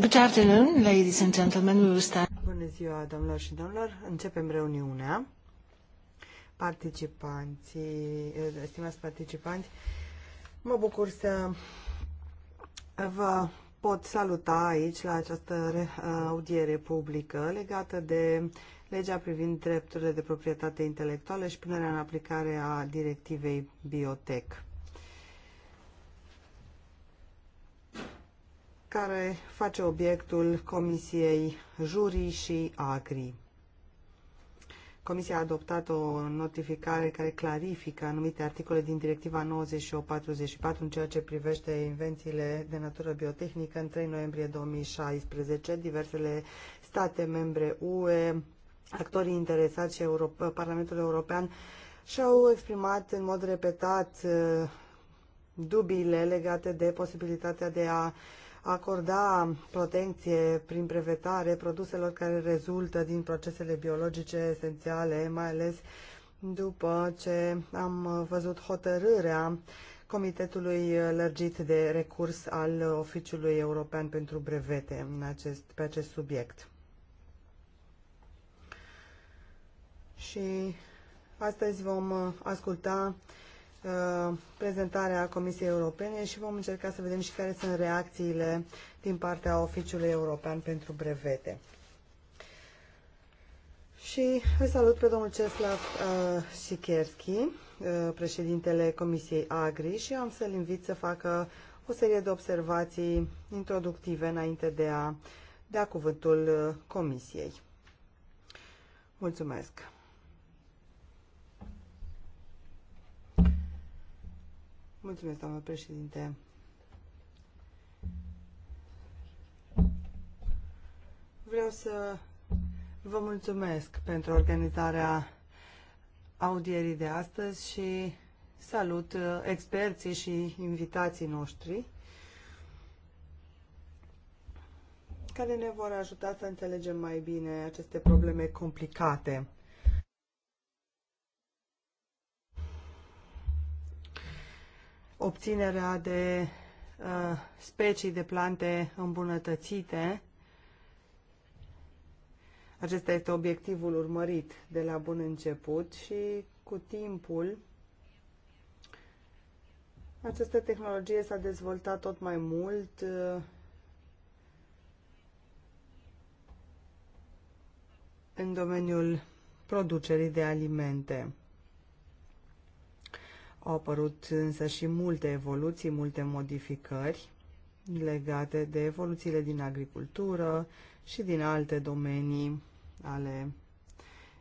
Good afternoon, ladies and gentlemen. We will start. Bună ziua, domnilor și domnilor. Începem reuniunea. Participanții, estimați participanți, mă bucur să vă pot saluta aici la această audiere publică legată de legea privind drepturile de proprietate intelectuală și punerea în aplicare a directivei biotech. care face obiectul Comisiei Jurii și Agri. Comisia a adoptat o notificare care clarifică anumite articole din Directiva 9844 în ceea ce privește invențiile de natură biotehnică în 3 noiembrie 2016. Diversele state membre UE, actorii interesați și Europa, Parlamentul European și-au exprimat în mod repetat uh, dubiile legate de posibilitatea de a uh, acorda protecție prin brevetare produselor care rezultă din procesele biologice esențiale, mai ales după ce am văzut hotărârea Comitetului lărgit de recurs al Oficiului European pentru Brevete în acest, pe acest subiect. Și astăzi vom asculta Uh, prezentarea Comisiei Europene și vom încerca să vedem și care sunt reacțiile din partea Oficiului European pentru Brevete. Și îl salut pe domnul Ceslav uh, Sikerski, uh, președintele Comisiei Agri și am să-l invit să facă o serie de observații introductive înainte de a da cuvântul uh, Comisiei. Mulțumesc! Mulțumesc, doamnă președinte. Vreau să vă mulțumesc pentru organizarea audierii de astăzi și salut uh, experții și invitații noștri care ne vor ajuta să înțelegem mai bine aceste probleme complicate. obținerea de uh, specii de plante îmbunătățite. Acesta este obiectivul urmărit de la bun început și cu timpul această tehnologie s-a dezvoltat tot mai mult uh, în domeniul producerii de alimente. Au apărut însă și multe evoluții, multe modificări legate de evoluțiile din agricultură și din alte domenii ale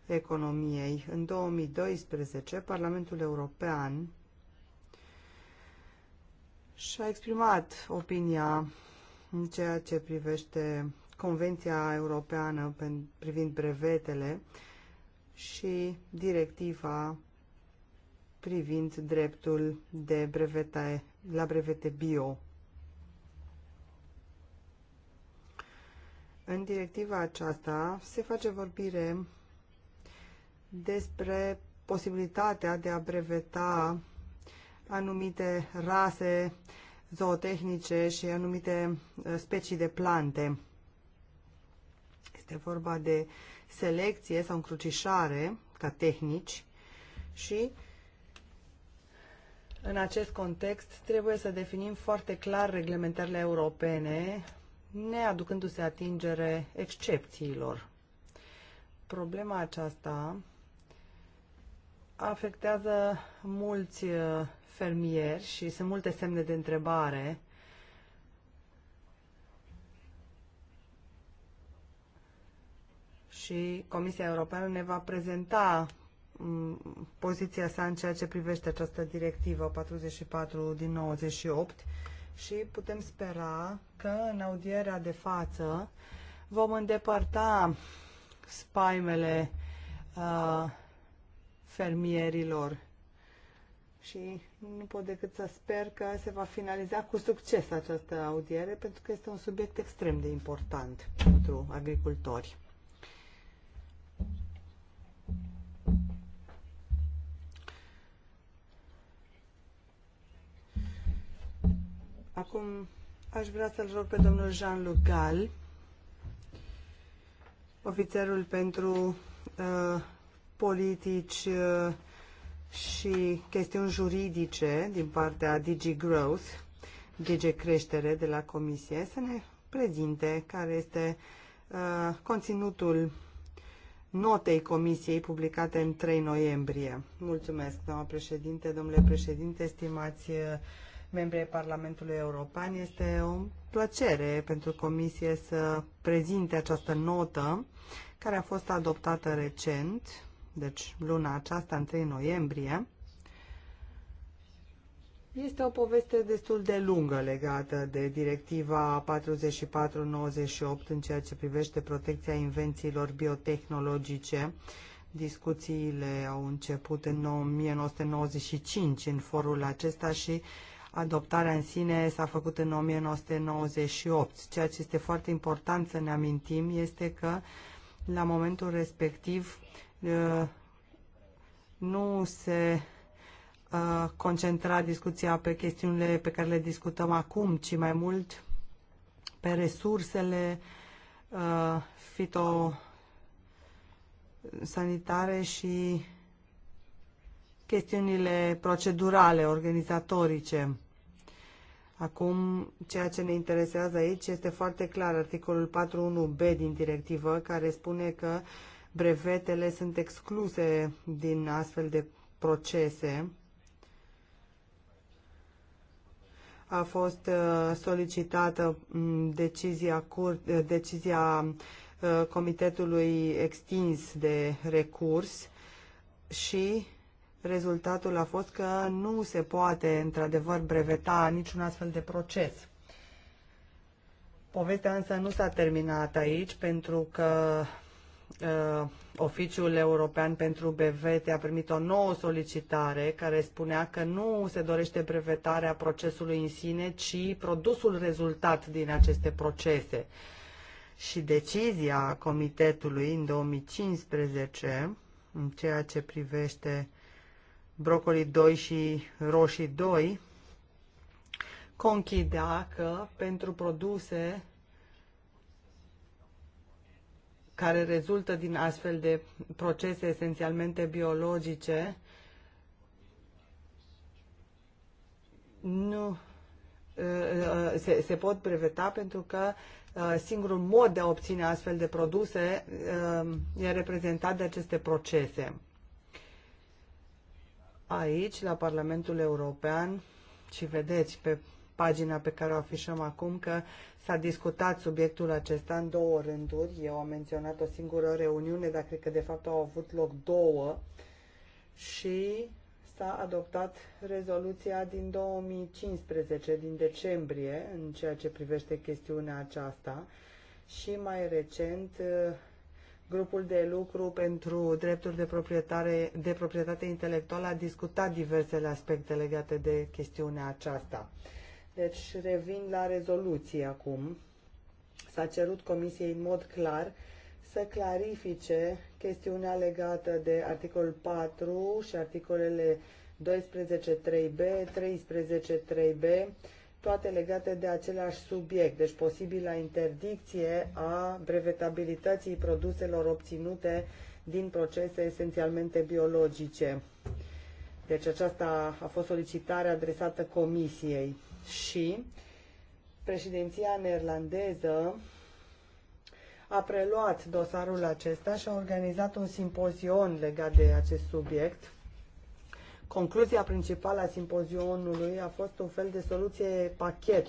economiei. În 2012, Parlamentul European și-a exprimat opinia în ceea ce privește Convenția Europeană privind brevetele și directiva privind dreptul de brevete, la brevete bio. În directiva aceasta se face vorbire despre posibilitatea de a breveta anumite rase zootehnice și anumite uh, specii de plante. Este vorba de selecție sau încrucișare ca tehnici și în acest context, trebuie să definim foarte clar reglementările europene, neaducându-se atingere excepțiilor. Problema aceasta afectează mulți uh, fermieri și sunt multe semne de întrebare și Comisia Europeană ne va prezenta poziția sa în ceea ce privește această directivă 44 din 98 și putem spera că în audierea de față vom îndepărta spaimele uh, fermierilor și nu pot decât să sper că se va finaliza cu succes această audiere pentru că este un subiect extrem de important pentru agricultori. Acum aș vrea să-l rog pe domnul Jean-Luc Gal, ofițerul pentru uh, politici uh, și chestiuni juridice din partea DG Growth, DG Creștere de la Comisie, să ne prezinte care este uh, conținutul notei Comisiei publicate în 3 noiembrie. Mulțumesc, doamna președinte, domnule președinte, stimați uh, membri ai Parlamentului European. Este o plăcere pentru Comisie să prezinte această notă care a fost adoptată recent, deci luna aceasta, în 3 noiembrie. Este o poveste destul de lungă legată de directiva 4498 în ceea ce privește protecția invențiilor biotehnologice. Discuțiile au început în 1995 în forul acesta și uh, adoptarea în sine s-a făcut în 1998. Ceea ce este foarte important să ne amintim este că la momentul respectiv uh, nu se uh, concentra discuția pe chestiunile pe care le discutăm acum, ci mai mult pe resursele uh, fitosanitare și chestiunile procedurale, organizatorice. Acum, ceea ce ne interesează aici este foarte clar articolul 4.1b din directivă, care spune că brevetele sunt excluse din astfel de procese. A fost uh, solicitată mm, decizia, cur, uh, decizia uh, comitetului extins de recurs și rezultatul a fost că nu se poate, într-adevăr, breveta niciun astfel de proces. Povestea însă nu s-a terminat aici, pentru că uh, Oficiul European pentru Brevete a primit o nouă solicitare care spunea că nu se dorește brevetarea procesului în sine, ci produsul rezultat din aceste procese. Și decizia Comitetului în 2015, în ceea ce privește Brocoli 2 și roșii 2, conchidea că pentru produse care rezultă din astfel de procese esențialmente biologice, nu uh, se, se pot breveta pentru că uh, singurul mod de a obține astfel de produse uh, e reprezentat de aceste procese aici, la Parlamentul European, și vedeți pe pagina pe care o afișăm acum că s-a discutat subiectul acesta în două rânduri. Eu am menționat o singură reuniune, dar cred că de fapt au avut loc două și s-a adoptat rezoluția din 2015, din decembrie, în ceea ce privește chestiunea aceasta și mai recent Grupul de lucru pentru drepturi de proprietate, de proprietate intelectuală a discutat diversele aspecte legate de chestiunea aceasta. Deci revin la rezoluție acum. S-a cerut Comisiei în mod clar să clarifice chestiunea legată de articolul 4 și articolele 12.3b, 13.3b, toate legate de același subiect, deci posibila interdicție a brevetabilității produselor obținute din procese esențialmente biologice. Deci aceasta a fost solicitarea adresată Comisiei și președinția neerlandeză a preluat dosarul acesta și a organizat un simpozion legat de acest subiect Concluzia principală a simpozionului a fost un fel de soluție pachet,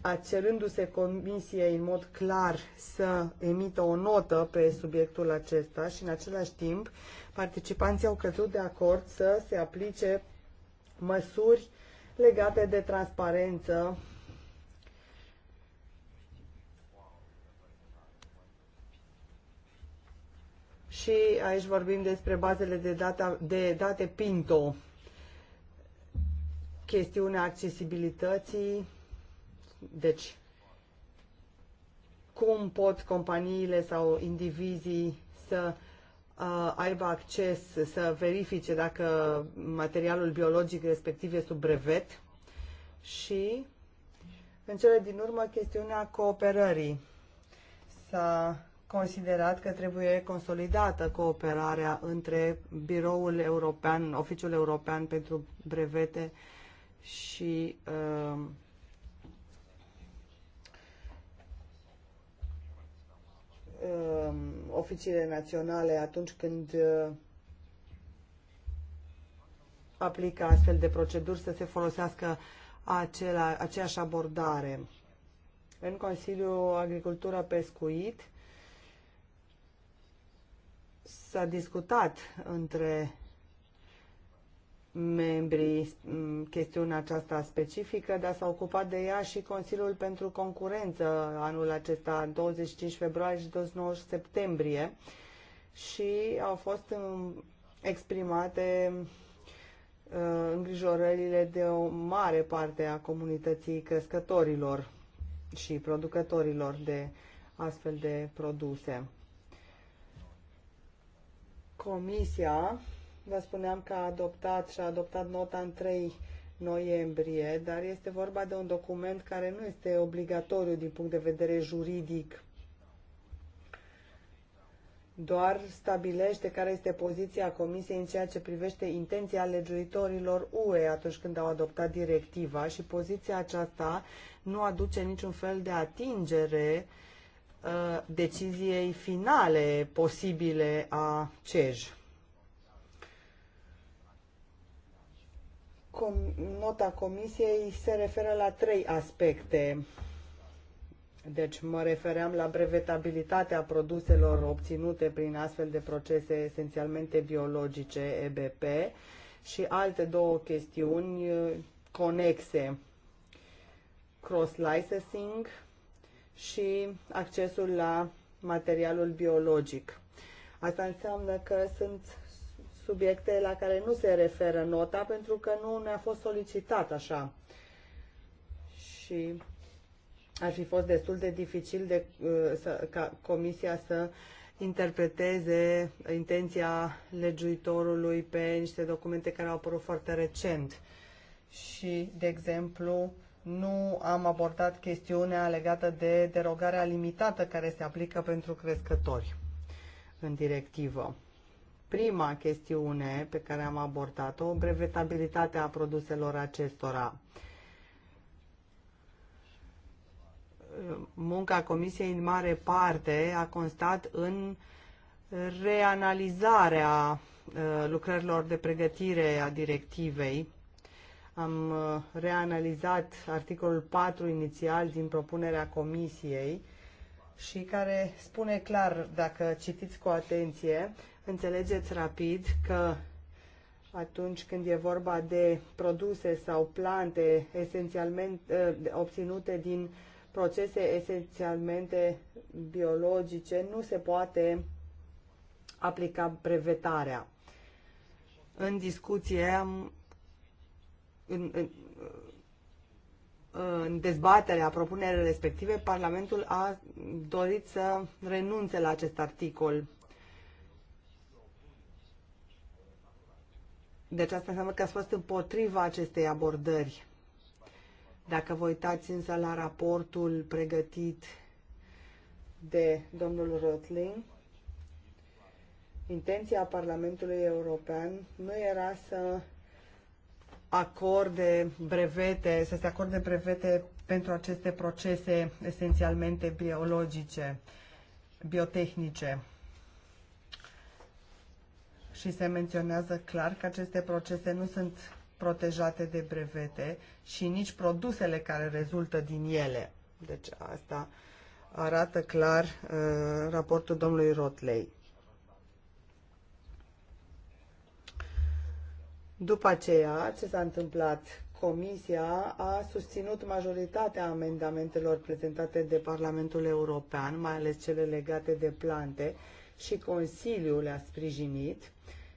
acerându se comisiei în mod clar să emită o notă pe subiectul acesta și în același timp participanții au căzut de acord să se aplice măsuri legate de transparență și aici vorbim despre bazele de, data, de date Pinto, chestiunea accesibilității, deci cum pot companiile sau indivizii să uh, aibă acces, să verifice dacă materialul biologic respectiv este sub brevet și în cele din urmă chestiunea cooperării. să considerat că trebuie consolidată cooperarea între Biroul European, Oficiul European pentru Brevete și uh, uh, oficiile naționale atunci când uh, aplică astfel de proceduri să se folosească acela, aceeași abordare. În Consiliul Agricultură Pescuit, s-a discutat între membrii chestiunea aceasta specifică, dar s-a ocupat de ea și Consiliul pentru Concurență anul acesta, 25 februarie și 29 septembrie și au fost exprimate uh, îngrijorările de o mare parte a comunității crescătorilor și producătorilor de astfel de produse. Comisia, vă spuneam că a adoptat și a adoptat nota în 3 noiembrie, dar este vorba de un document care nu este obligatoriu din punct de vedere juridic. Doar stabilește care este poziția Comisiei în ceea ce privește intenția legiuitorilor UE atunci când au adoptat directiva și poziția aceasta nu aduce niciun fel de atingere uh, Uh, deciziei finale posibile a CEJ. Com nota comisiei se referă la trei aspecte. Deci mă refeream la brevetabilitatea produselor obținute prin astfel de procese esențialmente biologice, EBP, și alte două chestiuni uh, conexe, cross-licensing și accesul la materialul biologic. Asta înseamnă că sunt subiecte la care nu se referă nota pentru că nu ne-a fost solicitat așa. Și ar fi fost destul de dificil de, uh, să, ca comisia să interpreteze intenția legiuitorului pe niște documente care au apărut foarte recent. Și, de exemplu, nu am abordat chestiunea legată de derogarea limitată care se aplică pentru crescători în directivă. Prima chestiune pe care am abordat-o, brevetabilitatea produselor acestora. Munca Comisiei în mare parte a constat în reanalizarea uh, lucrărilor de pregătire a directivei am uh, reanalizat articolul 4 inițial din propunerea comisiei și care spune clar, dacă citiți cu atenție, înțelegeți rapid că atunci când e vorba de produse sau plante esențialmente uh, obținute din procese esențialmente biologice, nu se poate aplica brevetarea. În discuție am în, în, în dezbaterea propunerii respective, Parlamentul a dorit să renunțe la acest articol. Deci asta înseamnă că a fost împotriva acestei abordări. Dacă vă uitați însă la raportul pregătit de domnul Rotling, intenția Parlamentului European nu era să acorde brevete, să se acorde brevete pentru aceste procese esențialmente biologice, biotehnice. Și se menționează clar că aceste procese nu sunt protejate de brevete și nici produsele care rezultă din ele. Deci asta arată clar uh, raportul domnului Rotley. După aceea, ce s-a întâmplat? Comisia a susținut majoritatea amendamentelor prezentate de Parlamentul European, mai ales cele legate de plante, și Consiliul le-a sprijinit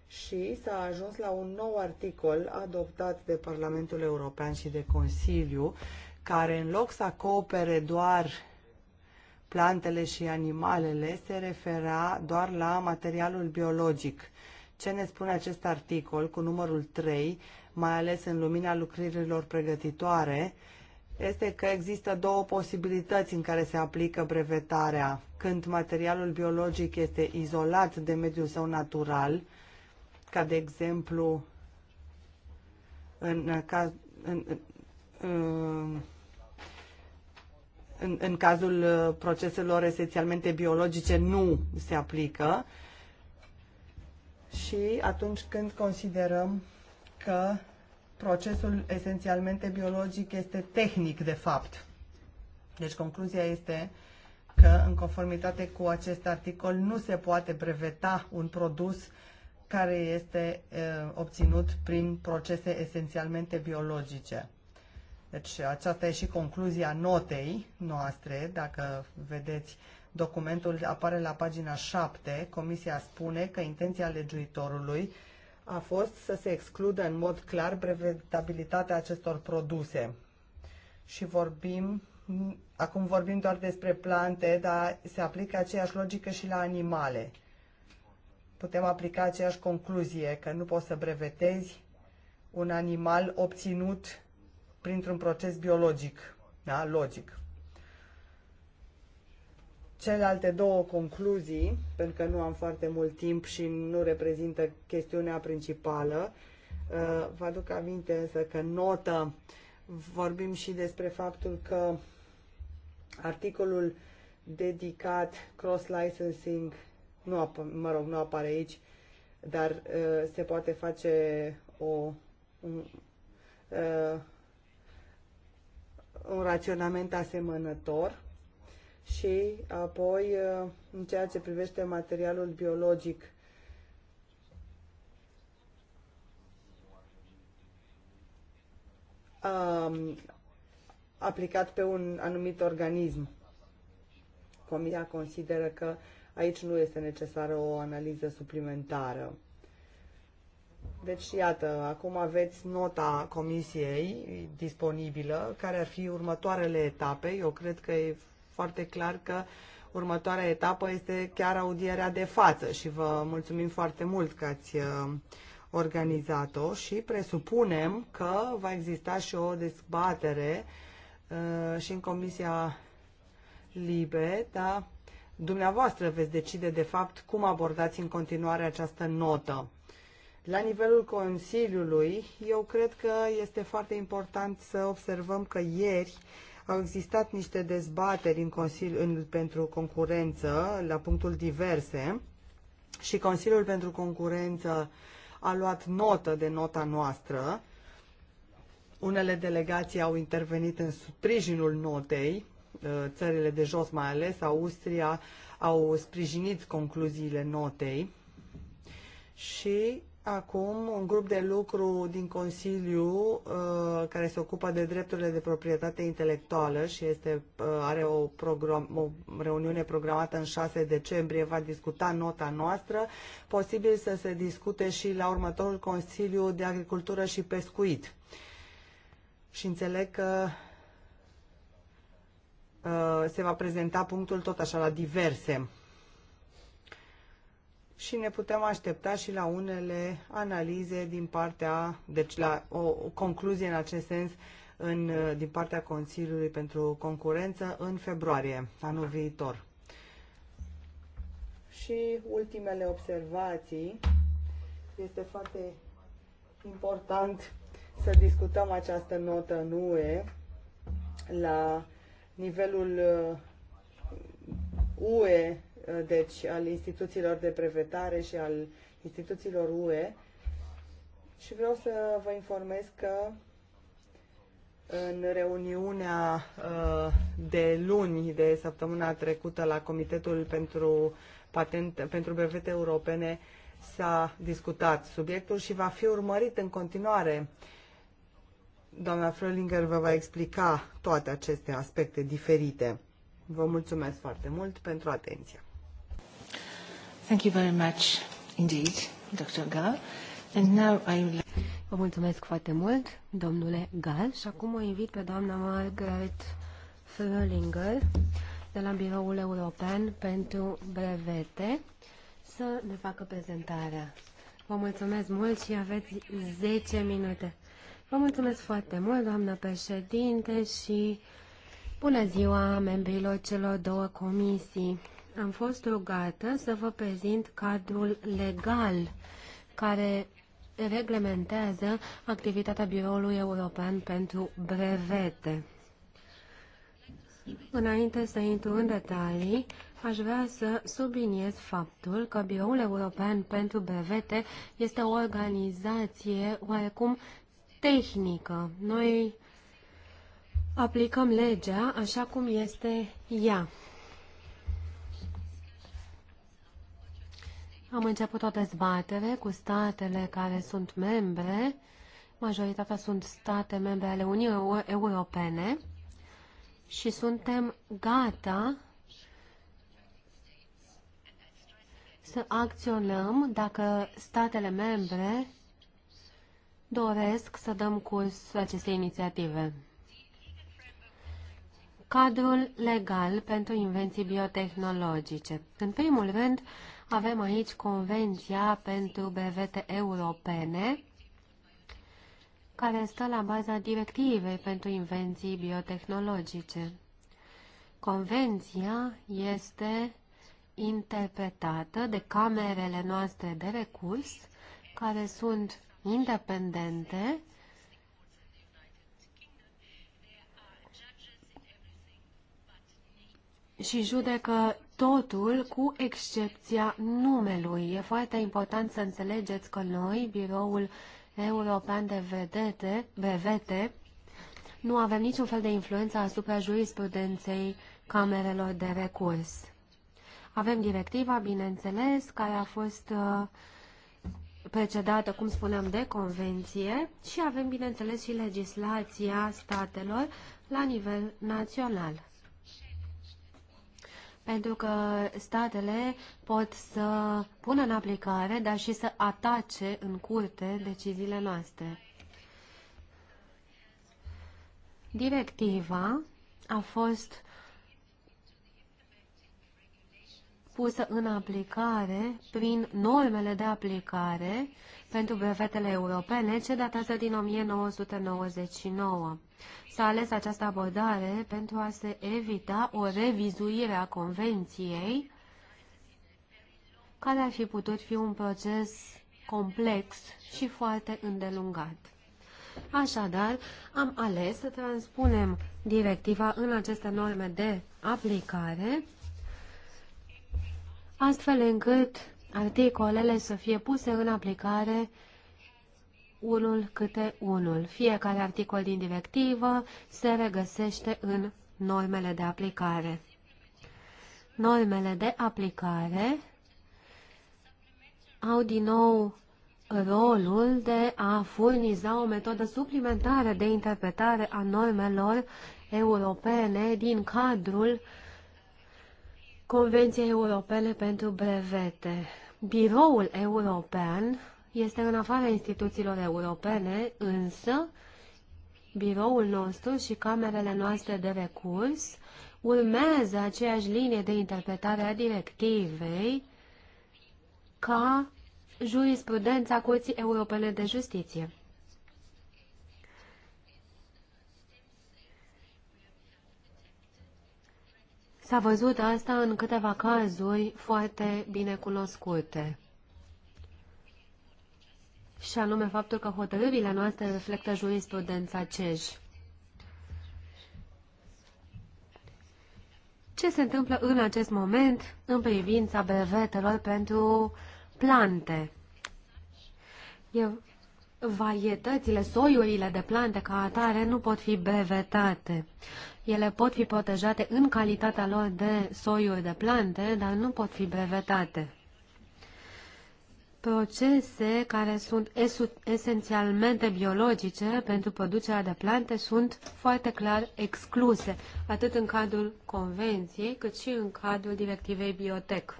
și s-a ajuns la un nou articol adoptat de Parlamentul European și de Consiliu, care în loc să acopere doar plantele și animalele, se refera doar la materialul biologic ce ne spune acest articol cu numărul 3, mai ales în lumina lucrărilor pregătitoare, este că există două posibilități în care se aplică brevetarea. Când materialul biologic este izolat de mediul său natural, ca de exemplu în, ca, în, în, în, în cazul proceselor esențialmente biologice nu se aplică, și atunci când considerăm că procesul esențialmente biologic este tehnic, de fapt. Deci concluzia este că, în conformitate cu acest articol, nu se poate breveta un produs care este e, obținut prin procese esențialmente biologice. Deci aceasta e și concluzia notei noastre, dacă vedeți documentul apare la pagina 7, Comisia spune că intenția legiuitorului a fost să se excludă în mod clar brevetabilitatea acestor produse. Și vorbim, acum vorbim doar despre plante, dar se aplică aceeași logică și la animale. Putem aplica aceeași concluzie, că nu poți să brevetezi un animal obținut printr-un proces biologic, da? logic celelalte două concluzii, pentru că nu am foarte mult timp și nu reprezintă chestiunea principală. Uh, vă aduc aminte însă că notă vorbim și despre faptul că articolul dedicat cross-licensing nu, ap- mă rog, nu apare aici, dar uh, se poate face o, un, uh, un raționament asemănător și apoi uh, în ceea ce privește materialul biologic. aplicat pe un anumit organism. Comisia consideră că aici nu este necesară o analiză suplimentară. Deci, iată, acum aveți nota comisiei disponibilă, care ar fi următoarele etape. Eu cred că e foarte clar că următoarea etapă este chiar audierea de față și vă mulțumim foarte mult că ați uh, organizat-o și presupunem că va exista și o dezbatere uh, și în Comisia Libe, dar dumneavoastră veți decide de fapt cum abordați în continuare această notă. La nivelul Consiliului, eu cred că este foarte important să observăm că ieri au existat niște dezbateri în Consiliul în, pentru concurență la punctul diverse și Consiliul pentru concurență a luat notă de nota noastră. Unele delegații au intervenit în sprijinul notei, uh, țările de jos mai ales, Austria, au sprijinit concluziile notei și acum un grup de lucru din Consiliu uh, care se ocupă de drepturile de proprietate intelectuală și este, uh, are o, program, o reuniune programată în 6 decembrie, va discuta nota noastră, posibil să se discute și la următorul Consiliu de Agricultură și Pescuit. Și înțeleg că uh, se va prezenta punctul tot așa la diverse și ne putem aștepta și la unele analize din partea, deci la o, o concluzie în acest sens în, din partea Consiliului pentru Concurență în februarie anul viitor. Și ultimele observații. Este foarte important să discutăm această notă în UE la nivelul UE uh, Eh, deci al instituțiilor de brevetare și al instituțiilor UE. Și vreau să vă informez că în reuniunea eh, de luni de săptămâna trecută la Comitetul pentru, Patent, pentru Brevete Europene s-a discutat subiectul și va fi urmărit în continuare. Doamna Frölinger vă va explica toate aceste aspecte diferite. Vă mulțumesc foarte mult pentru atenție. Thank you very much indeed, Dr. Gall. And now I would like... Vă mulțumesc foarte mult, domnule Gal, și acum o invit pe doamna Margaret Frölinger de la Biroul European pentru Brevete să ne facă prezentarea. Vă mulțumesc mult și aveți 10 minute. Vă mulțumesc foarte mult, doamnă președinte, și bună ziua membrilor celor două comisii am fost rugată să vă prezint cadrul legal care reglementează activitatea Biroului European pentru Brevete. Înainte să intru în detalii, aș vrea să subliniez faptul că Biroul European pentru Brevete este o organizație oarecum tehnică. Noi aplicăm legea așa cum este ea. Am început o dezbatere cu statele care sunt membre, majoritatea sunt state membre ale Uniunii Europene și suntem gata să acționăm dacă statele membre doresc să dăm curs acestei inițiative. Cadrul legal pentru invenții biotehnologice. În primul rând, avem aici Convenția pentru brevete europene, care stă la baza directivei pentru invenții biotehnologice. Convenția este interpretată de camerele noastre de recurs, care sunt independente și judecă totul cu excepția numelui. E foarte important să înțelegeți că noi, Biroul European de Vedete, Brevete, nu avem niciun fel de influență asupra jurisprudenței camerelor de recurs. Avem directiva, bineînțeles, care a fost uh, precedată, cum spuneam, de convenție și avem, bineînțeles, și legislația statelor la nivel național pentru că statele pot să pună în aplicare, dar și să atace în curte deciziile noastre. Directiva a fost pusă în aplicare prin normele de aplicare pentru brevetele europene ce datează din 1999. S-a ales această abordare pentru a se evita o revizuire a convenției, care ar fi putut fi un proces complex și foarte îndelungat. Așadar, am ales să transpunem directiva în aceste norme de aplicare, astfel încât articolele să fie puse în aplicare unul câte unul. Fiecare articol din directivă se regăsește în normele de aplicare. Normele de aplicare au din nou rolul de a furniza o metodă suplimentară de interpretare a normelor europene din cadrul Convenției Europene pentru Brevete. Biroul European este în afara instituțiilor europene, însă biroul nostru și camerele noastre de recurs urmează aceeași linie de interpretare a directivei ca jurisprudența Curții Europene de Justiție. S-a văzut asta în câteva cazuri foarte bine cunoscute și anume faptul că hotărârile noastre reflectă jurisprudența CEJ. Ce se întâmplă în acest moment în privința brevetelor pentru plante? E varietățile, soiurile de plante ca atare nu pot fi brevetate. Ele pot fi protejate în calitatea lor de soiuri de plante, dar nu pot fi brevetate. Procese care sunt esențialmente biologice pentru producerea de plante sunt foarte clar excluse, atât în cadrul Convenției, cât și în cadrul Directivei Biotech.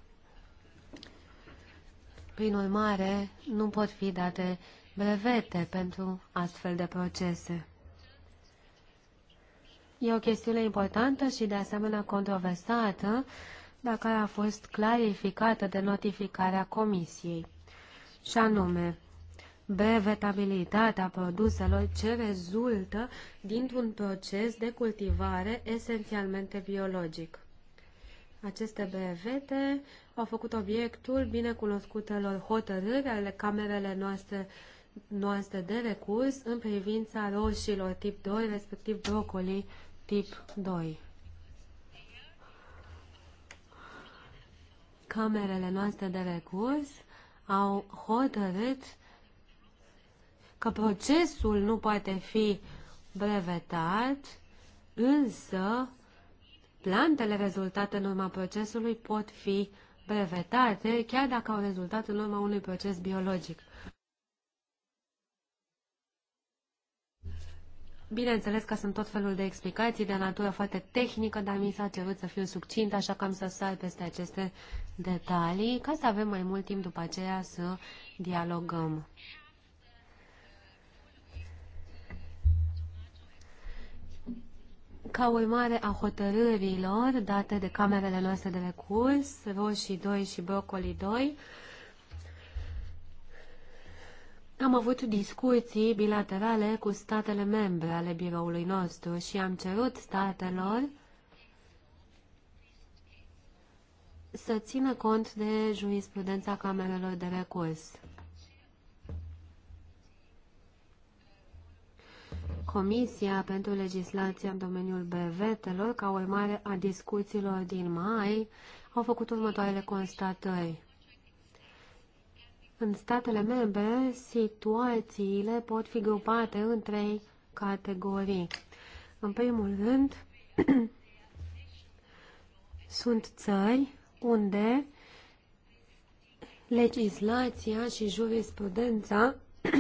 Prin urmare, nu pot fi date brevete pentru astfel de procese. E o chestiune importantă și de asemenea controversată, dacă a fost clarificată de notificarea Comisiei și anume brevetabilitatea produselor ce rezultă dintr-un proces de cultivare esențialmente biologic. Aceste brevete au făcut obiectul binecunoscutelor hotărâri ale camerele noastre, noastre de recurs în privința roșilor tip 2, respectiv brocoli tip 2. Camerele noastre de recurs au hotărât că procesul nu poate fi brevetat, însă plantele rezultate în urma procesului pot fi brevetate, chiar dacă au rezultat în urma unui proces biologic. Bineînțeles că sunt tot felul de explicații de natură foarte tehnică, dar mi s-a cerut să fiu succint, așa că am să sar peste aceste detalii, ca să avem mai mult timp după aceea să dialogăm. Ca urmare a hotărârilor date de camerele noastre de recurs, roșii 2 și brocoli 2, am avut discuții bilaterale cu statele membre ale biroului nostru și am cerut statelor să țină cont de jurisprudența camerelor de recurs. Comisia pentru legislația în domeniul brevetelor, ca urmare a discuțiilor din mai, au făcut următoarele constatări. În statele membre, situațiile pot fi grupate în trei categorii. În primul rând, sunt țări unde legislația și jurisprudența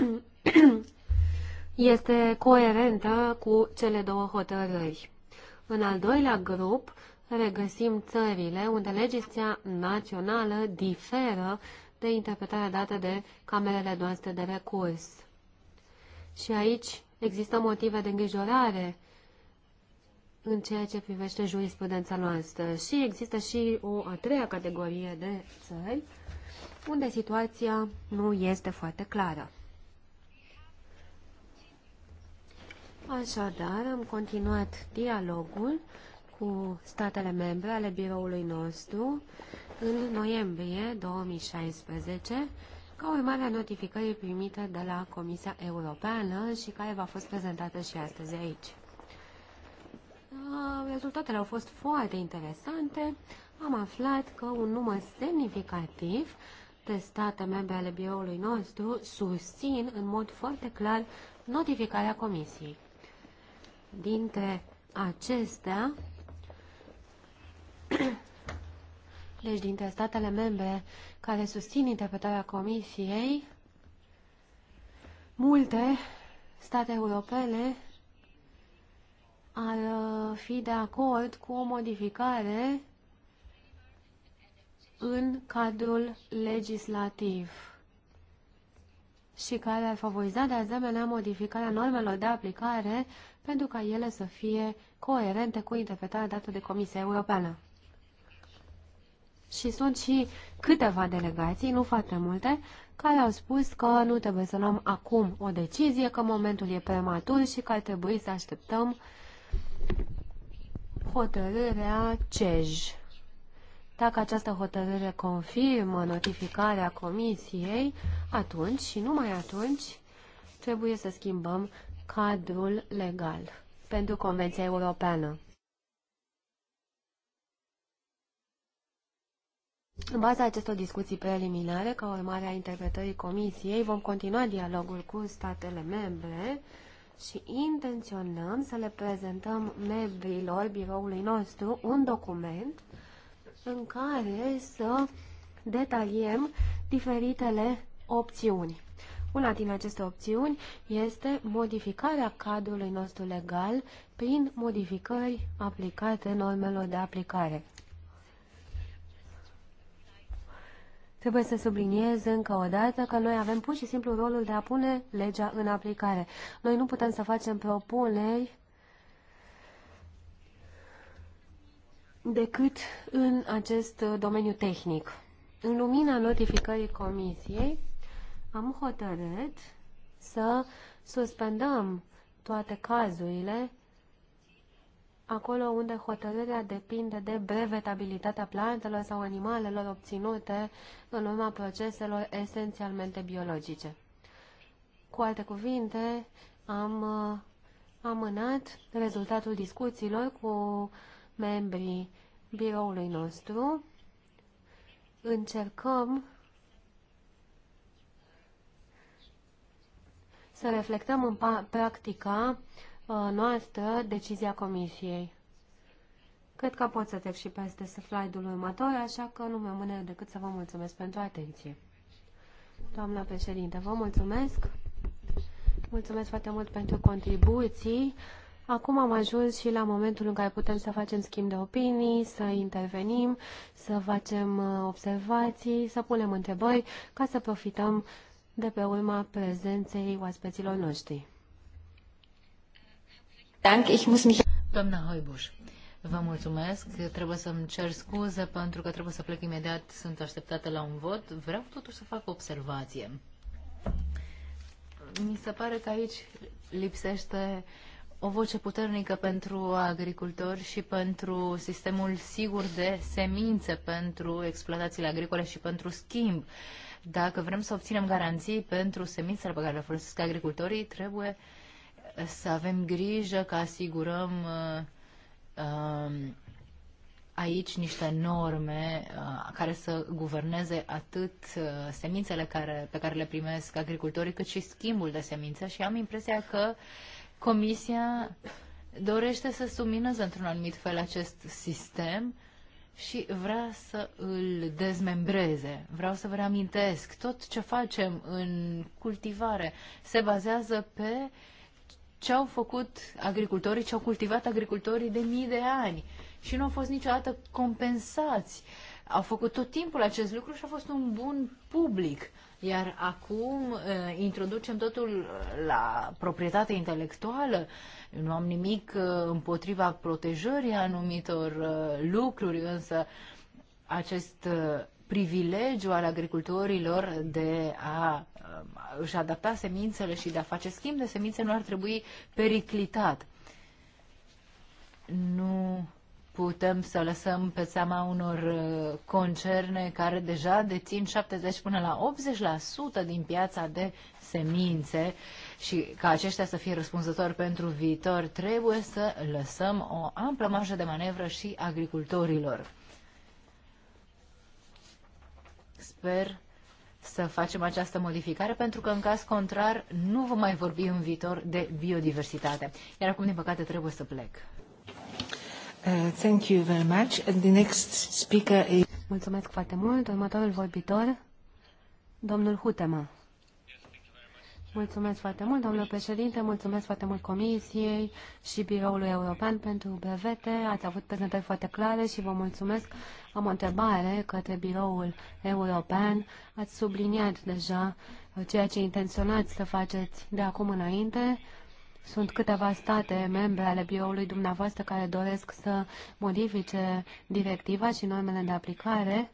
este coerentă cu cele două hotărâri. În al doilea grup regăsim țările unde legislația națională diferă de interpretare dată de camerele noastre de recurs. Și aici există motive de îngrijorare în ceea ce privește jurisprudența noastră. Și există și o a treia categorie de țări unde situația nu este foarte clară. Așadar, am continuat dialogul cu statele membre ale biroului nostru în noiembrie 2016, ca urmare a notificării primite de la Comisia Europeană și care v-a fost prezentată și astăzi aici. Ah, rezultatele au fost foarte interesante. Am aflat că un număr semnificativ de state membre ale biroului nostru susțin în mod foarte clar notificarea Comisiei. Dintre acestea, legi deci, dintre statele membre care susțin interpretarea Comisiei, multe state europene ar uh, fi de acord cu o modificare în cadrul legislativ și care ar favoriza de asemenea modificarea normelor de aplicare pentru ca ele să fie coerente cu interpretarea dată de Comisia Europeană și sunt și câteva delegații, nu foarte multe, care au spus că nu trebuie să luăm acum o decizie, că momentul e prematur și că ar trebui să așteptăm hotărârea CEJ. Dacă această hotărâre confirmă notificarea comisiei, atunci și numai atunci trebuie să schimbăm cadrul legal pentru Convenția Europeană. În baza acestor discuții preliminare, ca urmare a interpretării Comisiei, vom continua dialogul cu statele membre și intenționăm să le prezentăm membrilor biroului nostru un document în care să detaliem diferitele opțiuni. Una din aceste opțiuni este modificarea cadrului nostru legal prin modificări aplicate normelor de aplicare. Trebuie să subliniez încă o dată că noi avem pur și simplu rolul de a pune legea în aplicare. Noi nu putem să facem propuneri decât în acest domeniu tehnic. În lumina notificării comisiei, am hotărât să suspendăm toate cazurile acolo unde hotărârea depinde de brevetabilitatea plantelor sau animalelor obținute în urma proceselor esențialmente biologice. Cu alte cuvinte, am uh, amânat rezultatul discuțiilor cu membrii biroului nostru. Încercăm să reflectăm în practica Uh, noastră decizia comisiei. Cred că pot să trec și peste slide-ul următor, așa că nu mi-am mâne decât să vă mulțumesc pentru atenție. Doamna președinte, vă mulțumesc. Mulțumesc foarte mult pentru contribuții. Acum am ajuns și la momentul în care putem să facem schimb de opinii, să intervenim, să facem uh, observații, să punem întrebări ca să profităm de pe urma prezenței oaspeților noștri. Doamna Hoibuș, vă mulțumesc. Trebuie să-mi cer scuze pentru că trebuie să plec imediat. Sunt așteptată la un vot. Vreau totuși să fac o observație. Mi se pare că aici lipsește o voce puternică pentru agricultori și pentru sistemul sigur de semințe pentru exploatațiile agricole și pentru schimb. Dacă vrem să obținem garanții pentru semințele pe care le folosesc agricultorii, trebuie uh, să avem grijă că asigurăm uh, um, aici niște norme uh, care să guverneze atât uh, semințele care, pe care le primesc agricultorii, cât și schimbul de semințe și am impresia că Comisia dorește să sumineze într-un anumit fel acest sistem și vrea să îl dezmembreze. Vreau să vă reamintesc, tot ce facem în cultivare se bazează pe uh, ce au făcut agricultorii, ce au cultivat agricultorii de mii de ani și nu au fost niciodată compensați. Au făcut tot timpul acest lucru și a fost un bun public. Iar acum eh, introducem totul eh, la proprietate intelectuală. Nu am nimic eh, împotriva protejării anumitor lucruri, însă acest privilegiu al agricultorilor de a um, își adapta semințele și de a face schimb de semințe nu ar trebui periclitat. Nu putem să lăsăm pe seama unor uh, concerne care deja dețin 70 până la 80% din piața de semințe și ca aceștia să fie răspunzători pentru viitor, trebuie să lăsăm o amplă marjă de manevră și agricultorilor. sper să facem această modificare, pentru că în caz contrar nu vom mai vorbi în viitor de biodiversitate. Iar acum, din păcate, trebuie să plec. Uh, thank you very much. the next speaker is... Mulțumesc foarte mult. Următorul vorbitor, domnul Hutema. Mulțumesc foarte mult, domnule președinte, mulțumesc foarte mult Comisiei și Biroului European pentru brevete. Ați avut prezentări foarte clare și vă mulțumesc. Am o întrebare către Biroul European. Ați subliniat deja ceea ce intenționați să faceți de acum înainte. Sunt câteva state membre ale biroului dumneavoastră care doresc să modifice directiva și normele de aplicare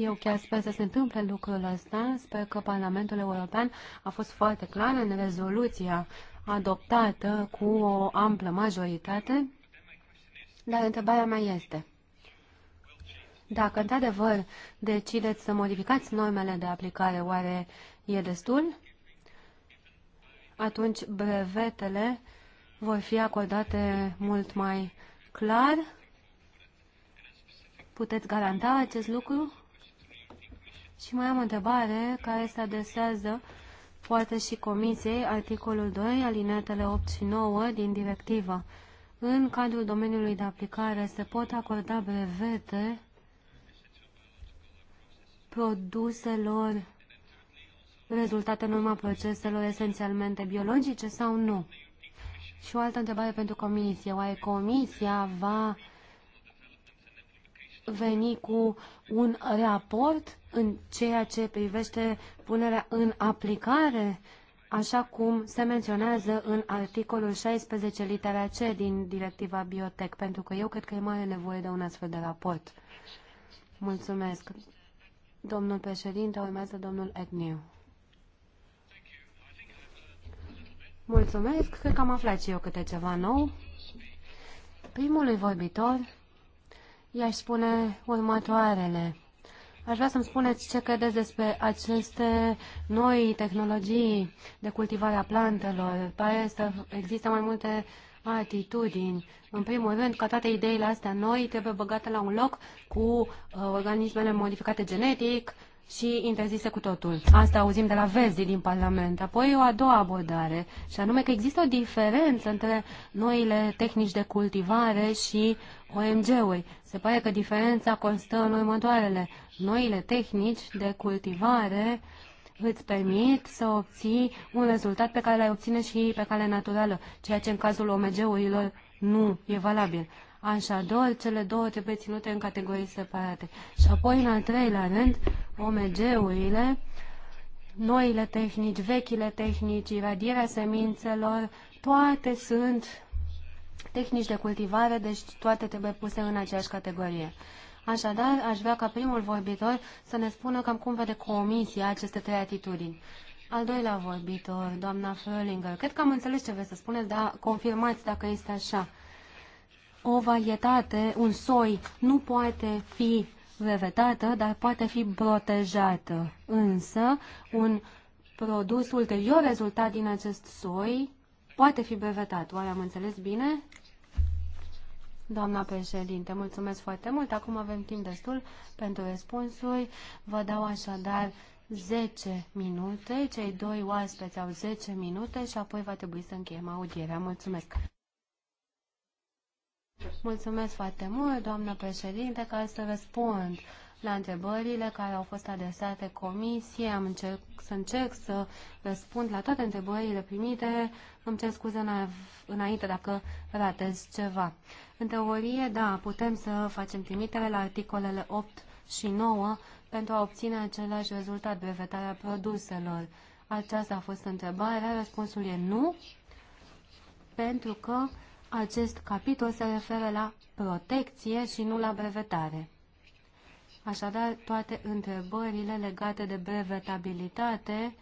eu chiar sper să se întâmple lucrul ăsta. Sper că Parlamentul European a fost foarte clar în rezoluția adoptată cu o amplă majoritate. Dar întrebarea mea este, dacă într-adevăr decideți să modificați normele de aplicare, oare e destul? Atunci brevetele vor fi acordate mult mai clar. Puteți garanta acest lucru? Și mai am o întrebare care se adresează poate și Comisiei, articolul 2, alineatele 8 și 9 din directivă. În cadrul domeniului de aplicare se pot acorda brevete produselor rezultate în urma proceselor esențialmente biologice sau nu? Și o altă întrebare pentru Comisie. Oare Comisia va veni cu un raport în ceea ce privește punerea în aplicare, așa cum se menționează în articolul 16 litera C din directiva Biotech, pentru că eu cred că e mare nevoie de un astfel de raport. Mulțumesc. Domnul președinte, urmează domnul Agnew. Mulțumesc, cred că am aflat și eu câte ceva nou. Primului vorbitor i-aș spune următoarele. Aș vrea să-mi spuneți ce credeți despre aceste noi tehnologii de cultivare a plantelor. Pare să există mai multe atitudini. În primul rând, ca toate ideile astea noi trebuie băgate la un loc cu uh, organismele modificate genetic, și interzise cu totul. Asta auzim de la Vezi din Parlament. Apoi o a doua abordare, și anume că există o diferență între noile tehnici de cultivare și OMG-uri. Se pare că diferența constă în următoarele. Noile tehnici de cultivare îți permit să obții un rezultat pe care l-ai obține și pe cale naturală, ceea ce în cazul OMG-urilor nu e valabil. Așadar, cele două trebuie ținute în categorii separate. Și apoi, în al treilea rând, OMG-urile, noile tehnici, vechile tehnici, iradierea semințelor, toate sunt tehnici de cultivare, deci toate trebuie puse în aceeași categorie. Așadar, aș vrea ca primul vorbitor să ne spună cam cum vede comisia aceste trei atitudini. Al doilea vorbitor, doamna Frölinger, cred că am înțeles ce vreți să spuneți, dar confirmați dacă este așa o varietate, un soi, nu poate fi brevetată, dar poate fi protejată. Însă, un produs ulterior rezultat din acest soi poate fi brevetat. Oare am înțeles bine? Doamna președinte, mulțumesc foarte mult. Acum avem timp destul pentru răspunsuri. Vă dau așadar 10 minute. Cei doi oaspeți au 10 minute și apoi va trebui să încheiem audierea. Mulțumesc! Mulțumesc foarte mult, doamnă președinte, ca să răspund la întrebările care au fost adresate comisiei. Am încerc, să încerc să răspund la toate întrebările primite. Îmi cer scuze înainte dacă ratez ceva. În teorie, da, putem să facem trimitere la articolele 8 și 9 pentru a obține același rezultat, brevetarea produselor. Aceasta a fost întrebarea, răspunsul e nu, pentru că acest capitol se referă la protecție și nu la brevetare. Așadar, toate întrebările legate de brevetabilitate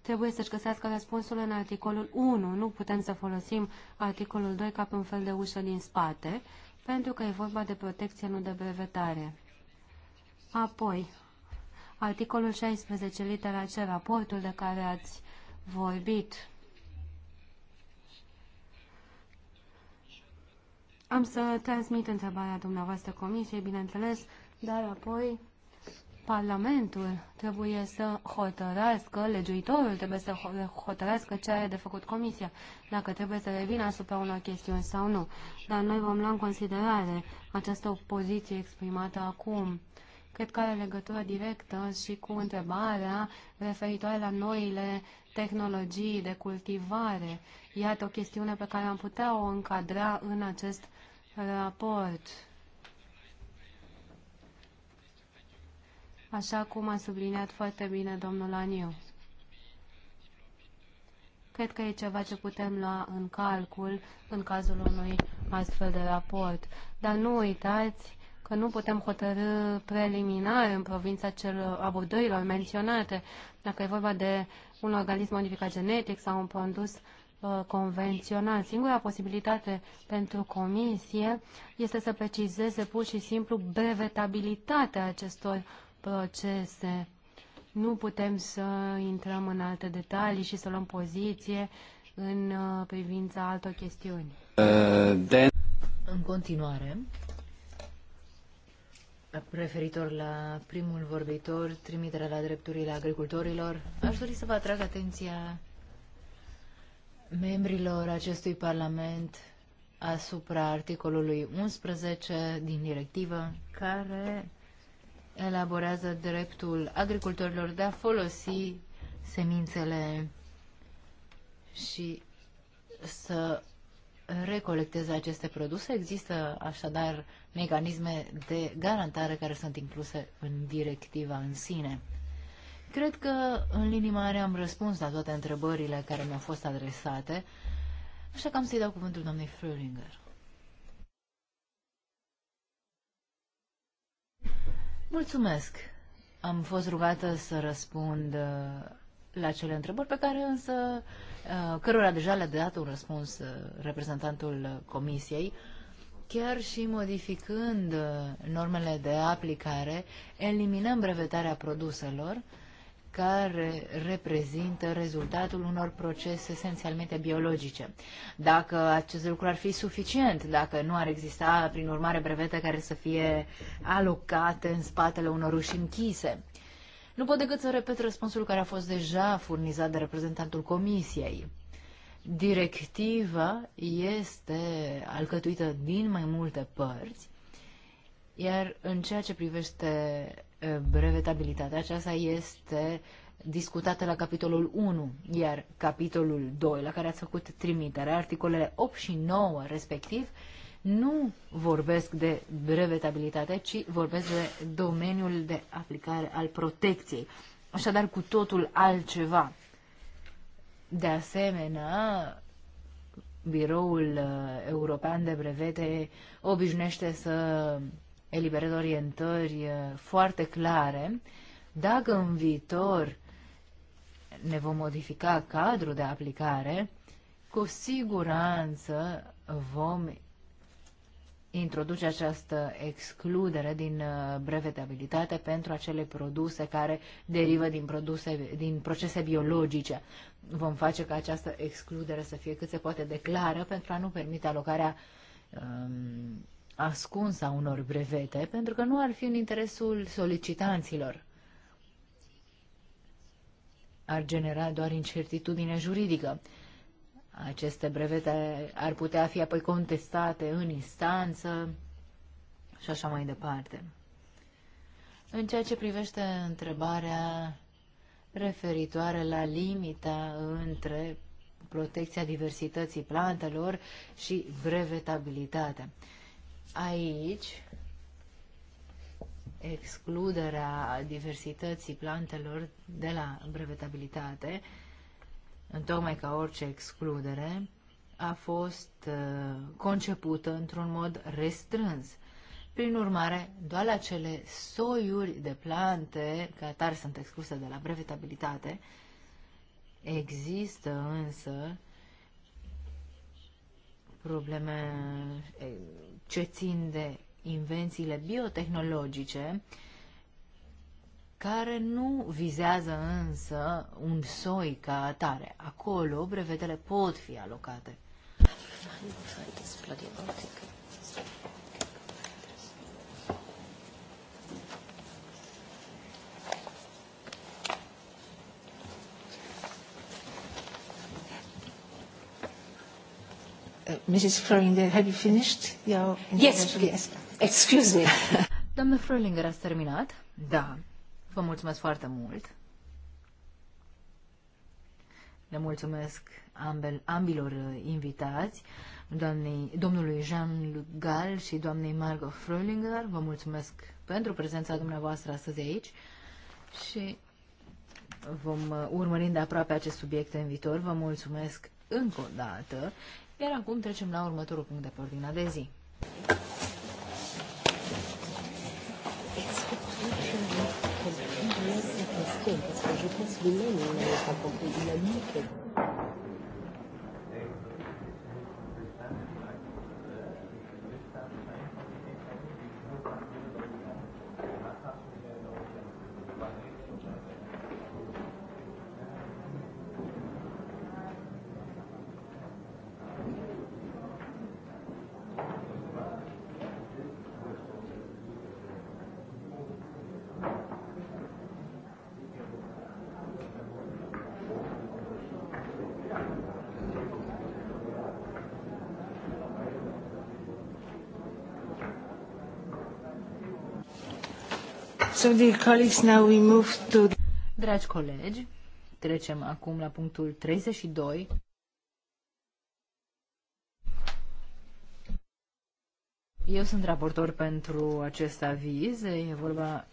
trebuie să-și găsească răspunsul în articolul 1. Nu putem să folosim articolul 2 ca pe un fel de ușă din spate, pentru că e vorba de protecție, nu de brevetare. Apoi, articolul 16, litera C, raportul de care ați vorbit, Am să transmit întrebarea dumneavoastră comisiei, bineînțeles, dar apoi Parlamentul trebuie să hotărască, legiuitorul trebuie să hotărască ce are de făcut comisia, dacă trebuie să revină asupra unor chestiuni sau nu. Dar noi vom lua în considerare această poziție exprimată acum. Cred că are legătură directă și cu întrebarea referitoare la noile tehnologii de cultivare. Iată o chestiune pe care am putea o încadra în acest raport. Așa cum a subliniat foarte bine domnul Aniu. Cred că e ceva ce putem lua în calcul în cazul unui astfel de raport. Dar nu uitați că nu putem hotărâ preliminar în provința celor abordărilor menționate, dacă e vorba de un organism modificat genetic sau un produs uh, Uh, convențional. Singura posibilitate pentru comisie este să precizeze pur și simplu brevetabilitatea acestor procese. Nu putem să intrăm în alte detalii și să luăm poziție în uh, privința altor chestiuni. Uh, then... În continuare, referitor la primul vorbitor, trimiterea la drepturile agricultorilor, aș dori să vă atrag atenția membrilor acestui Parlament asupra articolului 11 din directivă care elaborează dreptul agricultorilor de a folosi semințele și să recolecteze aceste produse. Există așadar mecanisme de garantare care sunt incluse în directiva în sine. Cred că, în linii mare am răspuns la toate întrebările care mi-au fost adresate, așa că am să-i dau cuvântul doamnei Frölinger. Mulțumesc! Am fost rugată să răspund uh, la cele întrebări pe care însă, uh, cărora deja le-a dat un răspuns uh, reprezentantul comisiei, chiar și modificând normele de aplicare, eliminăm brevetarea produselor, care reprezintă rezultatul unor procese esențialmente biologice. Dacă acest lucru ar fi suficient, dacă nu ar exista, prin urmare, brevete care să fie alocate în spatele unor uși închise. Nu pot decât să repet răspunsul care a fost deja furnizat de reprezentantul Comisiei. Directiva este alcătuită din mai multe părți, iar în ceea ce privește brevetabilitatea aceasta este discutată la capitolul 1, iar capitolul 2, la care ați făcut trimitere, articolele 8 și 9 respectiv, nu vorbesc de brevetabilitate, ci vorbesc de domeniul de aplicare al protecției. Așadar, cu totul altceva. De asemenea, Biroul uh, European de Brevete obișnuiește să Eliberează orientări uh, foarte clare. Dacă în viitor ne vom modifica cadrul de aplicare, cu siguranță vom introduce această excludere din uh, brevetabilitate pentru acele produse care derivă din, produse, din procese biologice. Vom face ca această excludere să fie cât se poate de clară pentru a nu permite alocarea um, ascunsă a unor brevete, pentru că nu ar fi în interesul solicitanților. Ar genera doar incertitudine juridică. Aceste brevete ar putea fi apoi contestate în instanță și așa mai departe. În ceea ce privește întrebarea referitoare la limita între protecția diversității plantelor și brevetabilitatea. Aici, excluderea diversității plantelor de la brevetabilitate, întocmai ca orice excludere, a fost uh, concepută într-un mod restrâns. Prin urmare, doar la cele soiuri de plante, care tare sunt excluse de la brevetabilitate, există însă probleme ce țin de invențiile biotehnologice, care nu vizează însă un soi ca atare. Acolo brevetele pot fi alocate. Find, find Uh, Mrs. Frölinger, have you finished your Yes, please. Excuse me. Doamnă Frölinger, ați terminat? Da. Vă mulțumesc foarte mult. Le mulțumesc ambel, ambilor uh, invitați, doamnei, domnului Jean-Luc Gall și doamnei Margot Frölinger. Vă mulțumesc pentru prezența dumneavoastră astăzi aici și vom uh, urmări de aproape acest subiect în viitor. Vă mulțumesc încă o dată. Iar acum trecem la următorul punct de pe ordinea de zi. Parce que je pense que même on n'a pas compris. Il a dit que Dragi colegi, trecem acum la punctul 32. Eu sunt raportor pentru acest aviz. E vorba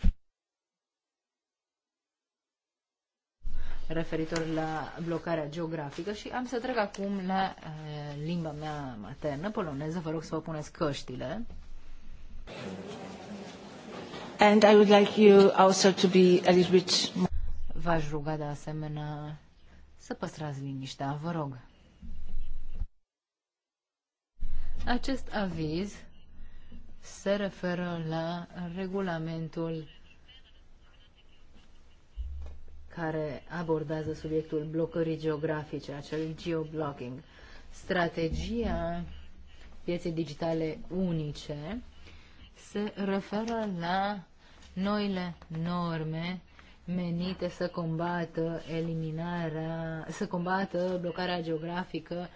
referitor la blocarea geografică și am să trec acum la eh, limba mea maternă, poloneză. Vă rog să vă puneți căștile. And I would like you also to be a little bit... V-aș ruga de asemenea să păstrați liniștea, vă rog. Acest aviz se referă la regulamentul care abordează subiectul blocării geografice, acel geoblocking, strategia pieței digitale unice se referă la noile norme menite să combată eliminarea, să combată blocarea geografică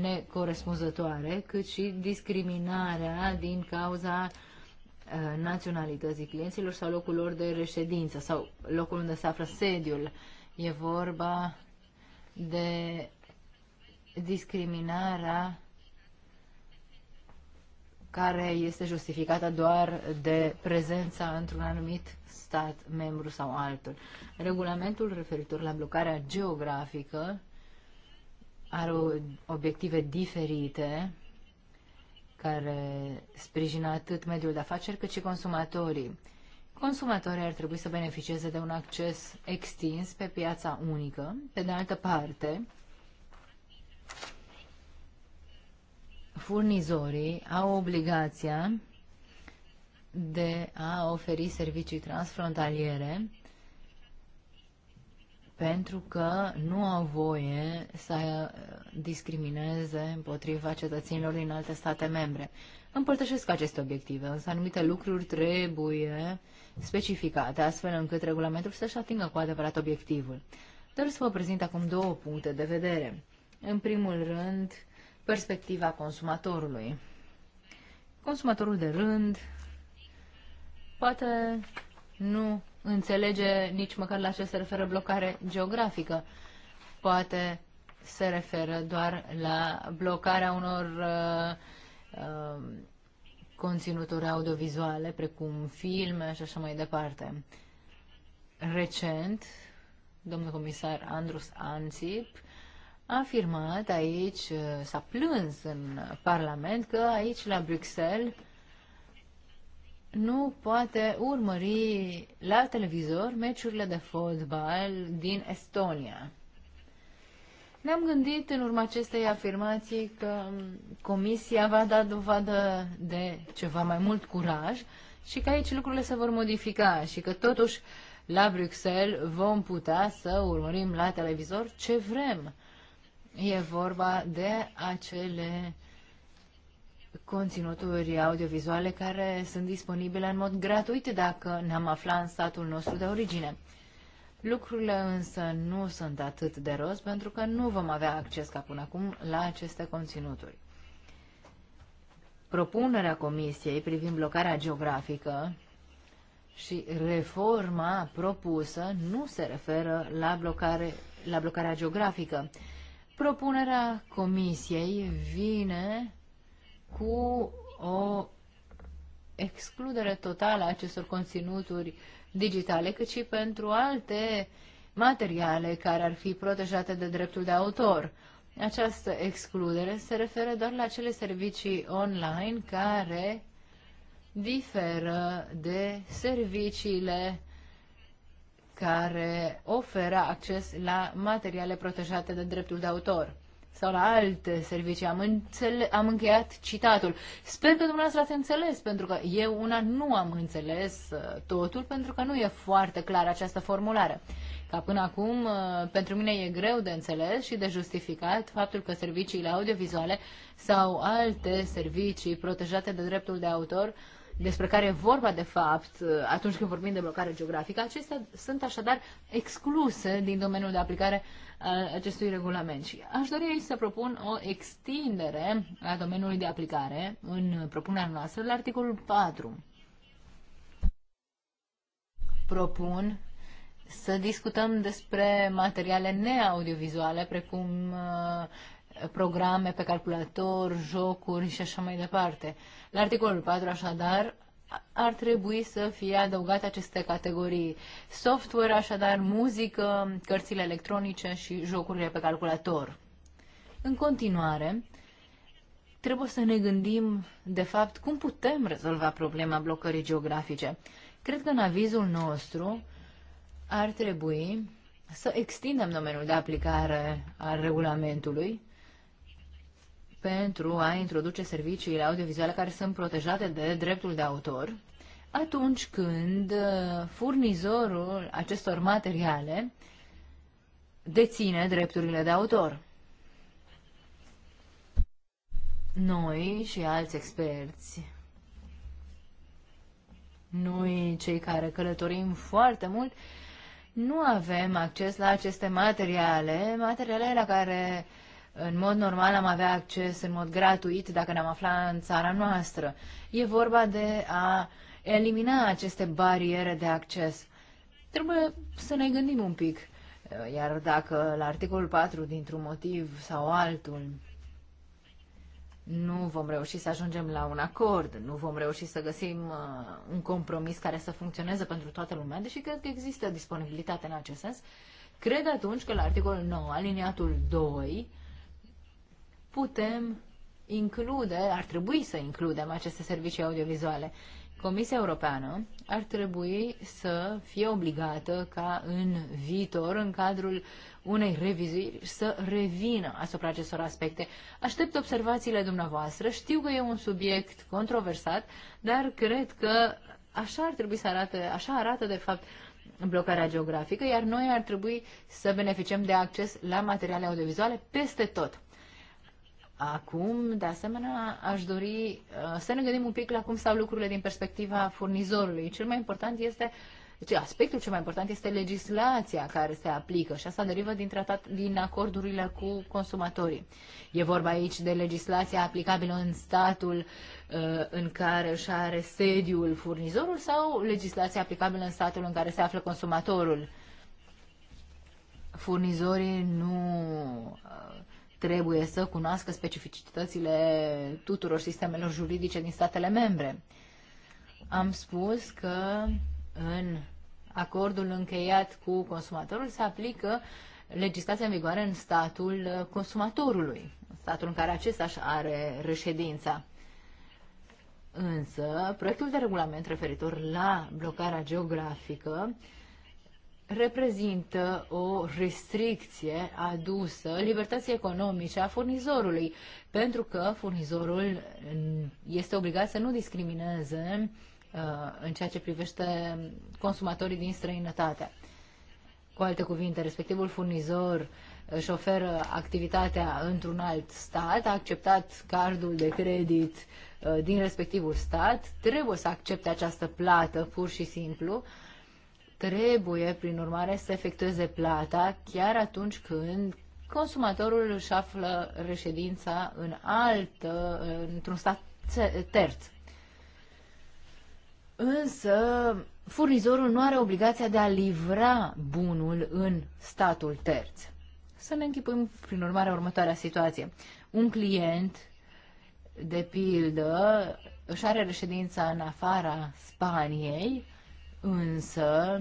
necorespunzătoare, cât și discriminarea din cauza uh, naționalității clienților sau locul lor de reședință sau locul unde se află sediul. E vorba de discriminarea care este justificată doar de prezența într-un anumit stat membru sau altul. Regulamentul referitor la blocarea geografică are obiective diferite care sprijină atât mediul de afaceri cât și consumatorii. Consumatorii ar trebui să beneficieze de un acces extins pe piața unică. Pe de altă parte, furnizorii au obligația de a oferi servicii transfrontaliere pentru că nu au voie să discrimineze împotriva cetățenilor din alte state membre. Împărtășesc aceste obiective, însă anumite lucruri trebuie specificate, astfel încât regulamentul să-și atingă cu adevărat obiectivul. Dar să vă prezint acum două puncte de vedere. În primul rând, perspectiva consumatorului. Consumatorul de rând poate nu înțelege nici măcar la ce se referă blocare geografică. Poate se referă doar la blocarea unor uh, uh, conținuturi audiovizuale, precum filme și așa mai departe. Recent, domnul comisar Andrus Ansip a afirmat aici, uh, s-a plâns în Parlament că aici la Bruxelles nu poate urmări la televizor meciurile de fotbal din Estonia. Ne-am gândit în urma acestei afirmații că um, Comisia va da dovadă de ceva mai mult curaj și că aici lucrurile se vor modifica și că totuși la Bruxelles vom putea să urmărim la televizor ce vrem. E vorba de acele conținuturi audiovizuale care sunt disponibile în mod gratuit dacă ne-am aflat în statul nostru de origine. Lucrurile însă nu sunt atât de rost pentru că nu vom avea acces ca până acum la aceste conținuturi. Propunerea Comisiei privind blocarea geografică și reforma propusă nu se referă la, blocare, la blocarea geografică. Propunerea comisiei vine cu o excludere totală a acestor conținuturi digitale, cât și pentru alte materiale care ar fi protejate de dreptul de autor. Această excludere se referă doar la cele servicii online care diferă de serviciile care oferă acces la materiale protejate de dreptul de autor sau la alte servicii. Am, înțele- am încheiat citatul. Sper că dumneavoastră ați înțeles, pentru că eu una nu am înțeles uh, totul, pentru că nu e foarte clar această formulare. Ca până acum, uh, pentru mine e greu de înțeles și de justificat faptul că serviciile audiovizuale sau alte servicii protejate de dreptul de autor uh, despre care e vorba de fapt atunci când vorbim de blocare geografică, acestea sunt așadar excluse din domeniul de aplicare al acestui regulament. Și aș dori aici să propun o extindere a domeniului de aplicare în propunerea noastră la articolul 4. Propun să discutăm despre materiale neaudiovizuale, precum uh, programe pe calculator, jocuri și așa mai departe. La articolul 4, așadar, ar trebui să fie adăugate aceste categorii. Software, așadar, muzică, cărțile electronice și jocurile pe calculator. În continuare, trebuie să ne gândim, de fapt, cum putem rezolva problema blocării geografice. Cred că în avizul nostru ar trebui să extindem domeniul de aplicare al regulamentului pentru a introduce serviciile audiovizuale care sunt protejate de dreptul de autor, atunci când uh, furnizorul acestor materiale deține drepturile de autor. Noi și alți experți, noi cei care călătorim foarte mult, nu avem acces la aceste materiale, materiale la care uh, în mod normal am avea acces în mod gratuit dacă ne-am afla în țara noastră. E vorba de a elimina aceste bariere de acces. Trebuie să ne gândim un pic. Iar dacă la articolul 4, dintr-un motiv sau altul, nu vom reuși să ajungem la un acord, nu vom reuși să găsim uh, un compromis care să funcționeze pentru toată lumea, deși cred că există disponibilitate în acest sens, cred atunci că la articolul 9, aliniatul 2, putem include, ar trebui să includem aceste servicii audiovizuale. Comisia Europeană ar trebui să fie obligată ca în viitor, în cadrul unei revizuiri, să revină asupra acestor aspecte. Aștept observațiile dumneavoastră, știu că e un subiect controversat, dar cred că așa ar trebui să arate, așa arată de fapt blocarea geografică, iar noi ar trebui să beneficiem de acces la materiale audiovizuale peste tot. Acum, de asemenea, aș dori uh, să ne gândim un pic la cum stau lucrurile din perspectiva furnizorului. Cel mai important este aspectul cel mai important este legislația care se aplică și asta derivă din, tratat, din acordurile cu consumatorii. E vorba aici de legislația aplicabilă în statul uh, în care își are sediul furnizorul sau legislația aplicabilă în statul în care se află consumatorul. Furnizorii nu uh, trebuie să cunoască specificitățile tuturor sistemelor juridice din statele membre. Am spus că în acordul încheiat cu consumatorul se aplică legislația în vigoare în statul consumatorului, statul în care acesta are reședința. Însă, proiectul de regulament referitor la blocarea geografică reprezintă o restricție adusă libertății economice a furnizorului, pentru că furnizorul este obligat să nu discrimineze uh, în ceea ce privește consumatorii din străinătate. Cu alte cuvinte, respectivul furnizor își oferă activitatea într-un alt stat, a acceptat cardul de credit uh, din respectivul stat, trebuie să accepte această plată pur și simplu, uh, Trebuie, prin urmare, să efectueze plata chiar atunci când consumatorul își află reședința în altă, într-un stat terț. Însă, furnizorul nu are obligația de a livra bunul în statul terț. Să ne închipuim, prin urmare, următoarea situație. Un client, de pildă, își are reședința în afara Spaniei, însă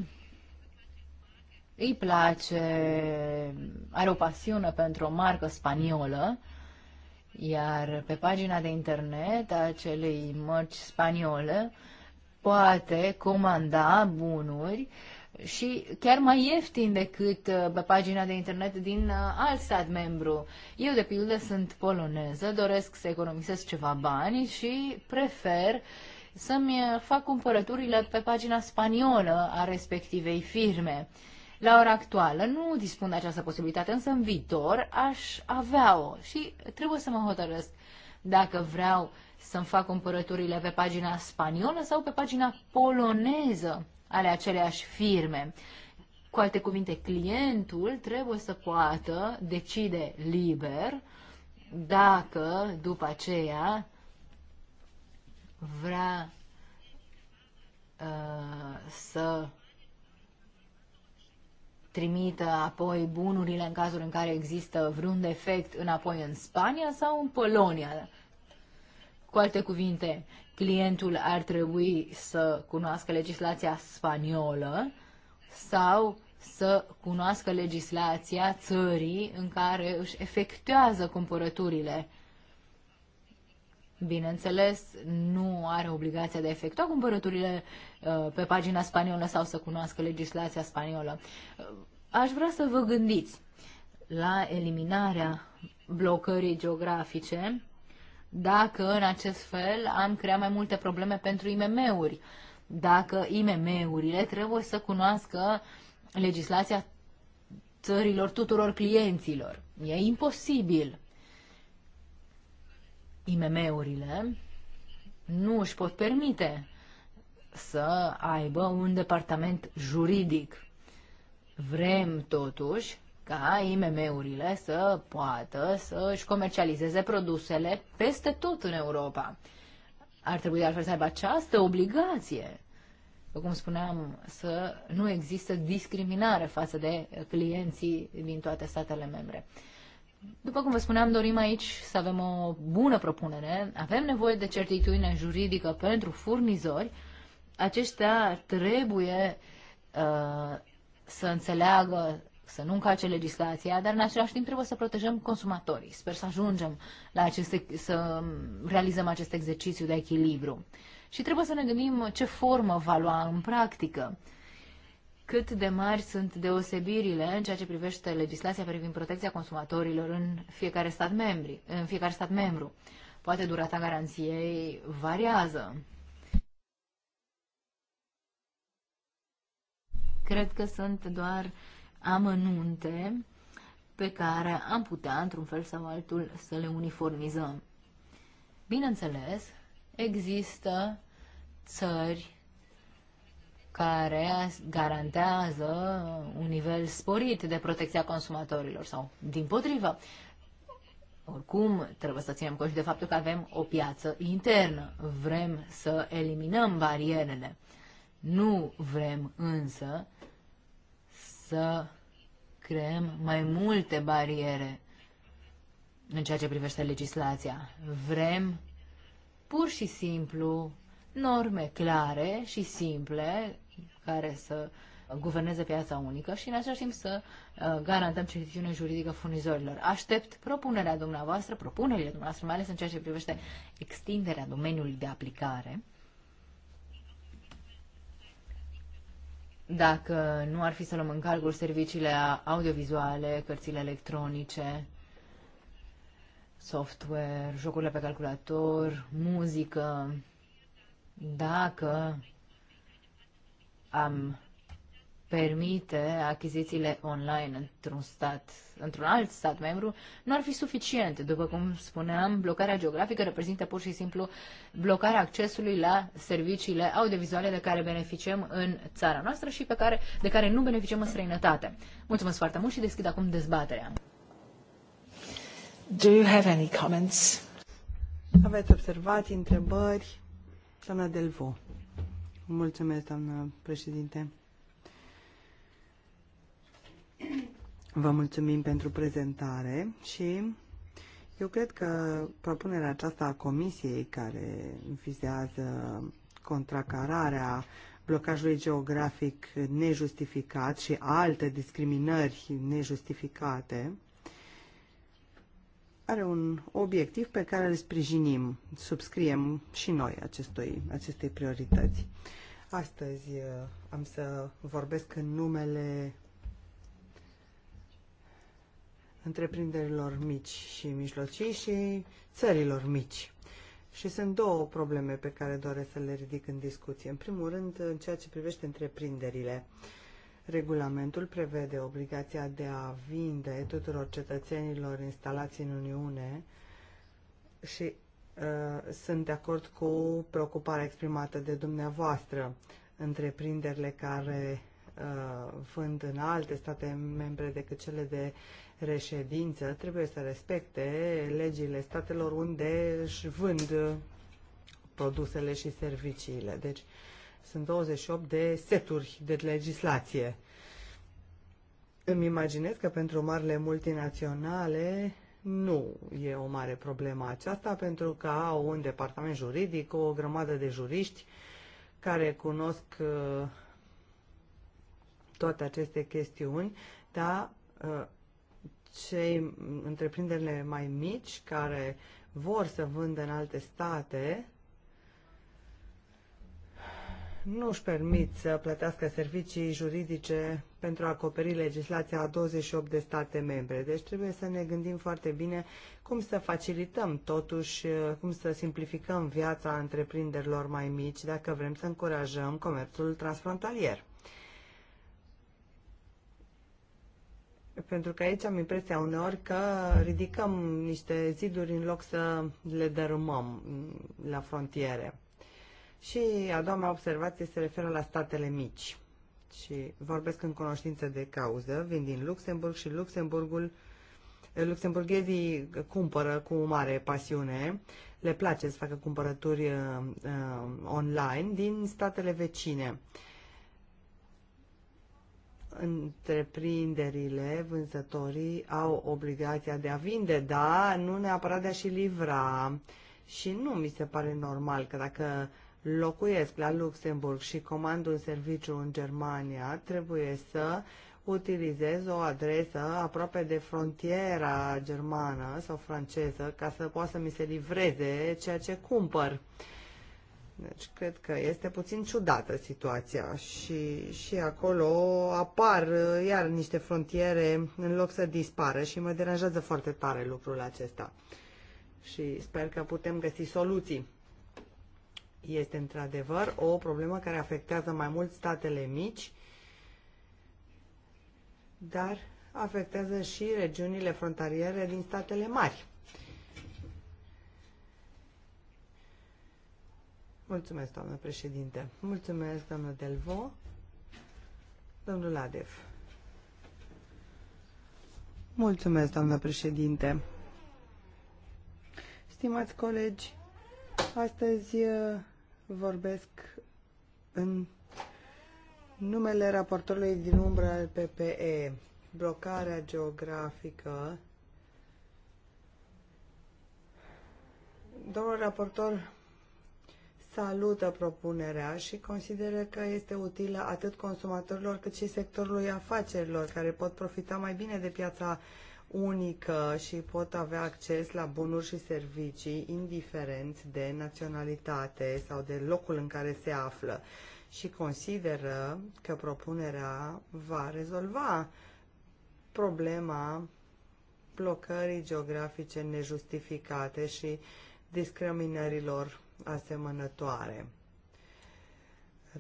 îi place, are o pasiune pentru o marcă spaniolă, iar pe pagina de internet a acelei mărci spaniole poate comanda bunuri și chiar mai ieftin decât uh, pe pagina de internet din uh, alt stat membru. Eu, de pildă, sunt poloneză, doresc să economisesc ceva bani și prefer uh, să-mi eh, fac cumpărăturile pe pagina spaniolă a respectivei firme. La ora actuală nu dispun de această posibilitate, însă în viitor aș avea-o și trebuie să mă hotărăsc dacă vreau să-mi fac cumpărăturile pe pagina spaniolă sau pe pagina poloneză ale aceleași firme. Cu alte cuvinte, clientul trebuie să poată decide liber dacă după aceea vrea uh, să trimită apoi bunurile în cazul în care există vreun defect înapoi în Spania sau în Polonia. Cu alte cuvinte, clientul ar trebui să cunoască legislația spaniolă sau să cunoască legislația țării în care își efectuează cumpărăturile bineînțeles, nu are obligația de a efectua cumpărăturile uh, pe pagina spaniolă sau să cunoască legislația spaniolă. Uh, aș vrea să vă gândiți la eliminarea blocării geografice, dacă în acest fel am creat mai multe probleme pentru IMM-uri, dacă IMM-urile trebuie să cunoască legislația țărilor tuturor clienților. E imposibil. IMM-urile nu își pot permite să aibă un departament juridic. Vrem totuși ca IMM-urile să poată să își comercializeze produsele peste tot în Europa. Ar trebui de altfel să aibă această obligație, cum spuneam, să nu există discriminare față de clienții din toate statele membre. După cum vă spuneam, dorim aici să avem o bună propunere. Avem nevoie de certitudine juridică pentru furnizori. Aceștia trebuie uh, să înțeleagă să nu încalce legislația, dar în același timp trebuie să protejăm consumatorii. Sper să ajungem la aceste, să realizăm acest exercițiu de echilibru. Și trebuie să ne gândim ce formă va lua în practică. Uh, cât de mari sunt deosebirile în ceea ce privește legislația privind protecția consumatorilor în fiecare stat, membri, în fiecare stat membru. Poate durata garanției variază. Cred că sunt doar amănunte pe care am putea, într-un fel sau altul, să le uniformizăm. Bineînțeles, există țări care garantează un nivel sporit de protecția consumatorilor sau din potrivă. Oricum, trebuie să ținem cont și de faptul că avem o piață internă. Vrem să eliminăm barierele. Nu vrem însă să creăm mai multe bariere în ceea ce privește legislația. Vrem pur și simplu norme clare și simple care să guverneze piața unică și în același timp să uh, garantăm certitudine juridică furnizorilor. Aștept propunerea dumneavoastră, propunerile dumneavoastră, mai ales în ceea ce privește extinderea domeniului de aplicare. Dacă nu ar fi să luăm în calcul serviciile audiovizuale, cărțile electronice, software, jocurile pe calculator, muzică, dacă am permite achizițiile online într-un stat, într-un alt stat membru, nu ar fi suficient. După cum spuneam, blocarea geografică reprezintă pur și simplu blocarea accesului la serviciile audiovizuale de care beneficiem în țara noastră și pe care, de care nu beneficiem în străinătate. Mulțumesc foarte mult și deschid acum dezbaterea. Do you have any comments? Aveți observații, întrebări? Doamna Delvo. Mulțumesc, doamnă președinte. Vă mulțumim pentru prezentare și eu cred că propunerea aceasta a comisiei care vizează contracararea blocajului geografic nejustificat și alte discriminări nejustificate are un obiectiv pe care îl sprijinim, subscriem și noi acestui, acestei priorități. Astăzi uh, am să vorbesc în numele întreprinderilor mici și mijlocii și țărilor mici. Și sunt două probleme pe care doresc să le ridic în discuție. În primul rând, în ceea ce privește întreprinderile. Uh, Regulamentul prevede obligația de a vinde tuturor cetățenilor instalați în Uniune și uh, sunt de acord cu preocuparea exprimată de dumneavoastră. Întreprinderile care uh, vând în alte state membre decât cele de reședință trebuie să respecte legile statelor unde își vând produsele și serviciile. Deci, uh, sunt 28 de seturi de legislație. Îmi imaginez că pentru marile multinaționale nu e o mare problemă aceasta, pentru că au un departament juridic, o grămadă de juriști care cunosc uh, toate aceste chestiuni, dar uh, cei întreprinderile mai mici care vor să vândă în alte state nu își permit să plătească servicii juridice pentru a acoperi legislația a 28 de state membre. Deci trebuie să ne gândim foarte bine cum să facilităm totuși, cum să simplificăm viața întreprinderilor mai mici dacă vrem să încurajăm comerțul transfrontalier. Pentru că aici am impresia uneori că ridicăm niște ziduri în loc să le dărâmăm la frontiere. Și a doua mea observație se referă la statele mici. Și vorbesc în cunoștință de cauză, vin din Luxemburg și Luxemburgul eh, luxemburghezii cumpără cu mare pasiune, le place să facă cumpărături uh, online din statele vecine. Întreprinderile, vânzătorii au obligația de a vinde, da, nu neapărat de a și livra. Și nu mi se pare normal că dacă uh, locuiesc la Luxemburg și comand un serviciu în Germania, trebuie să utilizez o adresă aproape de frontiera germană sau franceză ca să poată să mi se livreze ceea ce cumpăr. Deci cred că este puțin ciudată situația și, și acolo apar uh, iar niște frontiere în loc să dispară și mă deranjează foarte tare lucrul acesta. Și sper că putem găsi soluții. Este într-adevăr o problemă care afectează mai mult statele mici, dar afectează și regiunile frontaliere din statele mari. Mulțumesc, doamnă președinte. Mulțumesc, doamnă Delvo. Domnul Adev. Mulțumesc, doamnă președinte. Stimați colegi, astăzi vorbesc în numele raportorului din umbră al PPE. Blocarea geografică. Domnul raportor salută propunerea și consideră că este utilă atât consumatorilor cât și sectorului afacerilor, care pot profita mai bine de piața uh, unică și pot avea acces la bunuri și servicii indiferent de naționalitate sau de locul în care se află și consideră că propunerea va rezolva problema blocării geografice nejustificate și discriminărilor asemănătoare.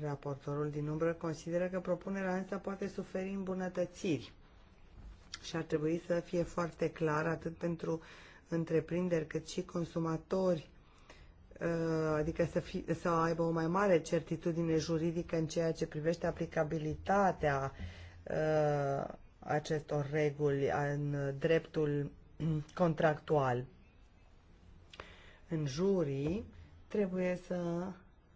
Raportorul din umbră consideră că propunerea asta poate suferi îmbunătățiri și ar trebui să fie foarte clar atât pentru întreprinderi cât și consumatori, uh, adică să, fi, să aibă o mai mare certitudine juridică în ceea ce privește aplicabilitatea uh, acestor reguli în dreptul contractual. În jurii trebuie să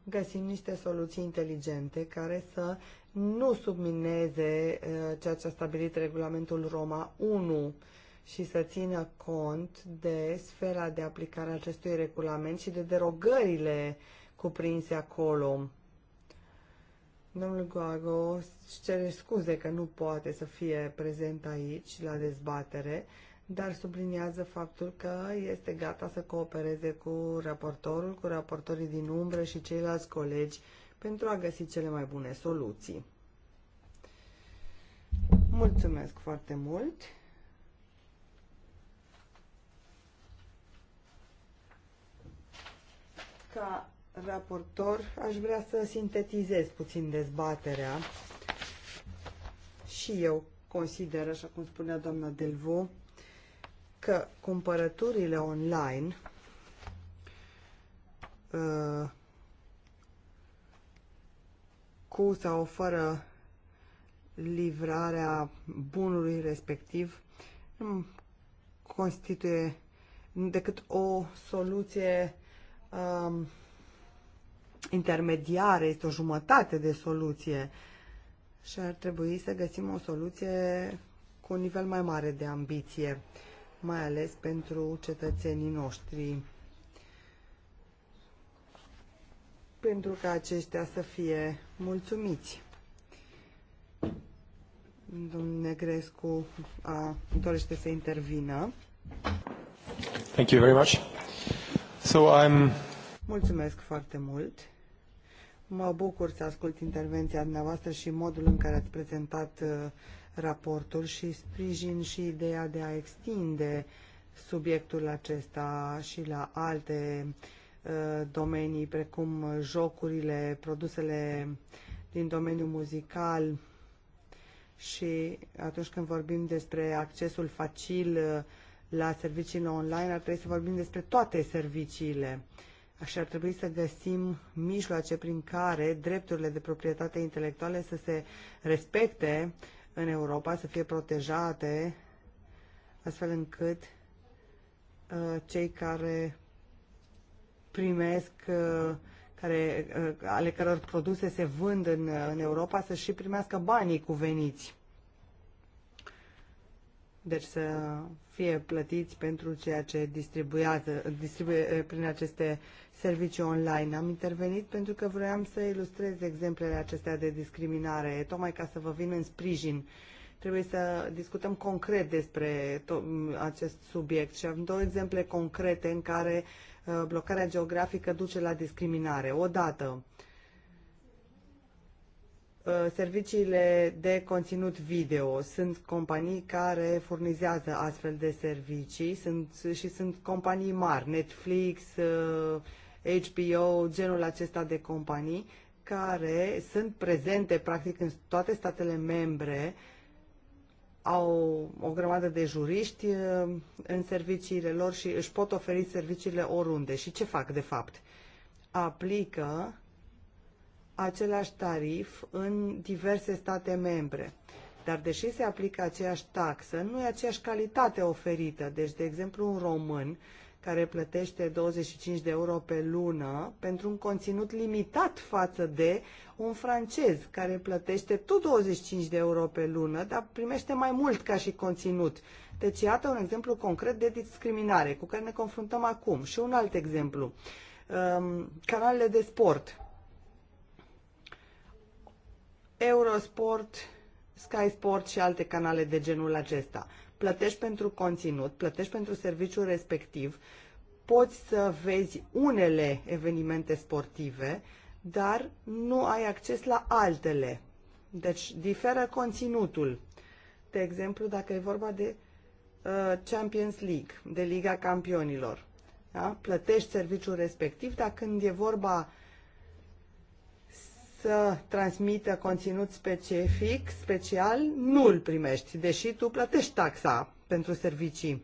găsim niște soluții inteligente care să nu submineze uh, ceea ce a stabilit regulamentul Roma 1 și să țină cont de sfera de aplicare a acestui regulament și de derogările cuprinse acolo. Domnul Goago își cere scuze că nu poate să fie prezent aici la dezbatere, dar subliniază faptul că este gata să coopereze cu raportorul, cu raportorii din umbră și ceilalți colegi pentru a găsi cele mai bune soluții. Mulțumesc foarte mult! Ca raportor aș vrea să sintetizez puțin dezbaterea și eu consider, așa cum spunea doamna Delvaux, că cumpărăturile online uh, cu sau fără livrarea bunului respectiv nu constituie decât o soluție um, intermediară, este o jumătate de soluție și ar trebui să găsim o soluție cu un nivel mai mare de ambiție. Uh, mai ales pentru cetățenii noștri, pentru ca aceștia să fie mulțumiți. Domnul Negrescu a, dorește să intervină. Thank you very much. So I'm... Mulțumesc foarte mult. Mă bucur să ascult intervenția dumneavoastră și modul în care ați prezentat uh, raportul și sprijin și ideea de a extinde subiectul acesta și la alte uh, domenii precum jocurile, produsele din domeniul muzical și atunci când vorbim despre accesul facil uh, la serviciile online, ar trebui să vorbim despre toate serviciile. Așa ar trebui să găsim mijloace prin care drepturile de proprietate intelectuale să se respecte în Europa să fie protejate astfel încât uh, cei care primesc, uh, care, uh, ale căror produse se vând în, uh, în Europa, să și primească banii cuveniți. Deci să fie plătiți pentru ceea ce distribuie uh, prin aceste uh, serviciu online. Am intervenit pentru că vroiam să ilustrez exemplele acestea de discriminare, tocmai ca să vă vin în sprijin. Trebuie să discutăm concret despre acest subiect și am două exemple concrete în care uh, blocarea geografică duce la discriminare. Odată, uh, serviciile de conținut video. Sunt companii care furnizează astfel de servicii sunt, și sunt companii mari, Netflix, uh, HBO, genul acesta de companii, care sunt prezente practic în toate statele membre, au o grămadă de juriști uh, în serviciile lor și își pot oferi serviciile oriunde. Și ce fac, de fapt? Aplică același tarif în diverse state membre. Dar deși se aplică aceeași taxă, nu e aceeași calitate oferită. Deci, de exemplu, un român uh, care plătește 25 de euro pe lună pentru un conținut limitat față de un francez care plătește tot 25 de euro pe lună, dar primește mai mult ca și conținut. Deci iată un exemplu concret de discriminare cu care ne confruntăm acum. Și un alt exemplu. Um, canalele de sport. Eurosport, Sky Sport și alte canale de genul acesta. Uh, plătești pentru conținut, plătești pentru serviciul respectiv, poți să vezi unele evenimente sportive, dar nu ai acces la altele. Deci diferă conținutul. De exemplu, dacă e vorba de uh, Champions League, de Liga Campionilor. Da? Plătești serviciul respectiv, dar când e vorba să transmită conținut specific, special, nu îl primești, deși tu plătești taxa pentru servicii.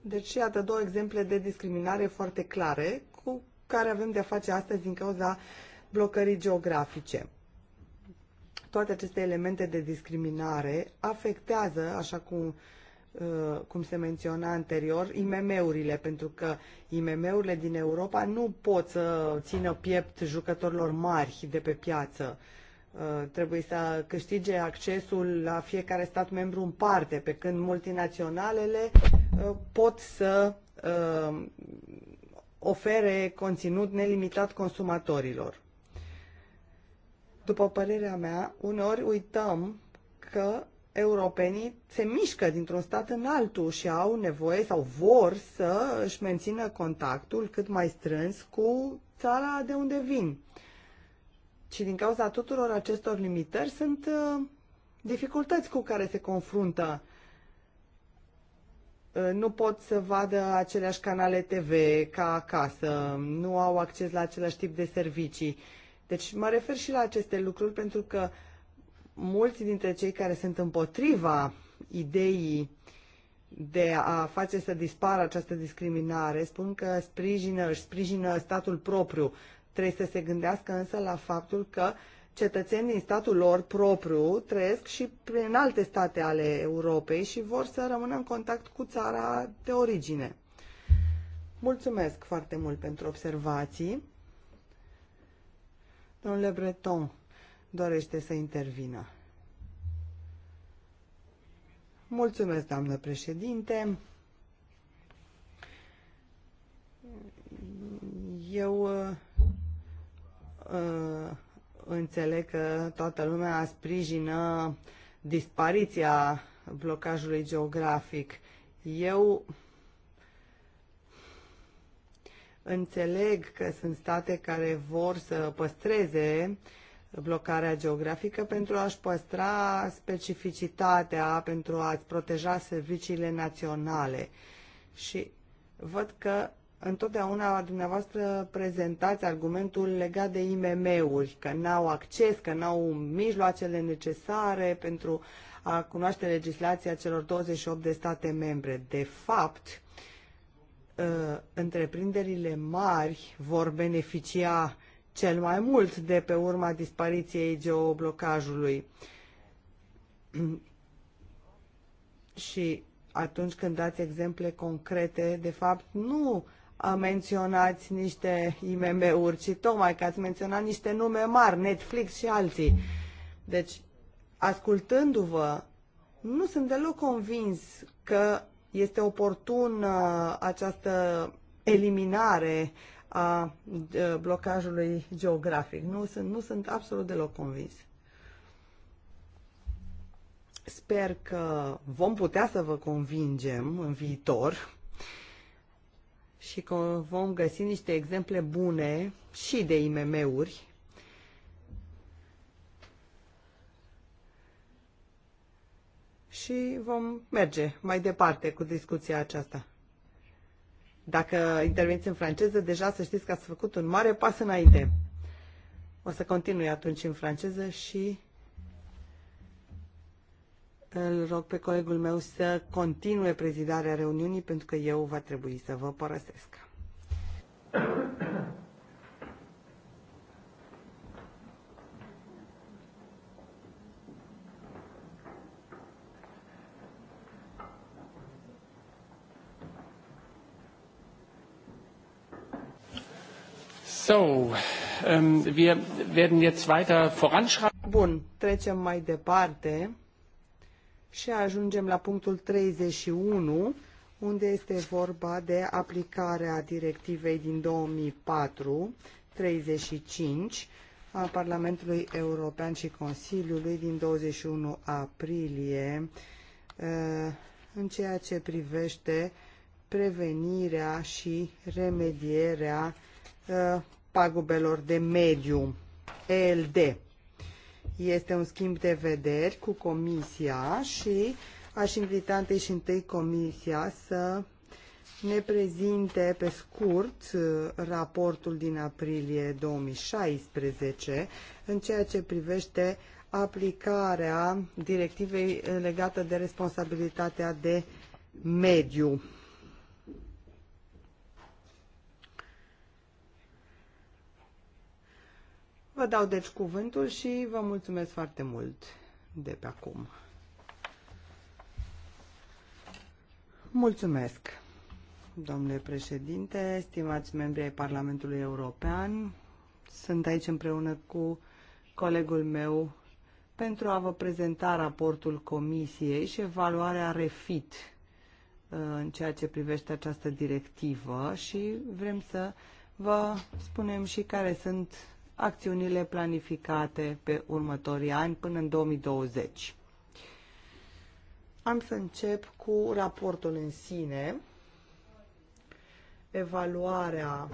Deci, iată două exemple de discriminare foarte clare cu care avem de-a face astăzi din cauza blocării geografice. Toate aceste elemente de discriminare afectează, așa cum Uh, cum se menționa anterior, IMM-urile, pentru că IMM-urile din Europa nu pot să țină piept jucătorilor mari de pe piață. Uh, trebuie să câștige accesul la fiecare stat membru în parte, pe când multinaționalele uh, pot să ofere conținut nelimitat consumatorilor. După părerea mea, uneori uităm că europenii se mișcă dintr-un stat în altul și au nevoie sau vor să își mențină contactul cât mai strâns cu țara de unde vin. Și din cauza tuturor acestor limitări sunt uh, dificultăți cu care se confruntă. Uh, nu pot să vadă aceleași canale TV ca acasă, nu au acces la același tip de servicii. Deci mă refer și la aceste lucruri pentru că uh, mulți dintre cei care sunt împotriva ideii de a face să dispară această discriminare spun că sprijină, își sprijină statul propriu. Trebuie să se gândească însă la faptul că cetățenii din statul lor propriu trăiesc și prin alte state ale Europei și vor să rămână în contact cu țara de origine. Mulțumesc foarte mult pentru observații. Domnule Breton, dorește să intervină. Mulțumesc, doamnă președinte. Eu uh, uh, înțeleg că toată lumea sprijină dispariția blocajului geografic. Eu înțeleg că sunt state care vor să păstreze uh, blocarea geografică pentru a-și păstra specificitatea, pentru a-ți proteja serviciile naționale. Și văd că întotdeauna dumneavoastră prezentați argumentul legat de IMM-uri, că n-au acces, că n-au mijloacele necesare pentru a cunoaște legislația celor 28 de state membre. De fapt, uh, întreprinderile mari vor beneficia cel mai mult de pe urma dispariției geoblocajului. Și atunci când dați exemple concrete, de fapt nu a menționați niște IMM-uri, ci tocmai că ați menționat niște nume mari, Netflix și alții. Deci, ascultându-vă, nu sunt deloc convins că este oportun această eliminare a blocajului geografic. Nu sunt, nu sunt absolut deloc convins. Sper că vom putea să vă convingem în viitor și că vom găsi niște exemple bune și de IMM-uri și vom merge mai departe cu discuția aceasta. Dacă interveniți în franceză, deja să știți că ați făcut un mare pas înainte. O să continui atunci în franceză și îl rog pe colegul meu să continue prezidarea reuniunii pentru că eu va trebui să vă părăsesc. So, um, wir werden jetzt weiter voranschreiten. Bun, trecem mai departe și ajungem la punctul 31, unde este vorba de aplicarea directivei din 2004 35 a Parlamentului European și Consiliului din 21 aprilie ă, în ceea ce privește prevenirea și remedierea ă, pagubelor de mediu, ELD. Este un schimb de vederi cu Comisia și aș invita întâi și întâi Comisia să ne prezinte pe scurt uh, raportul din aprilie 2016 în ceea ce privește aplicarea directivei uh, legată de responsabilitatea de mediu. Vă dau deci cuvântul și vă mulțumesc foarte mult de pe acum. Mulțumesc, domnule președinte, stimați membri ai Parlamentului European. Sunt aici împreună cu colegul meu pentru a vă prezenta raportul Comisiei și evaluarea refit uh, în ceea ce privește această directivă și vrem să vă spunem și care sunt acțiunile planificate pe următorii ani până în 2020. Am să încep cu raportul în sine, evaluarea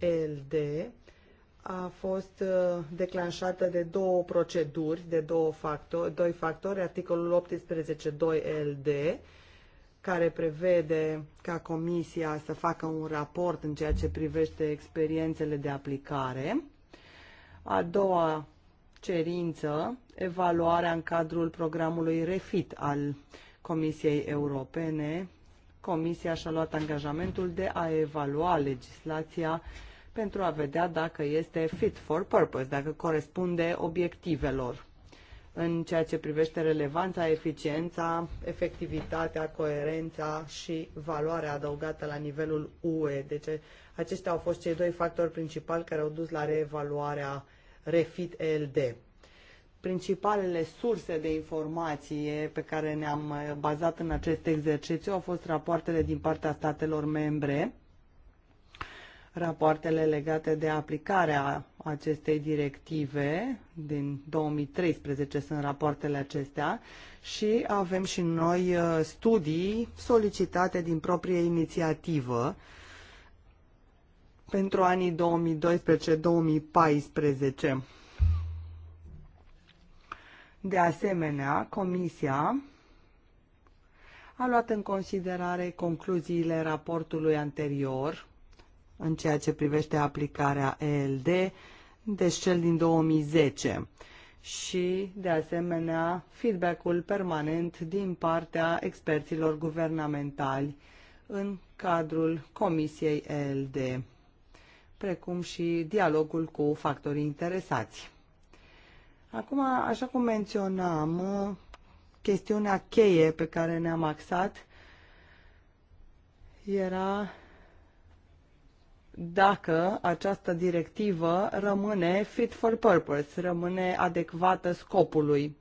LD a fost uh, declanșată de două proceduri, de două factori, doi factori, articolul 18.2 LD, care prevede ca Comisia să facă un raport în ceea ce privește experiențele de aplicare a doua cerință, evaluarea în cadrul programului REFIT al Comisiei Europene. Comisia și-a luat angajamentul de a evalua legislația pentru a vedea dacă este fit for purpose, dacă corespunde obiectivelor în ceea ce privește relevanța, eficiența, efectivitatea, coerența și valoarea adăugată la nivelul UE. Deci aceștia au fost cei doi factori principali care au dus la reevaluarea Refit ELD. Principalele surse de informație pe care ne-am uh, bazat în acest exercițiu au fost rapoartele din partea statelor membre, rapoartele legate de aplicarea acestei directive din 2013 sunt rapoartele acestea și avem și noi uh, studii solicitate din proprie inițiativă pentru anii 2012-2014. De asemenea, Comisia a luat în considerare concluziile raportului anterior în ceea ce privește aplicarea ELD, deci cel din 2010 și, de asemenea, feedback-ul permanent din partea experților guvernamentali în cadrul Comisiei ELD precum și dialogul cu factorii interesați. Acum, așa cum menționam, chestiunea cheie pe care ne-am axat era dacă această directivă rămâne fit for purpose, rămâne adecvată scopului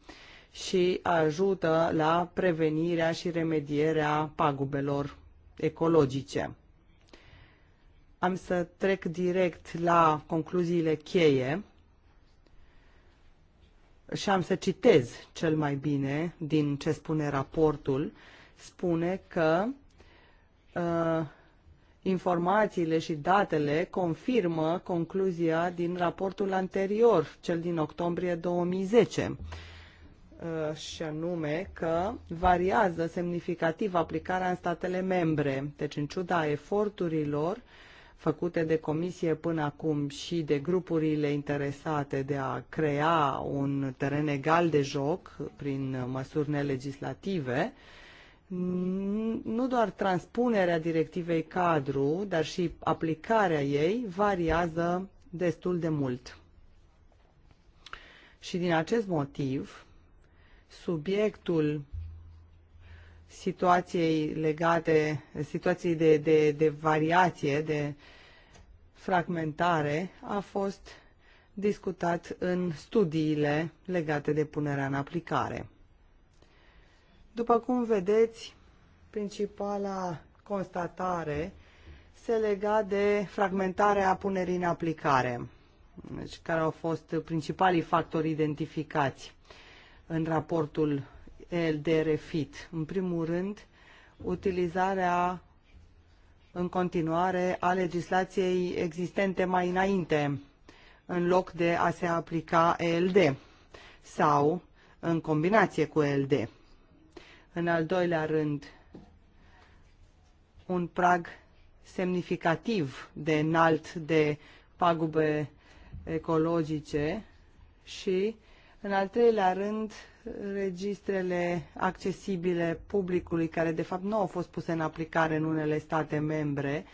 și ajută la prevenirea și remedierea pagubelor ecologice. Am să trec direct la concluziile cheie și am să citez cel mai bine din ce spune raportul. Spune că uh, informațiile și datele confirmă concluzia din raportul anterior, cel din octombrie 2010 uh, și anume că variază semnificativ aplicarea în statele membre. Deci, în ciuda eforturilor, uh, făcute de comisie până acum și de grupurile interesate de a crea un teren egal de joc prin măsuri nelegislative, nu doar transpunerea directivei cadru, dar și aplicarea ei variază destul de mult. Și din acest motiv, subiectul situației legate, situației de, de, de variație, de uh, fragmentare a fost discutat în studiile legate de punerea în aplicare. După cum vedeți, principala constatare se lega de fragmentarea punerii în aplicare, deci care au fost principalii factori identificați în raportul LDR-FIT. În primul rând, utilizarea în continuare a legislației existente mai înainte, în loc de a se aplica ELD sau în combinație cu ELD. În al doilea rând, un prag semnificativ de înalt de pagube ecologice și în al treilea rând, registrele accesibile publicului, care de fapt nu au fost puse în aplicare în unele state membre,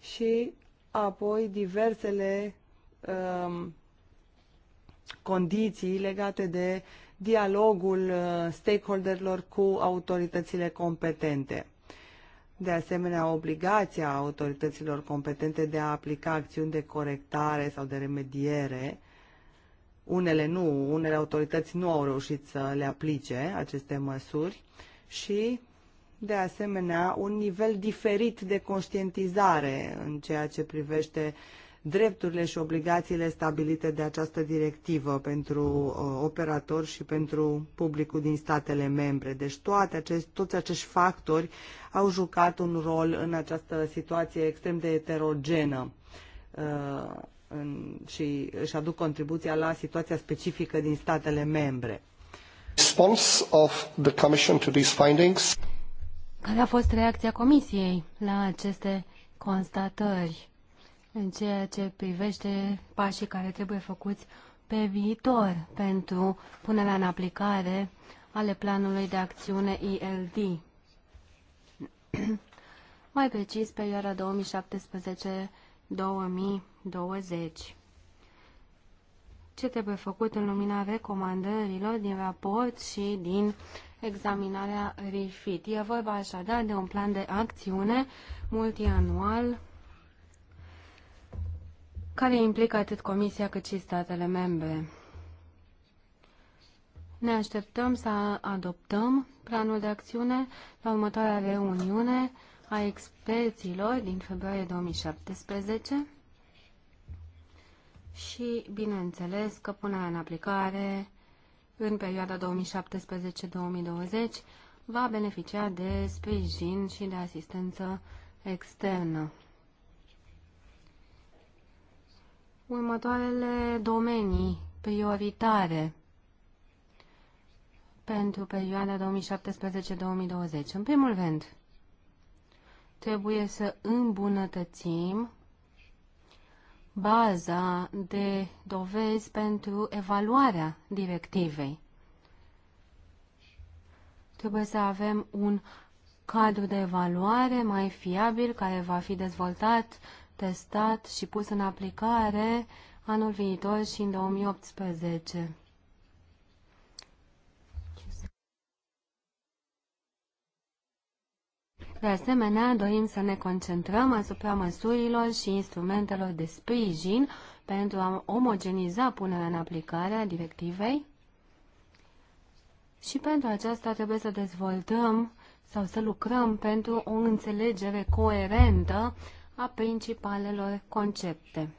și apoi diversele um, condiții legate de dialogul uh, stakeholderilor cu autoritățile competente. De asemenea, obligația autorităților competente de a aplica acțiuni de corectare sau de remediere unele nu, unele autorități nu au reușit să le aplice aceste măsuri și, de asemenea, un nivel diferit de conștientizare în ceea ce privește drepturile și obligațiile stabilite de această directivă pentru uh, operator și pentru publicul din statele membre. Deci toate acest, toți acești factori au jucat un rol în această situație extrem de heterogenă. Uh, în, și își aduc contribuția la situația specifică din statele membre. Response of the Commission to these findings. Care a fost reacția Comisiei la aceste constatări în ceea ce privește pașii care trebuie făcuți pe viitor pentru punerea în aplicare ale planului de acțiune ILD? Mai precis, perioada 2017 2020. Ce trebuie făcut în lumina recomandărilor din raport și din examinarea RIFIT? E vorba așadar de un plan de acțiune multianual care implică atât Comisia cât și statele membre. Ne așteptăm să adoptăm planul de acțiune la următoarea reuniune a experților din februarie 2017 și, bineînțeles, că punerea în aplicare în perioada 2017-2020 va beneficia de sprijin și de asistență externă. Următoarele domenii prioritare pentru perioada 2017-2020. În primul rând, trebuie să îmbunătățim baza de dovezi pentru evaluarea directivei. Trebuie să avem un cadru de evaluare mai fiabil care va fi dezvoltat, testat și pus în aplicare anul viitor și în 2018. De asemenea, dorim să ne concentrăm asupra măsurilor și instrumentelor de sprijin pentru a omogeniza punerea în aplicare a directivei și pentru aceasta trebuie să dezvoltăm sau să lucrăm pentru o înțelegere coerentă a principalelor concepte.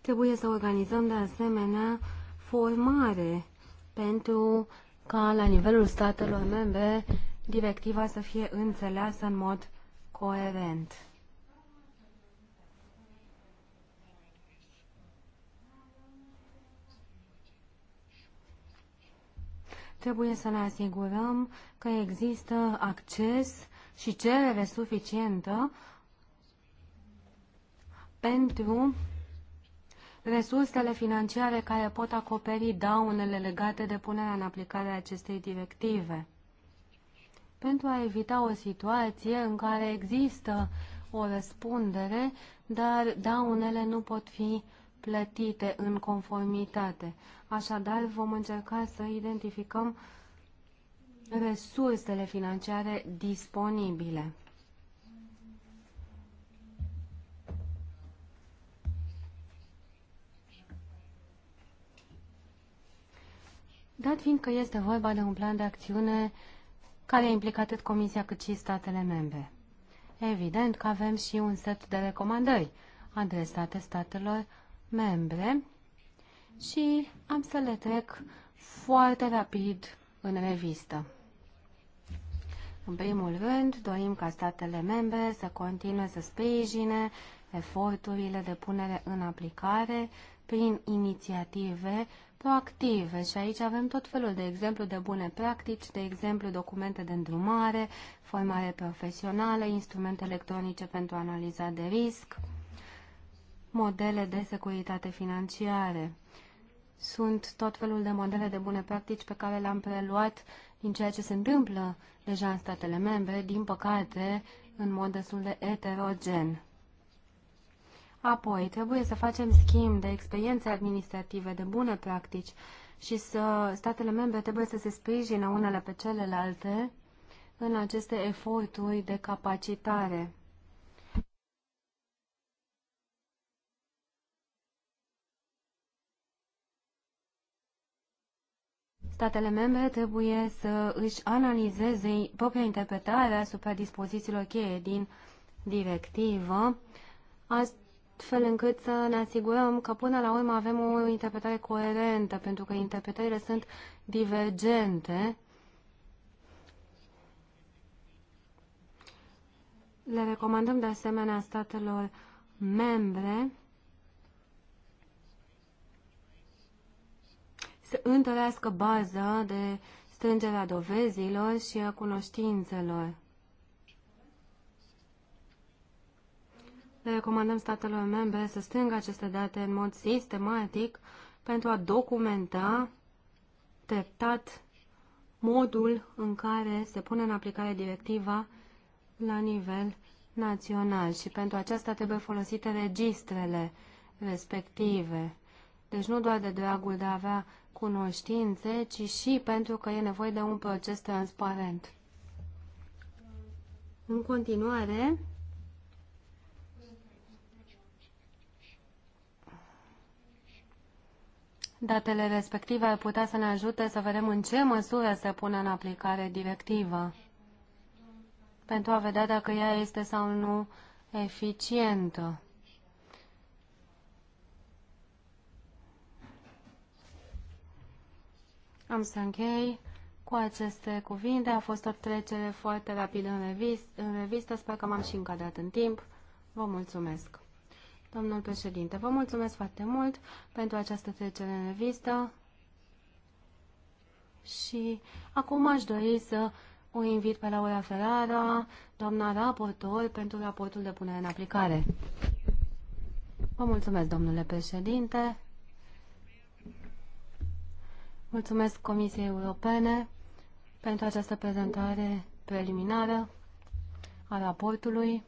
Trebuie să organizăm de asemenea formare pentru ca la nivelul statelor membre directiva să fie înțeleasă în mod coerent. Trebuie să ne asigurăm că există acces și cerere suficientă pentru resursele financiare care pot acoperi daunele legate de punerea în aplicare a acestei directive. Pentru a evita o situație în care există o răspundere, dar daunele nu pot fi plătite în conformitate. Așadar, vom încerca să identificăm resursele financiare disponibile. Dat fiind că este vorba de un plan de acțiune care implică atât Comisia cât și statele membre. Evident că avem și un set de recomandări adresate statelor membre și am să le trec foarte rapid în revistă. În primul rând, dorim ca statele membre să continue să sprijine eforturile de punere în aplicare prin inițiative proactive și aici avem tot felul de exemplu de bune practici, de exemplu documente de îndrumare, formare profesională, instrumente electronice pentru analiza de risc, modele de securitate financiare. Sunt tot felul de modele de bune practici pe care le-am preluat din ceea ce se întâmplă deja în statele membre, din păcate, în mod destul de eterogen. Apoi, trebuie să facem schimb de experiențe administrative, de bune practici și să statele membre trebuie să se sprijină unele pe celelalte în aceste eforturi de capacitare. Statele membre trebuie să își analizeze propria interpretare asupra dispozițiilor cheie din directivă, fel încât să ne asigurăm că până la urmă avem o interpretare coerentă, pentru că interpretările sunt divergente. Le recomandăm de asemenea statelor membre să întărească baza de strângerea dovezilor și a cunoștințelor. Le recomandăm statelor membre să strângă aceste date în mod sistematic pentru a documenta treptat modul în care se pune în aplicare directiva la nivel național și pentru aceasta trebuie folosite registrele respective. Deci nu doar de dragul de a avea cunoștințe, ci și pentru că e nevoie de un proces transparent. În continuare, Datele respective ar putea să ne ajute să vedem în ce măsură se pune în aplicare directiva, pentru a vedea dacă ea este sau nu eficientă. Am să închei cu aceste cuvinte. A fost o trecere foarte rapidă în, revistă. Sper că m-am și încadrat în timp. Vă mulțumesc! Domnul președinte, vă mulțumesc foarte mult pentru această trecere în revistă și acum aș dori să o invit pe Laura Ferrara, doamna raportor, pentru raportul de punere în aplicare. Vă mulțumesc, domnule președinte. Mulțumesc Comisiei Europene pentru această prezentare preliminară a raportului.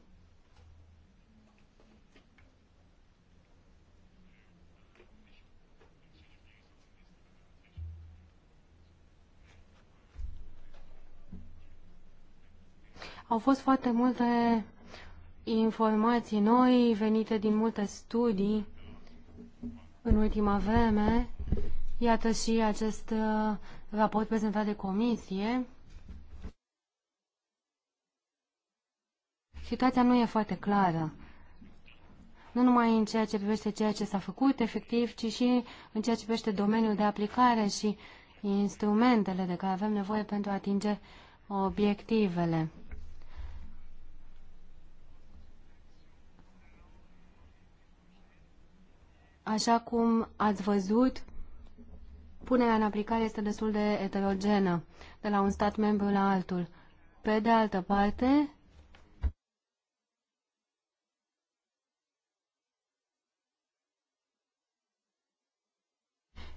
Au fost foarte multe informații noi venite din multe studii în ultima vreme. Iată și acest uh, raport prezentat de comisie. Situația nu e foarte clară. Nu numai în ceea ce privește ceea ce s-a făcut efectiv, ci și în ceea ce privește domeniul de aplicare și instrumentele de care avem nevoie pentru a atinge obiectivele. Așa cum ați văzut, punerea în aplicare este destul de eterogenă, de la un stat membru la altul. Pe de altă parte,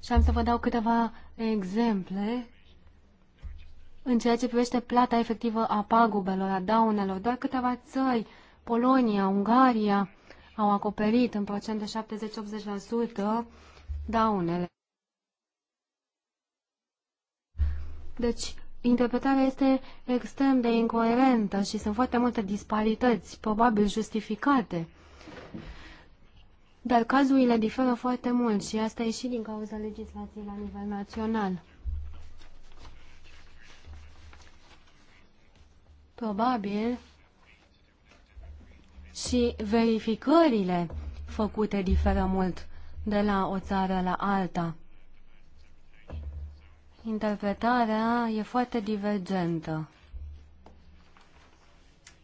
și am să vă dau câteva exemple în ceea ce privește plata efectivă a pagubelor, a daunelor. Doar câteva țări, Polonia, Ungaria, au acoperit în procent de 70-80% daunele. Deci, interpretarea este extrem de incoerentă și sunt foarte multe disparități, probabil justificate. Dar cazurile diferă foarte mult și asta e și din cauza legislației la nivel național. Probabil și verificările făcute diferă mult de la o țară la alta. Interpretarea e foarte divergentă.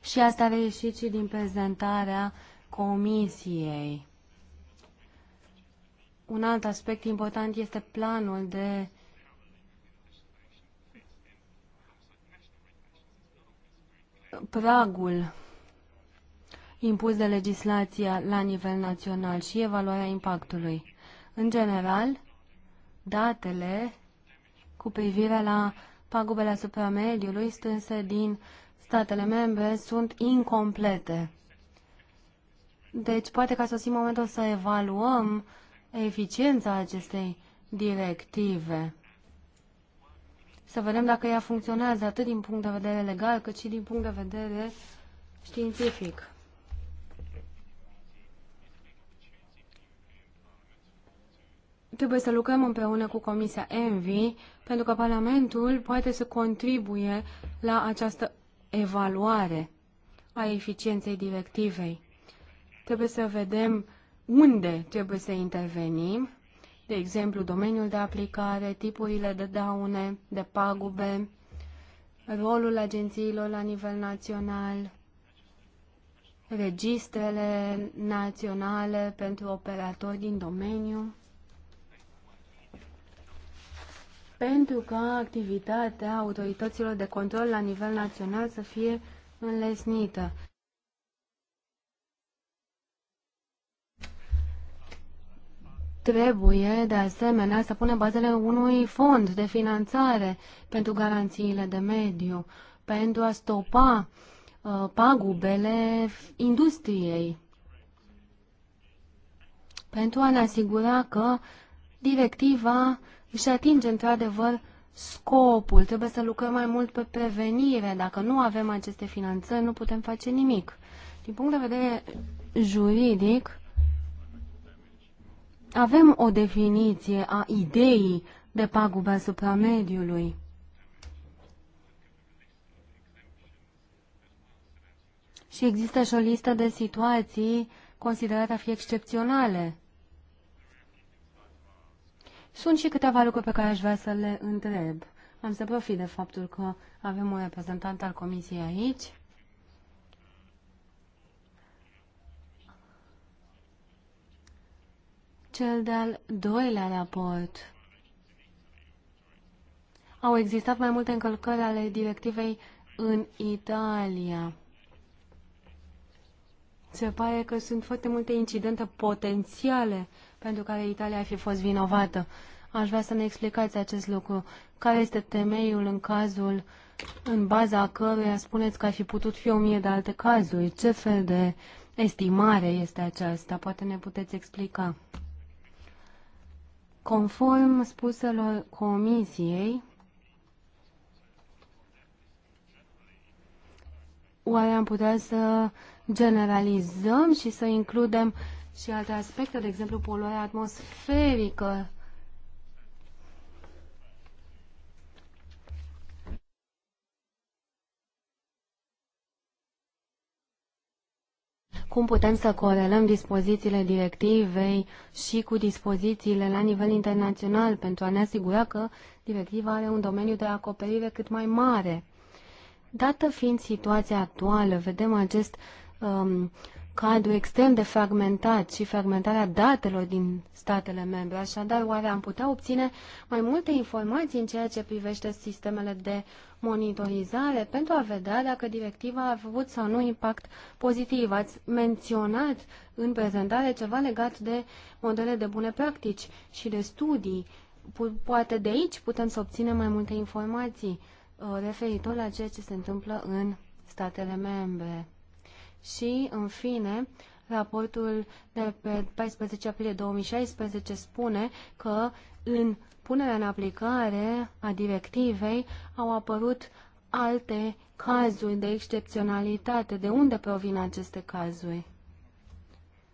Și asta a reieșit și din prezentarea comisiei. Un alt aspect important este planul de pragul impus de legislația la nivel național și evaluarea impactului. În general, datele cu privire la pagubele asupra mediului strânse din statele membre sunt incomplete. Deci, poate că a sosit momentul să evaluăm eficiența acestei directive. Să vedem dacă ea funcționează atât din punct de vedere legal, cât și din punct de vedere științific. Trebuie să lucrăm împreună cu Comisia ENVI, pentru că Parlamentul poate să contribuie la această evaluare a eficienței directivei. Trebuie să vedem unde trebuie să intervenim, de exemplu domeniul de aplicare, tipurile de daune, de pagube, rolul agențiilor la nivel național, registrele naționale pentru operatori din domeniu. pentru ca activitatea autorităților de control la nivel național să fie înlesnită. Trebuie, de asemenea, să punem bazele unui fond de finanțare pentru garanțiile de mediu, pentru a stopa uh, pagubele industriei, pentru a ne asigura că directiva uh, își atinge într-adevăr scopul. Trebuie să lucrăm mai mult pe prevenire. Dacă nu avem aceste finanțări, nu putem face nimic. Din punct de vedere juridic, avem o definiție a ideii de pagubă asupra mediului. Și există și o listă de situații considerate a fi excepționale. Sunt și câteva lucruri pe care aș vrea să le întreb. Am să profit de faptul că avem un reprezentant al comisiei aici. Cel de-al doilea raport. Au existat mai multe încălcări ale directivei în Italia. Se pare că sunt foarte multe incidente potențiale pentru care Italia ar fi fost vinovată. Aș vrea să ne explicați acest lucru. Care este temeiul în cazul în baza căruia spuneți că ar fi putut fi o mie de alte cazuri? Ce fel de estimare este aceasta? Poate ne puteți explica. Conform spuselor comisiei, oare am putea să generalizăm și să includem și alte aspecte, de exemplu poluarea atmosferică. Cum putem să corelăm dispozițiile directivei și cu dispozițiile la nivel internațional pentru a ne asigura că directiva are un domeniu de acoperire cât mai mare? Dată fiind situația actuală, vedem acest um, cadru extrem de fragmentat și fragmentarea datelor din statele membre. Așadar, oare am putea obține mai multe informații în ceea ce privește sistemele de monitorizare pentru a vedea dacă directiva a avut sau nu impact pozitiv? Ați menționat în prezentare ceva legat de modele de bune practici și de studii. Poate de aici putem să obținem mai multe informații uh, referitor la ceea ce se întâmplă în statele membre. Și, în fine, raportul de pe 14 aprilie 2016 spune că în punerea în aplicare a directivei au apărut alte cazuri de excepționalitate. De unde provin aceste cazuri?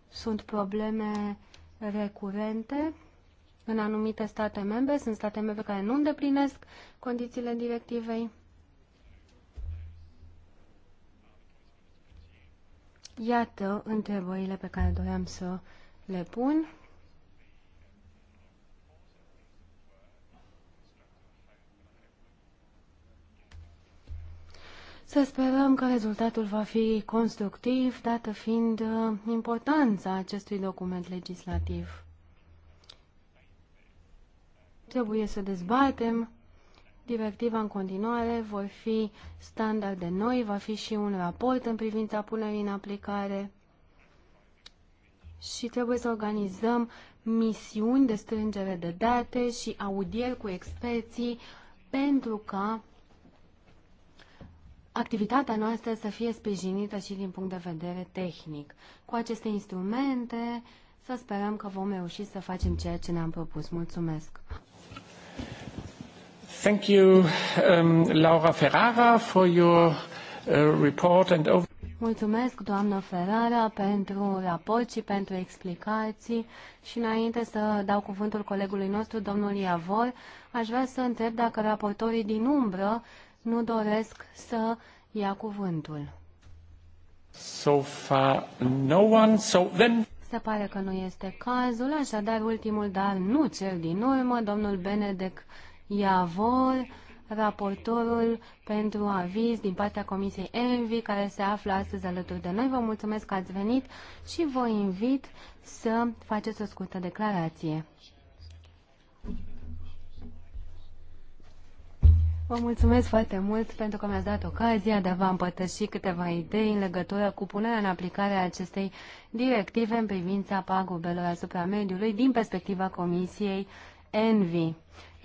Sunt probleme recurente în anumite state membre, sunt state membre care nu îndeplinesc condițiile directivei. Iată întrebările pe care doream să le pun. Să sperăm că rezultatul va fi constructiv, dată fiind uh, importanța acestui document legislativ. Trebuie să dezbatem Directiva în continuare vor fi standarde noi, va fi și un raport în privința punerii în aplicare și trebuie să organizăm misiuni de strângere de date și audieri cu experții pentru ca activitatea noastră să fie sprijinită și din punct de vedere tehnic. Cu aceste instrumente să sperăm că vom reuși să facem ceea ce ne-am propus. Mulțumesc! Thank you, um, Laura Ferrara, for your uh, report and over. Mulțumesc, doamnă Ferrara, pentru raport și pentru explicații. Și înainte să dau cuvântul colegului nostru, domnul Iavor, aș vrea să întreb dacă raportorii din umbră nu doresc să ia cuvântul. So far, no one, so then... Se pare că nu este cazul, așadar ultimul, dar nu cel din urmă, domnul Benedek Iavor, raportorul pentru aviz din partea Comisiei ENVI, care se află astăzi alături de noi. Vă mulțumesc că ați venit și vă invit să faceți o scurtă declarație. Vă mulțumesc foarte mult pentru că mi-ați dat ocazia de a vă împărtăși câteva idei în legătură cu punerea în aplicare a acestei directive în privința pagubelor asupra mediului din perspectiva Comisiei ENVI.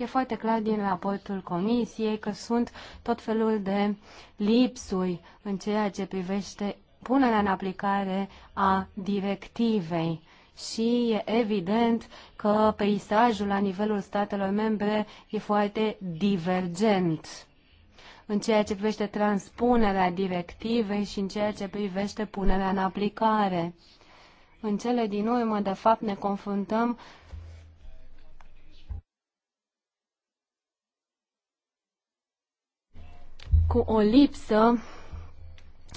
E foarte clar din raportul comisiei că sunt tot felul de lipsuri în ceea ce privește punerea în aplicare a directivei și e evident că peisajul la nivelul statelor membre e foarte divergent în ceea ce privește transpunerea directivei și în ceea ce privește punerea în aplicare. În cele din urmă, de fapt, ne confruntăm cu o lipsă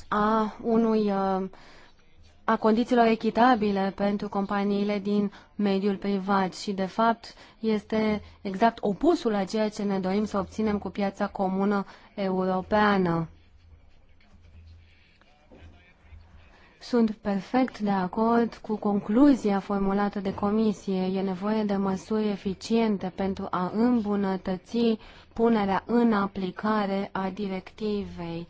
a unui uh, a condițiilor echitabile pentru companiile din mediul privat și, de fapt, este exact opusul a ceea ce ne dorim să obținem cu piața comună europeană. Sunt perfect de acord cu concluzia formulată de comisie. E nevoie de măsuri eficiente pentru a îmbunătăți punerea în aplicare a directivei.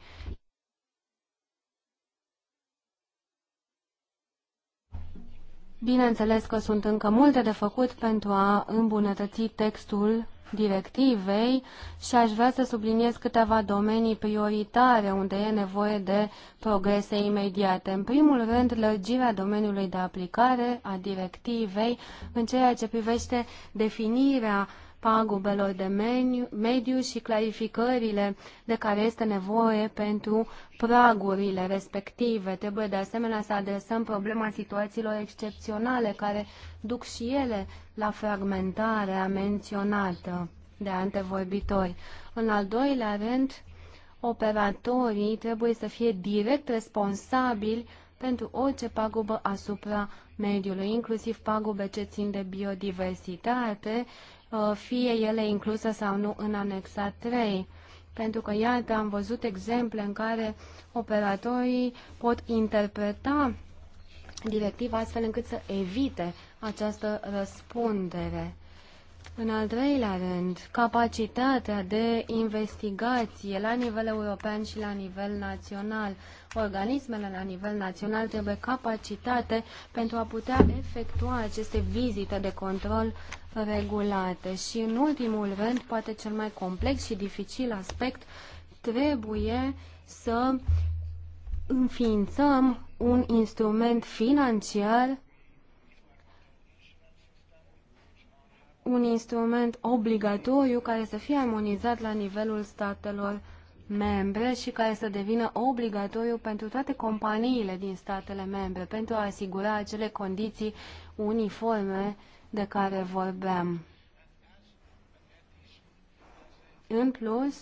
Bineînțeles că sunt încă multe de făcut pentru a îmbunătăți textul directivei și aș vrea să subliniez câteva domenii prioritare unde e nevoie de progrese imediate. În primul rând, lărgirea domeniului de aplicare a directivei în ceea ce privește definirea pagubelor de meniu, mediu și clarificările de care este nevoie pentru pragurile respective. Trebuie de asemenea să adresăm problema situațiilor excepționale care duc și ele la fragmentarea menționată de antevorbitori. În al doilea rând, operatorii trebuie să fie direct responsabili pentru orice pagubă asupra mediului, inclusiv pagube ce țin de biodiversitate Uh, fie ele incluse sau nu în anexa 3. Pentru că, iată, am văzut exemple în care operatorii pot interpreta directiva astfel încât să evite această răspundere. În al treilea rând, capacitatea de investigație la nivel european și la nivel național. Organismele la nivel național trebuie capacitate pentru a putea efectua aceste vizite de control regulate. Și în ultimul rând, poate cel mai complex și dificil aspect, trebuie să înființăm un instrument financiar, un instrument obligatoriu care să fie armonizat la nivelul statelor membre și care să devină obligatoriu pentru toate companiile din statele membre pentru a asigura acele condiții uniforme uh, de care vorbeam. În plus,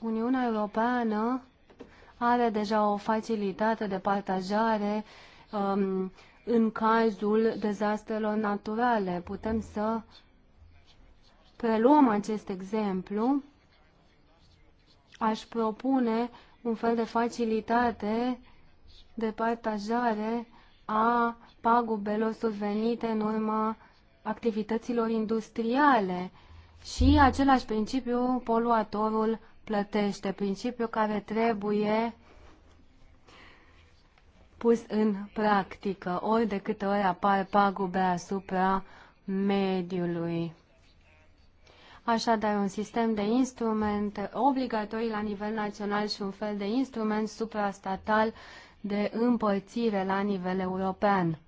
Uniunea Europeană are deja o facilitate de partajare um, în cazul dezastrelor naturale. Putem să preluăm acest exemplu. Aș propune un fel de facilitate de partajare a pagubelor survenite în urma activităților industriale și același principiu poluatorul plătește, principiu care trebuie pus în practică, ori de câte ori apar pagube asupra mediului. Așadar, un sistem de instrumente obligatorii la nivel național și un fel de instrument suprastatal de împărțire la nivel european.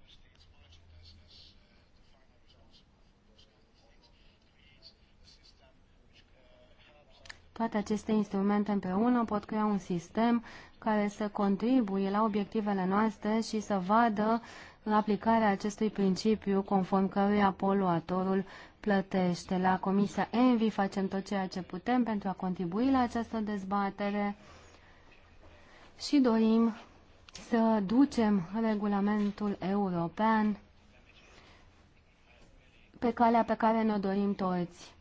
Toate aceste instrumente împreună pot crea un sistem care să contribuie la obiectivele noastre și să vadă aplicarea acestui principiu conform căruia poluatorul plătește. La Comisia ENVI facem tot ceea ce putem pentru a contribui la această dezbatere și dorim să ducem regulamentul european pe calea pe care ne-o dorim toți.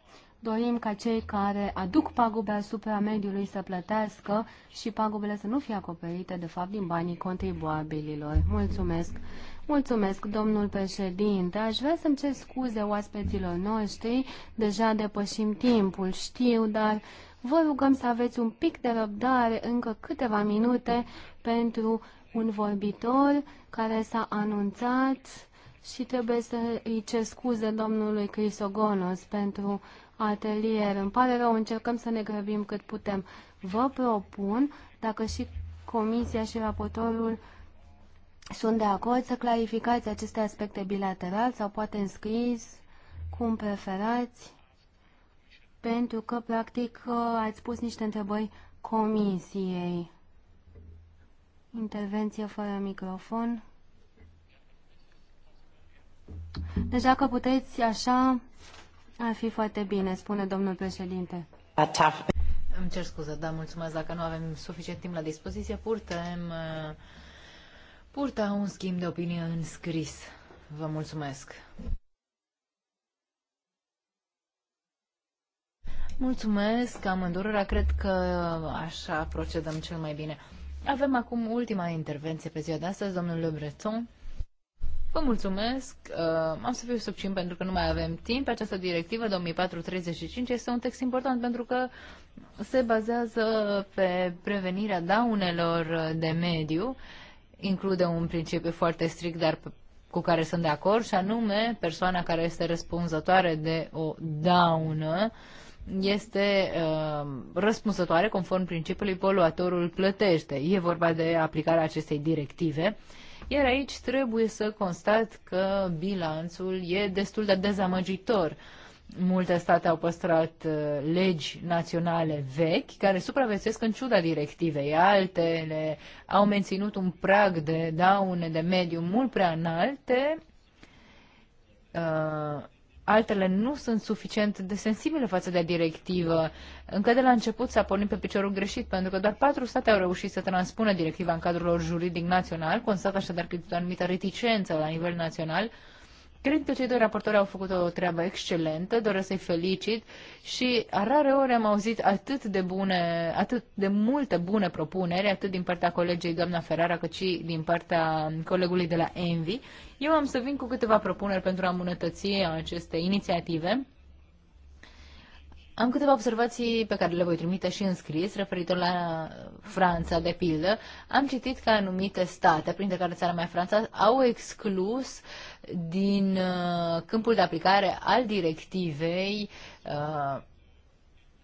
Dorim ca cei care aduc pagube asupra mediului să plătească și pagubele să nu fie acoperite, de fapt, din banii contribuabililor. Mulțumesc! Mulțumesc, domnul președinte. Aș vrea să-mi cer scuze oaspeților noștri. Deja depășim timpul, știu, dar vă rugăm să aveți un pic de răbdare, încă câteva minute, pentru un vorbitor care s-a anunțat și trebuie să îi cer scuze domnului Crisogonos pentru atelier. Îmi pare rău, încercăm să ne grăbim cât putem. Vă propun, dacă și Comisia și raportorul sunt de acord, să clarificați aceste aspecte bilateral sau poate înscris, cum preferați, pentru că, practic, ați pus niște întrebări Comisiei. Intervenție fără microfon. Deci dacă puteți așa ar fi foarte bine, spune domnul președinte. Îmi cer scuze, da, mulțumesc. Dacă nu avem suficient timp la dispoziție, purtăm, uh, purta un schimb de opinie în scris. Vă mulțumesc. Mulțumesc, am îndurarea, cred că așa procedăm cel mai bine. Avem acum ultima intervenție pe ziua de astăzi, domnul Le Breton. Vă mulțumesc. Uh, am să fiu subțin pentru că nu mai avem timp. Această directivă 2435 este un text important pentru că se bazează pe prevenirea daunelor de mediu. Include un principiu foarte strict, dar cu care sunt de acord, și anume persoana care este răspunzătoare de o daună este uh, răspunzătoare conform principiului poluatorul plătește. E vorba de aplicarea acestei directive. Iar aici trebuie să constat că bilanțul e destul de dezamăgitor. Multe state au păstrat uh, legi naționale vechi care supraviețuiesc în ciuda directivei. Altele au menținut un prag de daune de mediu mult prea înalte uh, altele nu sunt suficient de sensibile față de directivă. Încă de la început s-a pornit pe piciorul greșit, pentru că doar patru state au reușit să transpună directiva în cadrul lor juridic național, constat așadar că există o anumită reticență la nivel național, uh, Cred că cei doi raportori au făcut o treabă excelentă, doresc să-i felicit și rare ori am auzit atât de bune, atât de multe bune propuneri, atât din partea colegii doamna Ferrara, cât și din partea colegului de la Envi. Eu am să vin cu câteva propuneri pentru a îmbunătăți aceste inițiative am câteva observații pe care le voi trimite și în scris, referitor la Franța, de pildă. Am citit că anumite state, printre care țara mea Franța, au exclus din uh, câmpul de aplicare al directivei materiale uh,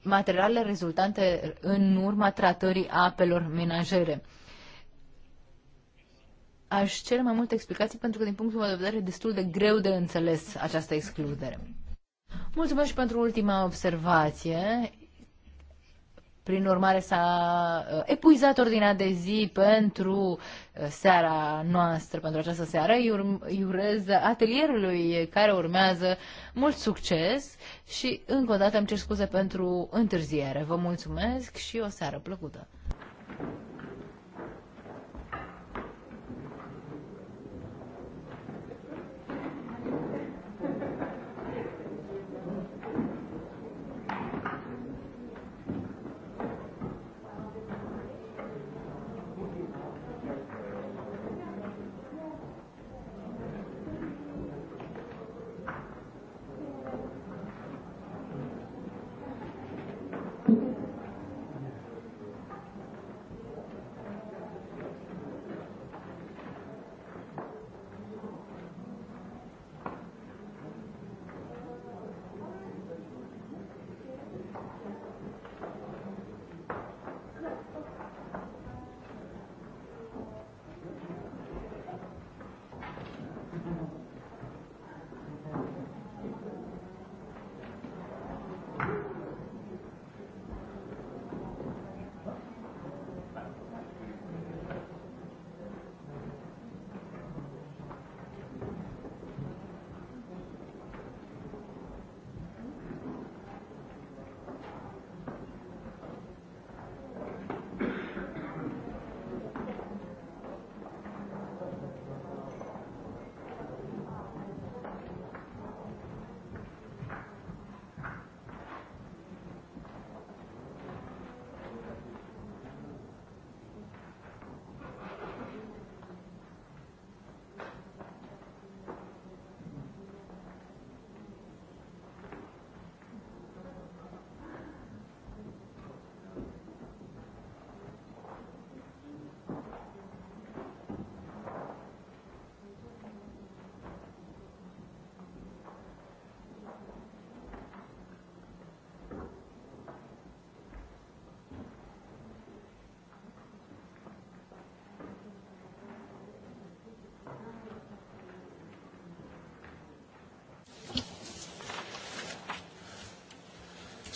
materialele rezultante în urma tratării apelor menajere. Aș cere mai multe explicații pentru că, din punctul meu de vedere, e destul de greu de înțeles această excludere. Mulțumesc și pentru ultima observație. Prin urmare, s-a uh, epuizat ordinea de zi pentru uh, seara noastră, pentru această seară. Îi urez atelierului care urmează mult succes și încă o dată îmi cer scuze pentru întârziere. Vă mulțumesc și o seară plăcută!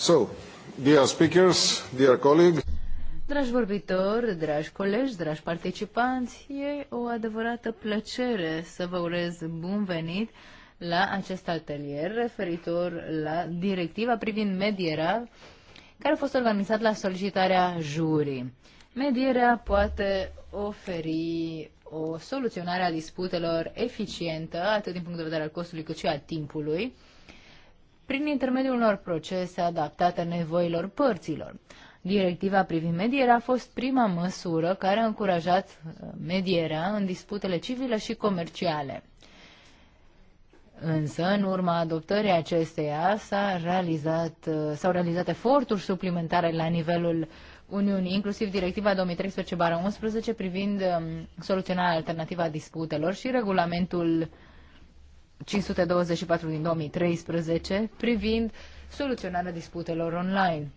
So, dear speakers, dear colleagues. Dragi vorbitori, dragi colegi, dragi participanți, e o adevărată plăcere să vă urez bun venit la acest atelier referitor la directiva privind medierea care a fost organizat la solicitarea jurii. Medierea poate oferi o soluționare a disputelor eficientă, atât din punct de vedere al costului cât și al timpului, prin intermediul unor procese adaptate nevoilor părților. Directiva privind medierea a fost prima măsură care a încurajat uh, medierea în disputele civile și comerciale. Însă, în urma adoptării acesteia, uh, s-au realizat, realizat eforturi suplimentare la nivelul Uniunii, inclusiv Directiva 2013-11 privind um, soluționarea alternativă a disputelor și regulamentul 524 din 2013 privind soluționarea disputelor online.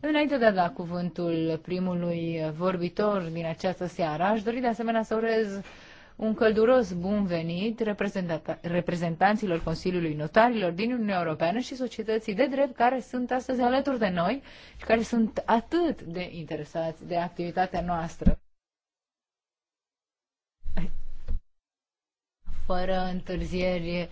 Înainte de a da cuvântul primului vorbitor din această seară, aș dori de asemenea să urez un călduros bun venit reprezentanților Consiliului Notarilor din Uniunea Europeană și societății de drept care sunt astăzi alături de noi și care sunt atât de interesați de activitatea noastră. fără întârzieri.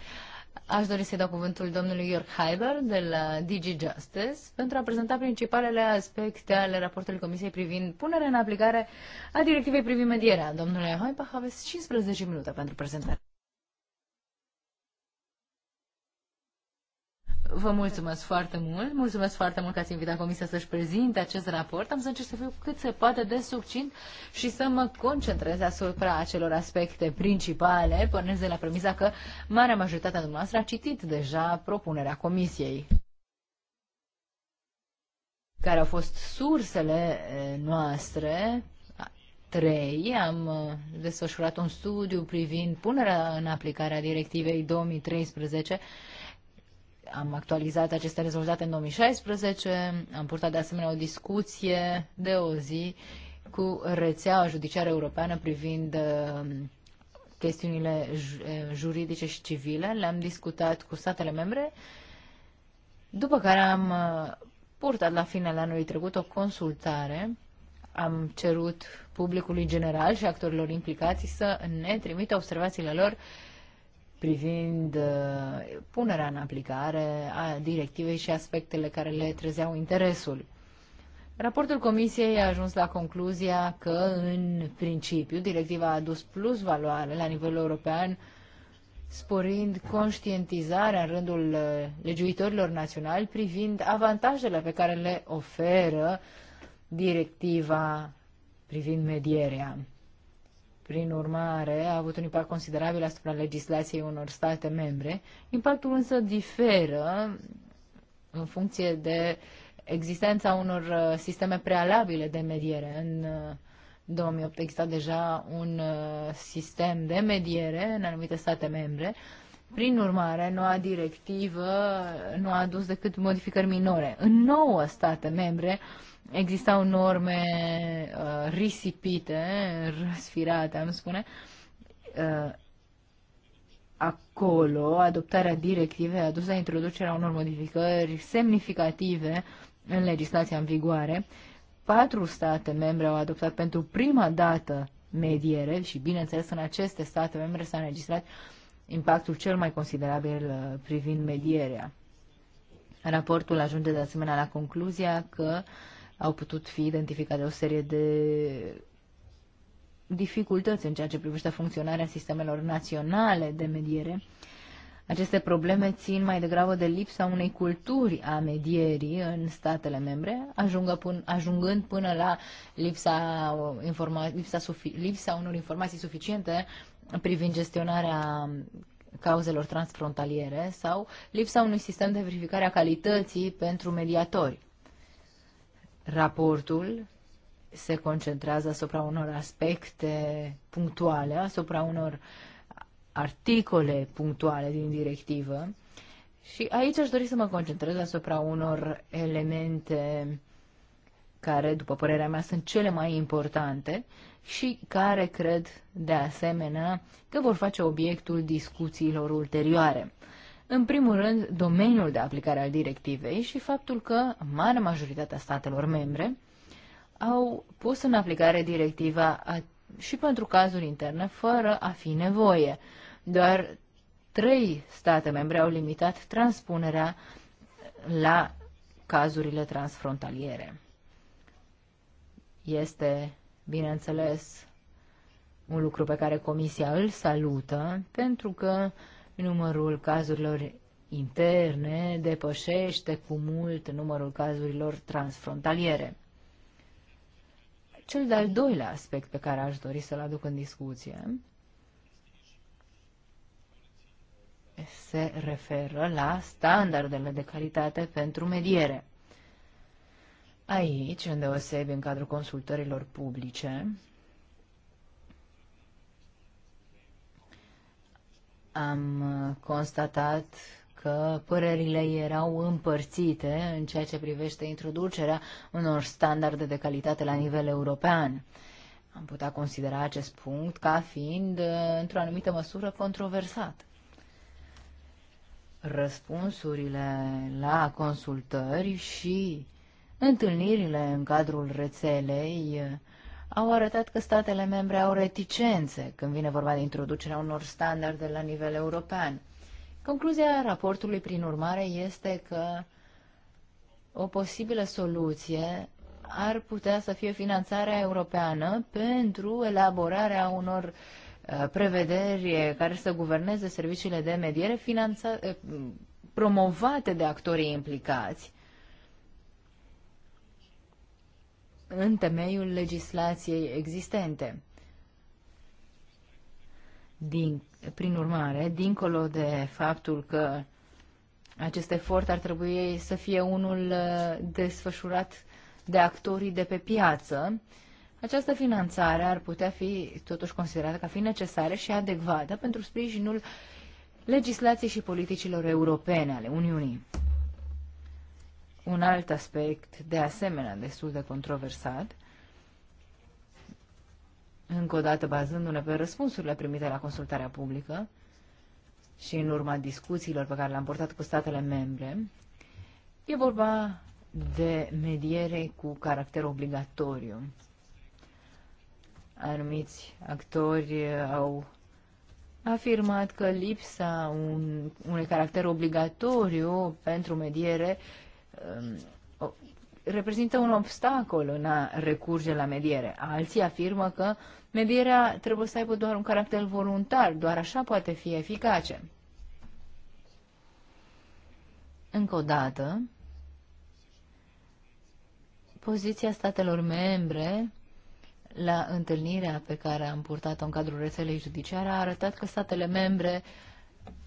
Aș dori să dau cuvântul domnului York Haider de la Digi Justice pentru a prezenta principalele aspecte ale raportului Comisiei privind punerea în aplicare a directivei privind medierea. Domnule Hoibach, aveți 15 minute pentru prezentare. Vă mulțumesc foarte mult. Mulțumesc foarte mult că ați invitat Comisia să-și prezinte acest raport. Am să încerc să fiu cât se poate de succint și să mă concentrez asupra acelor aspecte principale, pornesc de la premisa că marea majoritatea dumneavoastră a citit deja propunerea Comisiei care au fost sursele eh, noastre trei am eh, desfășurat un studiu privind punerea în aplicare a directivei 2013 am actualizat aceste rezultate în 2016, am purtat de asemenea o discuție de o zi cu rețeaua judiciară europeană privind um, chestiunile eh, juridice și civile, le-am discutat cu statele membre, după care am uh, purtat la finele anului trecut o consultare, am cerut publicului general și actorilor implicați să ne trimită observațiile lor uh, privind uh, punerea în aplicare a directivei și aspectele care le trezeau interesul. Raportul Comisiei a ajuns la concluzia că, în principiu, directiva a adus plus valoare la nivel european, sporind conștientizarea în rândul uh, legiuitorilor naționali privind avantajele pe care le oferă directiva privind medierea. Prin urmare, a avut un impact considerabil asupra legislației unor state membre. Impactul însă diferă în funcție de existența unor uh, sisteme prealabile de mediere. În 2008 uh, exista deja un uh, sistem de mediere în anumite state membre. Prin urmare, noua directivă nu a adus decât modificări minore. În nouă state membre, uh, existau norme uh, risipite, răsfirate, am spune, uh, acolo adoptarea directivei a dus la introducerea unor modificări semnificative în legislația în vigoare. Patru state membre au adoptat pentru prima dată mediere și, bineînțeles, în aceste state membre s-a înregistrat impactul cel mai considerabil uh, privind medierea. Raportul ajunge de asemenea la concluzia că uh, au putut fi identificate o serie de dificultăți în ceea ce privește funcționarea sistemelor naționale de mediere. Aceste probleme țin mai degrabă de lipsa unei culturi a medierii în statele membre, ajungă ajungând până la lipsa, informa, lipsa, sufi, lipsa unor informații suficiente privind gestionarea cauzelor transfrontaliere sau lipsa unui sistem de verificare a calității pentru mediatori. Raportul se concentrează asupra unor aspecte punctuale, asupra unor articole punctuale din directivă și aici aș dori să mă concentrez asupra unor elemente care, după părerea mea, sunt cele mai importante și care cred, de asemenea, că vor face obiectul discuțiilor ulterioare. În primul rând, domeniul de aplicare al directivei și faptul că marea majoritatea statelor membre au pus în aplicare directiva și pentru cazuri interne, fără a fi nevoie. Doar trei state membre au limitat transpunerea la cazurile transfrontaliere. Este, bineînțeles, un lucru pe care Comisia îl salută, pentru că uh, numărul cazurilor interne depășește cu mult numărul cazurilor transfrontaliere. Cel de-al doilea aspect pe care aș dori să-l aduc în discuție se referă la standardele de calitate pentru mediere. Aici, îndeosebi în cadrul consultărilor publice, am uh, constatat că părerile erau împărțite în ceea ce privește introducerea unor standarde de calitate la nivel european. Am putea considera acest punct ca fiind, uh, într-o anumită măsură, controversat. Răspunsurile la consultări și întâlnirile în cadrul rețelei uh, au arătat că statele membre au reticențe când vine vorba de introducerea unor standarde la nivel european. Concluzia raportului, prin urmare, este că o posibilă soluție ar putea să fie finanțarea europeană pentru elaborarea unor uh, prevederi care să guverneze serviciile de mediere finanța- uh, promovate de actorii implicați în temeiul legislației existente. Din, prin urmare, dincolo de faptul că acest efort ar trebui să fie unul uh, desfășurat de actorii de pe piață, această finanțare ar putea fi totuși considerată ca fi necesară și adecvată pentru sprijinul legislației și politicilor europene ale Uniunii. Un alt aspect, de asemenea, destul de controversat, încă o dată bazându-ne pe răspunsurile primite la consultarea publică și în urma discuțiilor pe care le-am portat cu statele membre, e vorba de mediere cu caracter obligatoriu. Anumiți actori au afirmat că lipsa un, unui caracter obligatoriu pentru mediere Um, reprezintă un obstacol în a recurge la mediere. Alții afirmă că medierea trebuie să aibă doar un caracter voluntar, doar așa poate fi eficace. Încă o dată, poziția statelor membre la întâlnirea pe care am purtat-o în cadrul rețelei judiciare a arătat că statele membre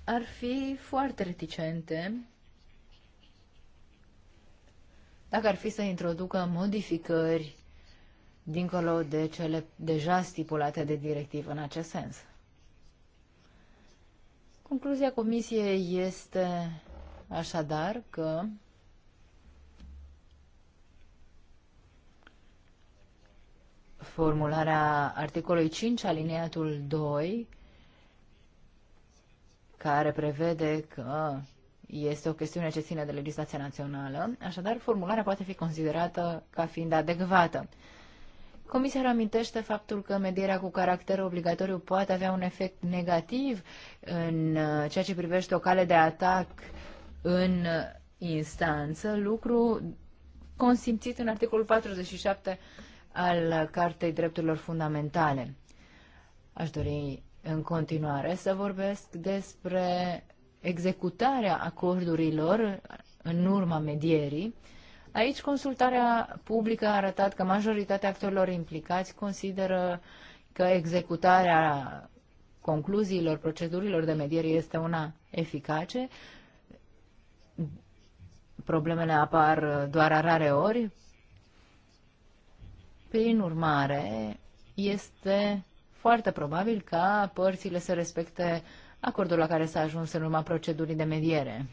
ar fi foarte reticente dacă ar fi să introducă modificări dincolo de cele deja stipulate de directivă în acest sens. Concluzia comisiei este așadar că formularea articolului 5, alineatul 2, care prevede că este o chestiune ce ține de legislația națională, așadar formularea poate fi considerată ca fiind adecvată. Comisia reamintește faptul că medierea cu caracter obligatoriu poate avea un efect negativ în uh, ceea ce privește o cale de atac în uh, instanță, lucru consimțit în articolul 47 al Cartei Drepturilor Fundamentale. Aș dori în continuare să vorbesc despre executarea acordurilor în urma medierii. Aici consultarea publică a arătat că majoritatea actorilor implicați consideră că executarea concluziilor procedurilor de mediere este una eficace. Problemele apar doar rare ori. Prin urmare, este foarte probabil ca părțile să respecte acordul la care s-a ajuns în urma procedurii de mediere.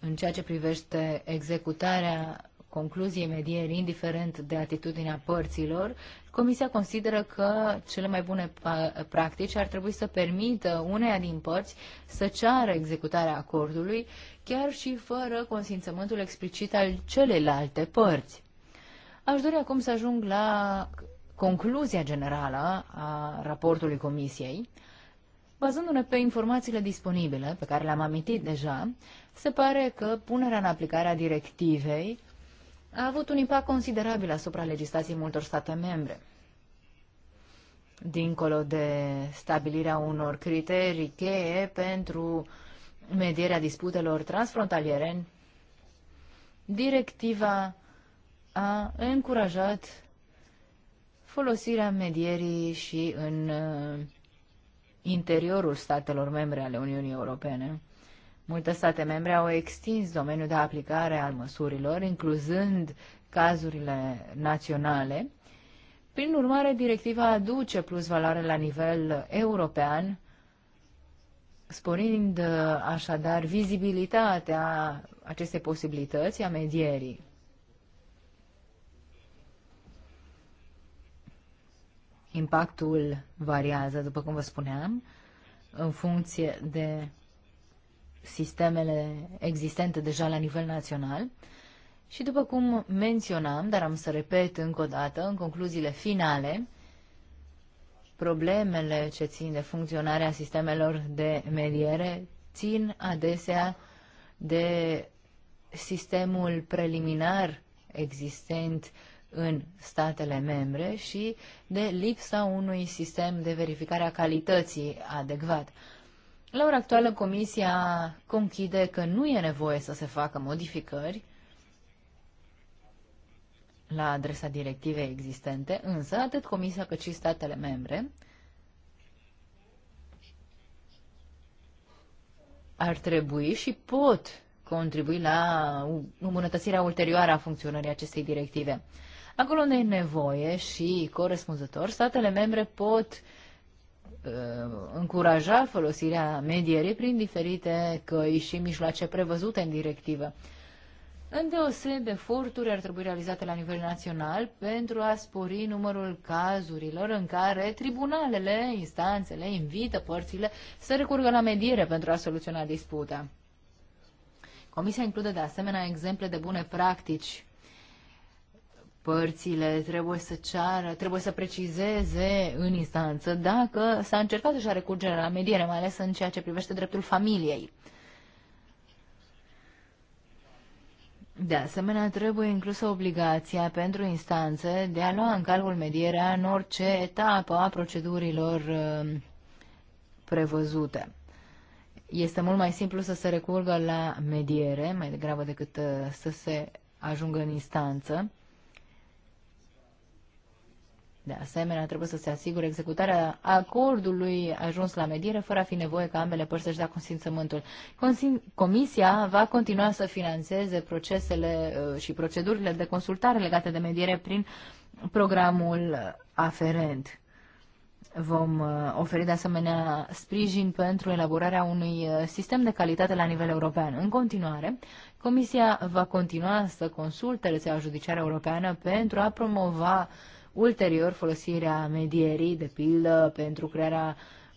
În ceea ce privește executarea concluziei medierii, indiferent de atitudinea părților, Comisia consideră că cele mai bune practici ar trebui să permită uneia din părți să ceară executarea acordului, chiar și fără consimțământul explicit al celelalte părți. Aș dori acum să ajung la concluzia generală a raportului Comisiei. Bazându-ne pe informațiile disponibile, pe care le-am amintit deja, se pare că punerea în aplicare a directivei a avut un impact considerabil asupra legislației multor state membre. Dincolo de stabilirea unor criterii cheie pentru medierea disputelor transfrontaliere, directiva a încurajat folosirea medierii și în uh, interiorul statelor membre ale Uniunii Europene. Multe state membre au extins domeniul de aplicare al măsurilor, incluzând cazurile naționale. Prin urmare, directiva aduce plus valoare la nivel european, sporind uh, așadar vizibilitatea acestei posibilități a medierii. Impactul variază, după cum vă spuneam, în funcție de sistemele existente deja la nivel național. Și după cum menționam, dar am să repet încă o dată, în concluziile finale, problemele ce țin de funcționarea sistemelor de mediere țin adesea de sistemul preliminar existent în statele membre și de lipsa unui sistem de verificare a calității adecvat. La ora actuală, Comisia conchide că nu e nevoie să se facă modificări la adresa directivei existente, însă atât Comisia cât și statele membre ar trebui și pot contribui la îmbunătățirea ulterioară a funcționării acestei directive. Acolo unde e nevoie și corespunzător, statele membre pot uh, încuraja folosirea medierii prin diferite căi și mijloace prevăzute în directivă. Îndeoseb, eforturi ar trebui realizate la nivel național pentru a spori numărul cazurilor în care tribunalele, instanțele invită părțile să recurgă la mediere pentru a soluționa disputa. Comisia include de asemenea exemple de bune practici părțile trebuie să ceară, trebuie să precizeze în instanță dacă s-a încercat deja recurgerea la mediere, mai ales în ceea ce privește dreptul familiei. De asemenea, trebuie inclusă obligația pentru instanțe de a lua în calcul medierea în orice etapă a procedurilor uh, prevăzute. Este mult mai simplu să se recurgă la mediere, mai degrabă decât uh, să se ajungă în instanță. De asemenea, trebuie să se asigure executarea acordului ajuns la mediere fără a fi nevoie ca ambele părți să-și dea consimțământul. Consim Comisia va continua să financeze procesele uh, și procedurile de consultare legate de mediere prin programul aferent. Vom uh, oferi de asemenea sprijin pentru elaborarea unui uh, sistem de calitate la nivel european. În continuare, Comisia va continua să consulte rețeaua judiciară europeană pentru a promova uh, Ulterior, folosirea medierii, de pildă, pentru crearea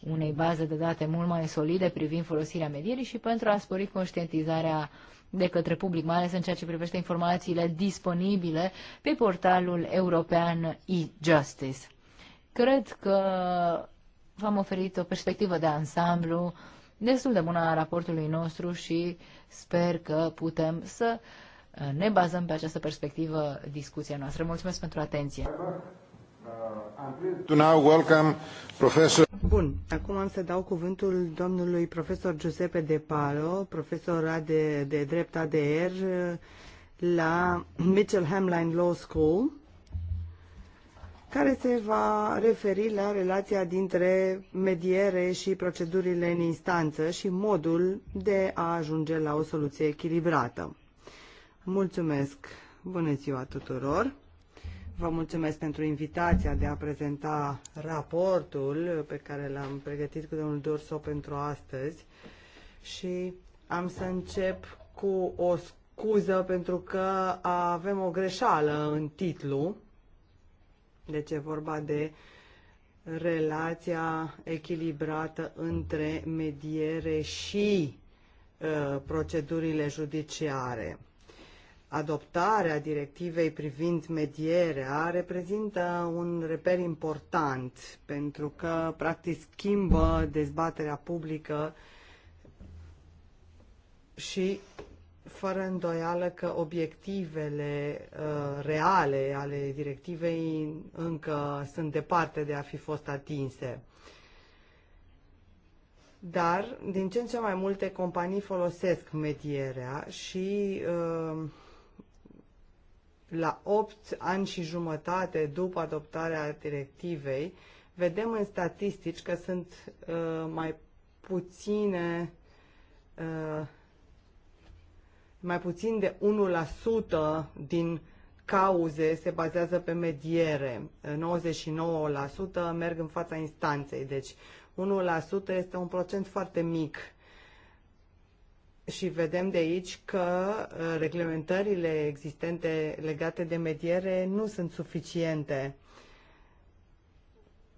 unei baze de date mult mai solide privind folosirea medierii și pentru a spori conștientizarea de către public, mai ales în ceea ce privește informațiile disponibile pe portalul european e-justice. Cred că v-am oferit o perspectivă de ansamblu destul de bună a raportului nostru și sper că putem să uh, ne bazăm pe această perspectivă discuția noastră. Mulțumesc pentru atenție. Bun, acum am să dau cuvântul domnului profesor Giuseppe De Palo, profesor de, de drept ADR la Mitchell Hamline Law School, care se va referi la relația dintre mediere și procedurile în instanță și modul de a ajunge la o soluție echilibrată. Mulțumesc! Bună ziua tuturor! Vă mulțumesc pentru invitația de a prezenta raportul pe care l-am pregătit cu domnul Dorso pentru astăzi și am să încep cu o scuză pentru că avem o greșeală în titlu. Deci e vorba de relația echilibrată între mediere și uh, procedurile judiciare adoptarea directivei privind medierea reprezintă un reper important pentru că, practic, schimbă dezbaterea publică și, fără îndoială, că obiectivele uh, reale ale directivei încă sunt departe de a fi fost atinse. Dar, din ce în ce mai multe companii folosesc medierea și uh, la 8 ani și jumătate după adoptarea directivei, vedem în statistici că sunt uh, mai puține uh, mai puțin de 1% din cauze se bazează pe mediere. 99% merg în fața instanței, deci 1% este un procent foarte mic și vedem de aici că uh, reglementările existente legate de mediere nu sunt suficiente.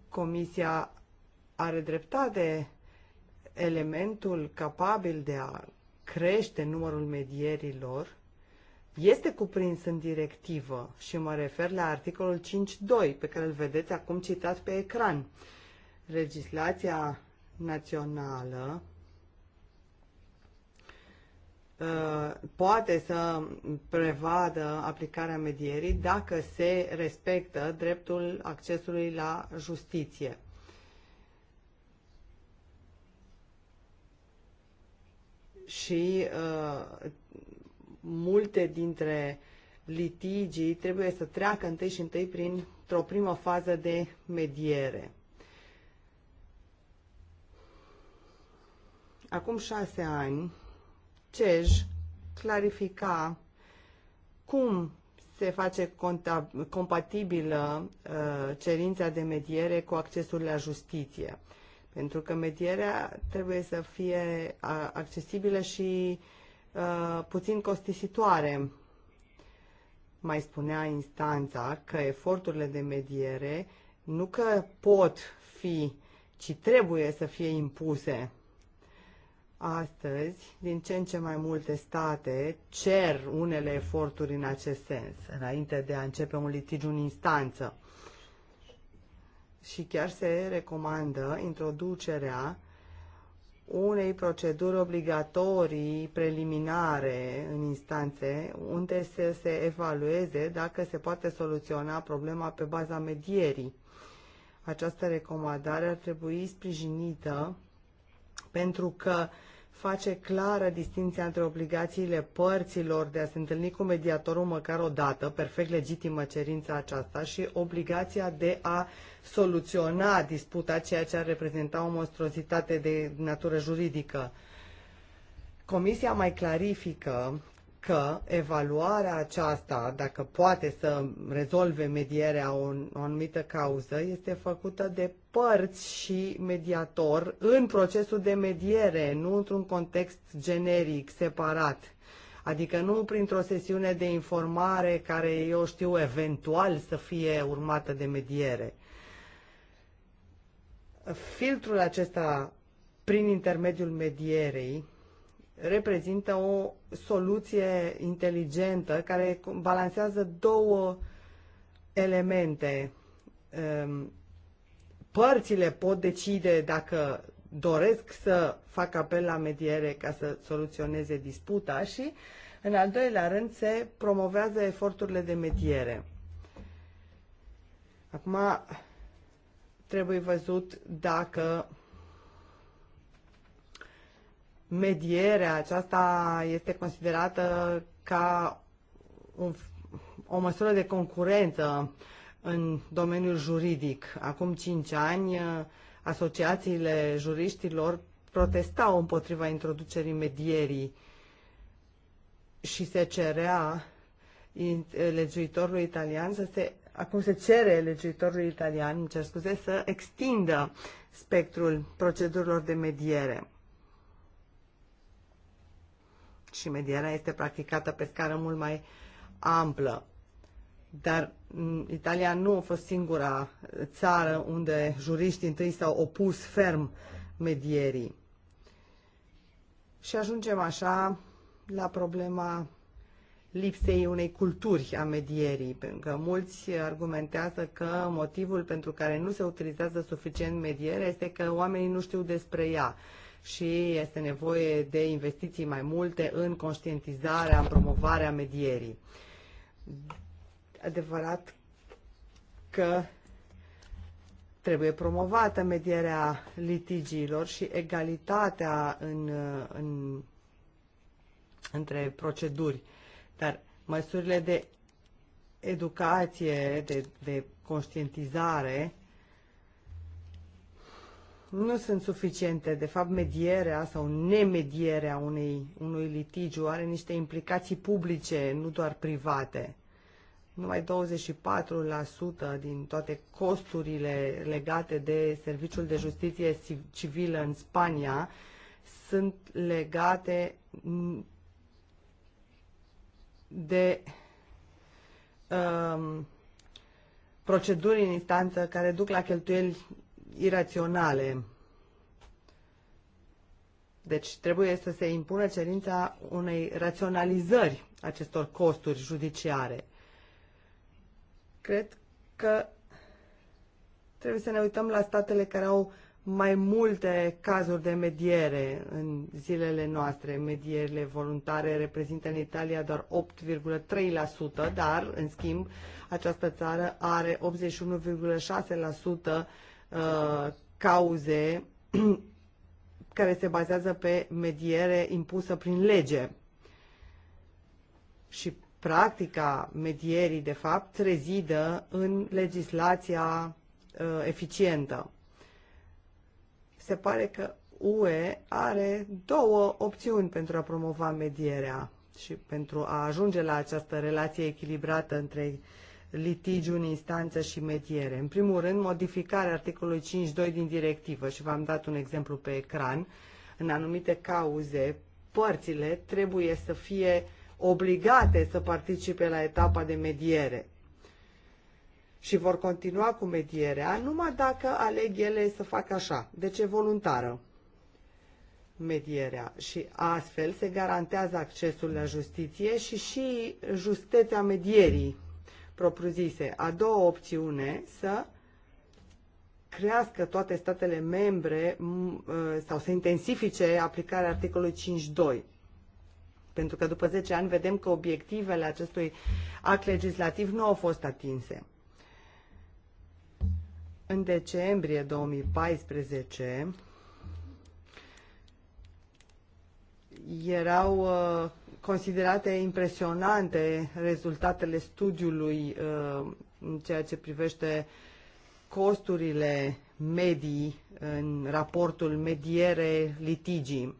Comisia are dreptate elementul capabil de a crește numărul medierilor este cuprins în directivă și mă refer la articolul 5.2 pe care îl vedeți acum citat pe ecran. Legislația națională Uh, poate să prevadă aplicarea medierii dacă se respectă dreptul accesului la justiție. Și uh, multe dintre litigii trebuie să treacă întâi și întâi printr-o primă fază de mediere. Acum șase ani, CEJ clarifica cum se face compatibilă uh, cerința de mediere cu accesul la justiție. Pentru că medierea trebuie să fie accesibilă și uh, puțin costisitoare. Mai spunea instanța că eforturile de mediere nu că pot fi, ci trebuie să fie impuse Astăzi, din ce în ce mai multe state cer unele eforturi în acest sens, înainte de a începe un litigiu în instanță. Și chiar se recomandă introducerea unei proceduri obligatorii preliminare în instanțe, unde să se evalueze dacă se poate soluționa problema pe baza medierii. Această recomandare ar trebui sprijinită pentru că face clară distinția între obligațiile părților de a se întâlni cu mediatorul măcar o dată, perfect legitimă cerința aceasta, și obligația de a soluționa disputa, ceea ce ar reprezenta o monstruozitate de natură juridică. Comisia mai clarifică că evaluarea aceasta, dacă poate să rezolve medierea o, o anumită cauză, este făcută de părți și mediator în procesul de mediere, nu într-un context generic, separat. Adică nu printr-o sesiune de informare care eu știu eventual să fie urmată de mediere. Filtrul acesta prin intermediul medierei reprezintă o soluție inteligentă care balansează două elemente. Ehm, părțile pot decide dacă doresc să facă apel la mediere ca să soluționeze disputa și, în al doilea rând, se promovează eforturile de mediere. Acum trebuie văzut dacă medierea aceasta este considerată ca o, o măsură de concurență în domeniul juridic. Acum 5 ani, asociațiile juriștilor protestau împotriva introducerii medierii și se cerea legiuitorului italian să se acum se cere legiuitorului italian, îmi cer scuze, să extindă spectrul procedurilor de mediere și medierea este practicată pe scară mult mai amplă. Dar mm, Italia nu a fost singura țară unde juriștii întâi s-au opus ferm medierii. Și ajungem așa la problema lipsei unei culturi a medierii, pentru că mulți argumentează că motivul pentru care nu se utilizează suficient medierea este că oamenii nu știu despre ea și este nevoie de investiții mai multe în conștientizarea, în promovarea medierii. Adevărat că trebuie promovată medierea litigiilor și egalitatea în, în, între proceduri, dar măsurile de educație, de, de conștientizare nu sunt suficiente. De fapt, medierea sau nemedierea unei, unui litigiu are niște implicații publice, nu doar private. Numai 24% din toate costurile legate de serviciul de justiție civilă în Spania sunt legate de um, proceduri în instanță care duc la cheltuieli iraționale. Deci trebuie să se impună cerința unei raționalizări acestor costuri judiciare. Cred că trebuie să ne uităm la statele care au mai multe cazuri de mediere în zilele noastre. Medierile voluntare reprezintă în Italia doar 8,3%, dar, în schimb, această țară are 81,6% Uh, cauze care se bazează pe mediere impusă prin lege. Și practica medierii, de fapt, rezidă în legislația uh, eficientă. Se pare că UE are două opțiuni pentru a promova medierea și pentru a ajunge la această relație echilibrată între litigiu în instanță și mediere. În primul rând, modificarea articolului 5.2 din directivă și v-am dat un exemplu pe ecran. În anumite cauze, părțile trebuie să fie obligate să participe la etapa de mediere și vor continua cu medierea numai dacă aleg ele să facă așa. Deci ce voluntară medierea și astfel se garantează accesul la justiție și și justețea medierii propriu-zise. A doua opțiune, să crească toate statele membre ă, sau să intensifice aplicarea articolului 5.2. Pentru că după 10 ani vedem că obiectivele acestui act legislativ nu au fost atinse. În decembrie 2014 erau uh, considerate impresionante rezultatele studiului uh, în ceea ce privește costurile medii în raportul mediere litigii.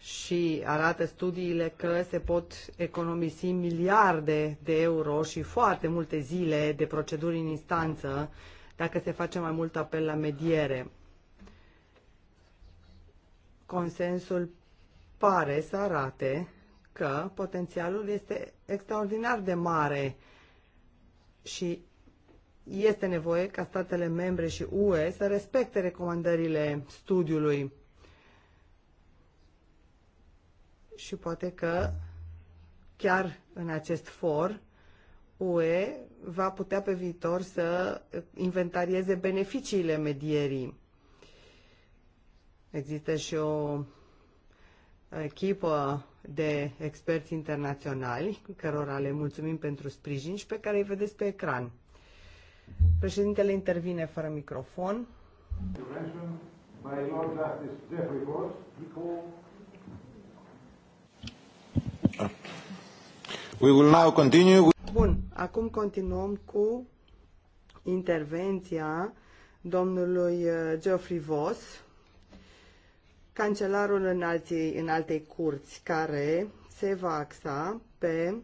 și arată studiile că se pot economisi miliarde de euro și foarte multe zile de proceduri în instanță dacă se face mai mult apel la mediere. Consensul pare să arate că potențialul este extraordinar de mare și este nevoie ca statele membre și UE să respecte recomandările studiului. Și poate că chiar în acest for UE va putea pe viitor să inventarieze beneficiile medierii. Există și o echipă de experți internaționali, cărora le mulțumim pentru sprijin și pe care îi vedeți pe ecran. Președintele intervine fără microfon. We will now continue with... Bun, acum continuăm cu intervenția domnului uh, Geoffrey Voss, cancelarul în, alții, în alte curți care se va axa pe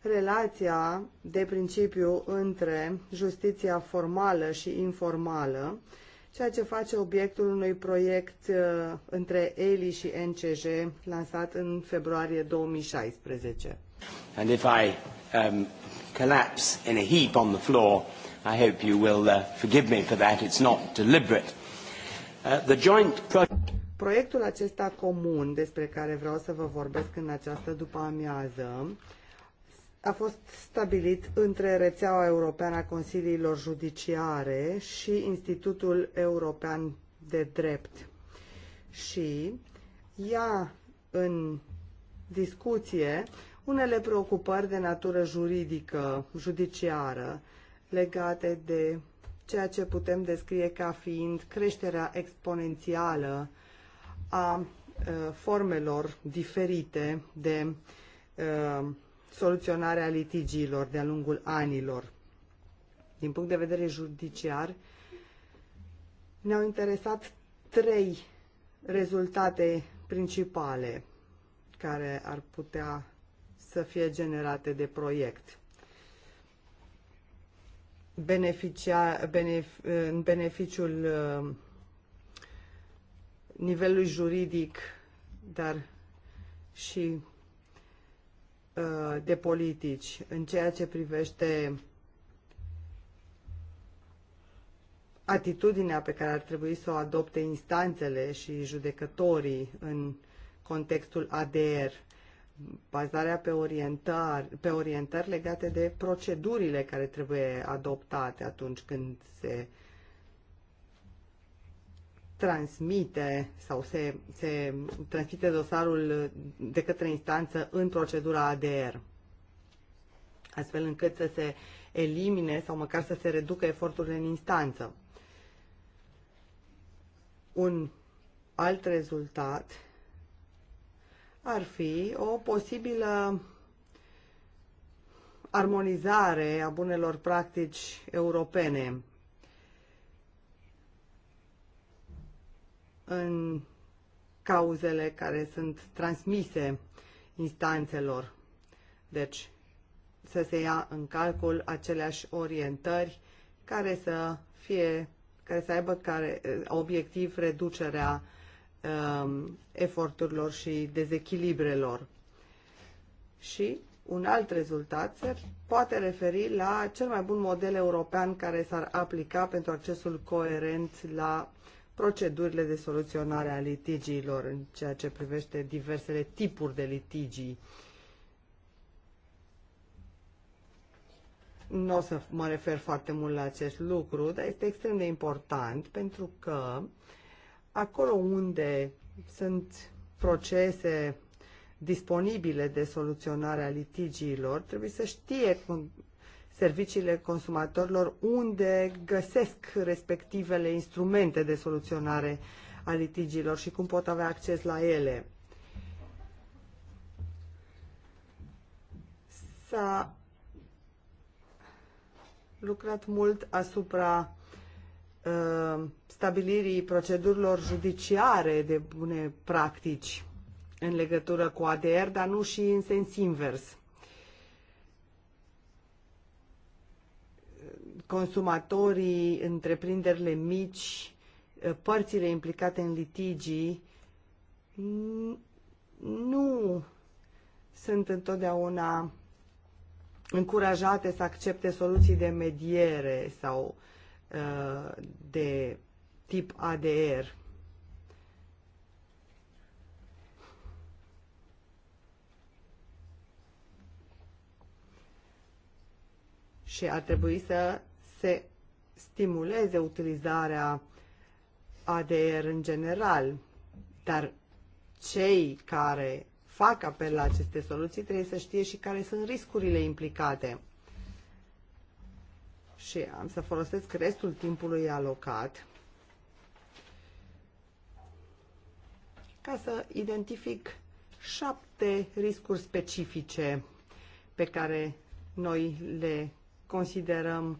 relația de principiu între justiția formală și informală, ceea ce face obiectul unui proiect uh, între ELI și NCJ lansat în februarie 2016. And if I um, collapse in a heap on the floor, I hope you will uh, forgive me for that. It's not deliberate. Uh, the joint project Proiectul acesta comun despre care vreau să vă vorbesc în această după-amiază a fost stabilit între rețeaua europeană a Consiliilor Judiciare și Institutul European de Drept. Și ia în discuție unele preocupări de natură juridică, judiciară, legate de ceea ce putem descrie ca fiind creșterea exponențială a formelor diferite de soluționare a litigiilor de-a lungul anilor. Din punct de vedere judiciar, ne-au interesat trei rezultate principale care ar putea să fie generate de proiect. Beneficia, benef, în beneficiul nivelului juridic, dar și uh, de politici în ceea ce privește atitudinea pe care ar trebui să o adopte instanțele și judecătorii în contextul ADR, bazarea pe orientări, pe orientări legate de procedurile care trebuie adoptate atunci când se uh, transmite sau se, se transmite dosarul de către instanță în procedura ADR, astfel încât să se elimine sau măcar să se reducă eforturile în instanță. Un alt rezultat ar fi o posibilă armonizare a bunelor practici europene în cauzele care sunt transmise instanțelor. Deci, să se ia în calcul aceleași orientări care să fie, care să aibă care, obiectiv reducerea um, eforturilor și dezechilibrelor. Și un alt rezultat se poate referi la cel mai bun model european care s-ar aplica pentru accesul coerent la procedurile de soluționare a litigiilor în ceea ce privește diversele tipuri de litigii. Nu o să mă refer foarte mult la acest lucru, dar este extrem de important pentru că acolo unde sunt procese disponibile de soluționare a litigiilor, trebuie să știe serviciile consumatorilor unde găsesc respectivele instrumente de soluționare a litigiilor și cum pot avea acces la ele. S-a lucrat mult asupra uh, stabilirii procedurilor judiciare de bune practici în legătură cu ADR, dar nu și în sens invers. consumatorii, întreprinderile mici, eh, părțile implicate în litigii, nu sunt întotdeauna încurajate să accepte soluții de mediere sau uh, de tip ADR. Și ar trebui să se stimuleze utilizarea ADR în general, dar cei care fac apel la aceste soluții trebuie să știe și care sunt riscurile implicate. Și am să folosesc restul timpului alocat ca să identific șapte riscuri specifice pe care noi le considerăm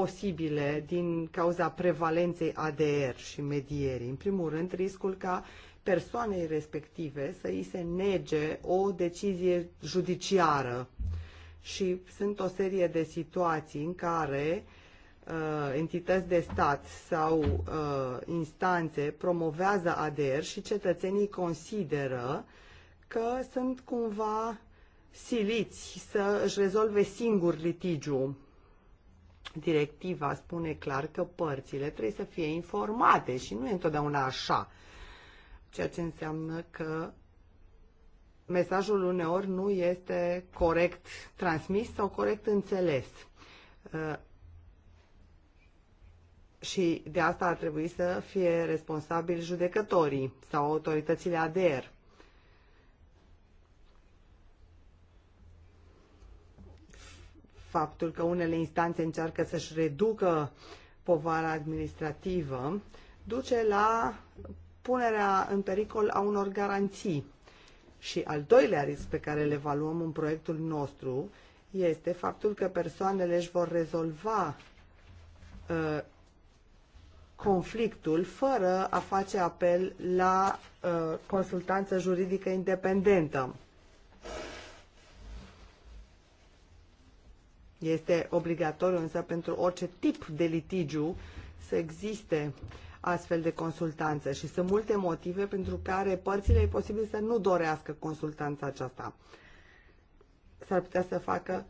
posibile din cauza prevalenței ADR și medierii. În primul rând, riscul ca persoanei respective să îi se nege o decizie judiciară. Și sunt o serie de situații în care uh, entități de stat sau uh, instanțe promovează ADR și cetățenii consideră că sunt cumva siliți să își rezolve singur litigiul Directiva spune clar că părțile trebuie să fie informate și nu e întotdeauna așa, ceea ce înseamnă că mesajul uneori nu este corect transmis sau corect înțeles. Uh, și de asta ar trebui să fie responsabili judecătorii sau autoritățile ADR. faptul că unele instanțe încearcă să-și reducă povara administrativă, duce la punerea în pericol a unor garanții. Și al doilea risc pe care le evaluăm în proiectul nostru este faptul că persoanele își vor rezolva uh, conflictul fără a face apel la uh, consultanță juridică independentă. Este obligatoriu însă pentru orice tip de litigiu să existe astfel de consultanță și sunt multe motive pentru care părțile e posibil să nu dorească consultanța aceasta. S-ar putea să facă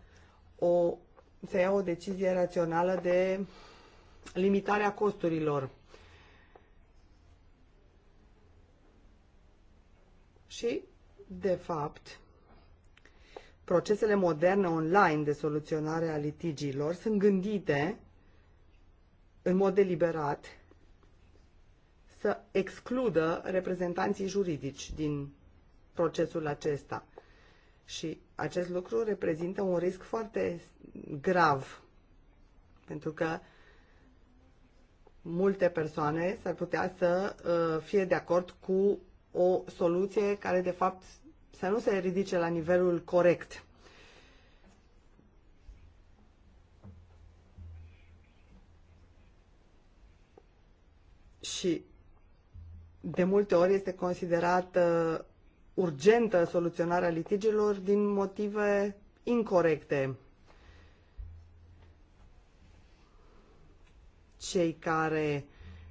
o, să ia o decizie rațională de limitarea costurilor. Și, de fapt, procesele moderne online de soluționare a litigiilor sunt gândite în mod deliberat să excludă reprezentanții juridici din procesul acesta. Și acest lucru reprezintă un risc foarte grav, pentru că multe persoane s-ar putea să uh, fie de acord cu o soluție care, de fapt, să nu se ridice la nivelul corect. Și de multe ori este considerată urgentă soluționarea litigiilor din motive incorrecte. Cei care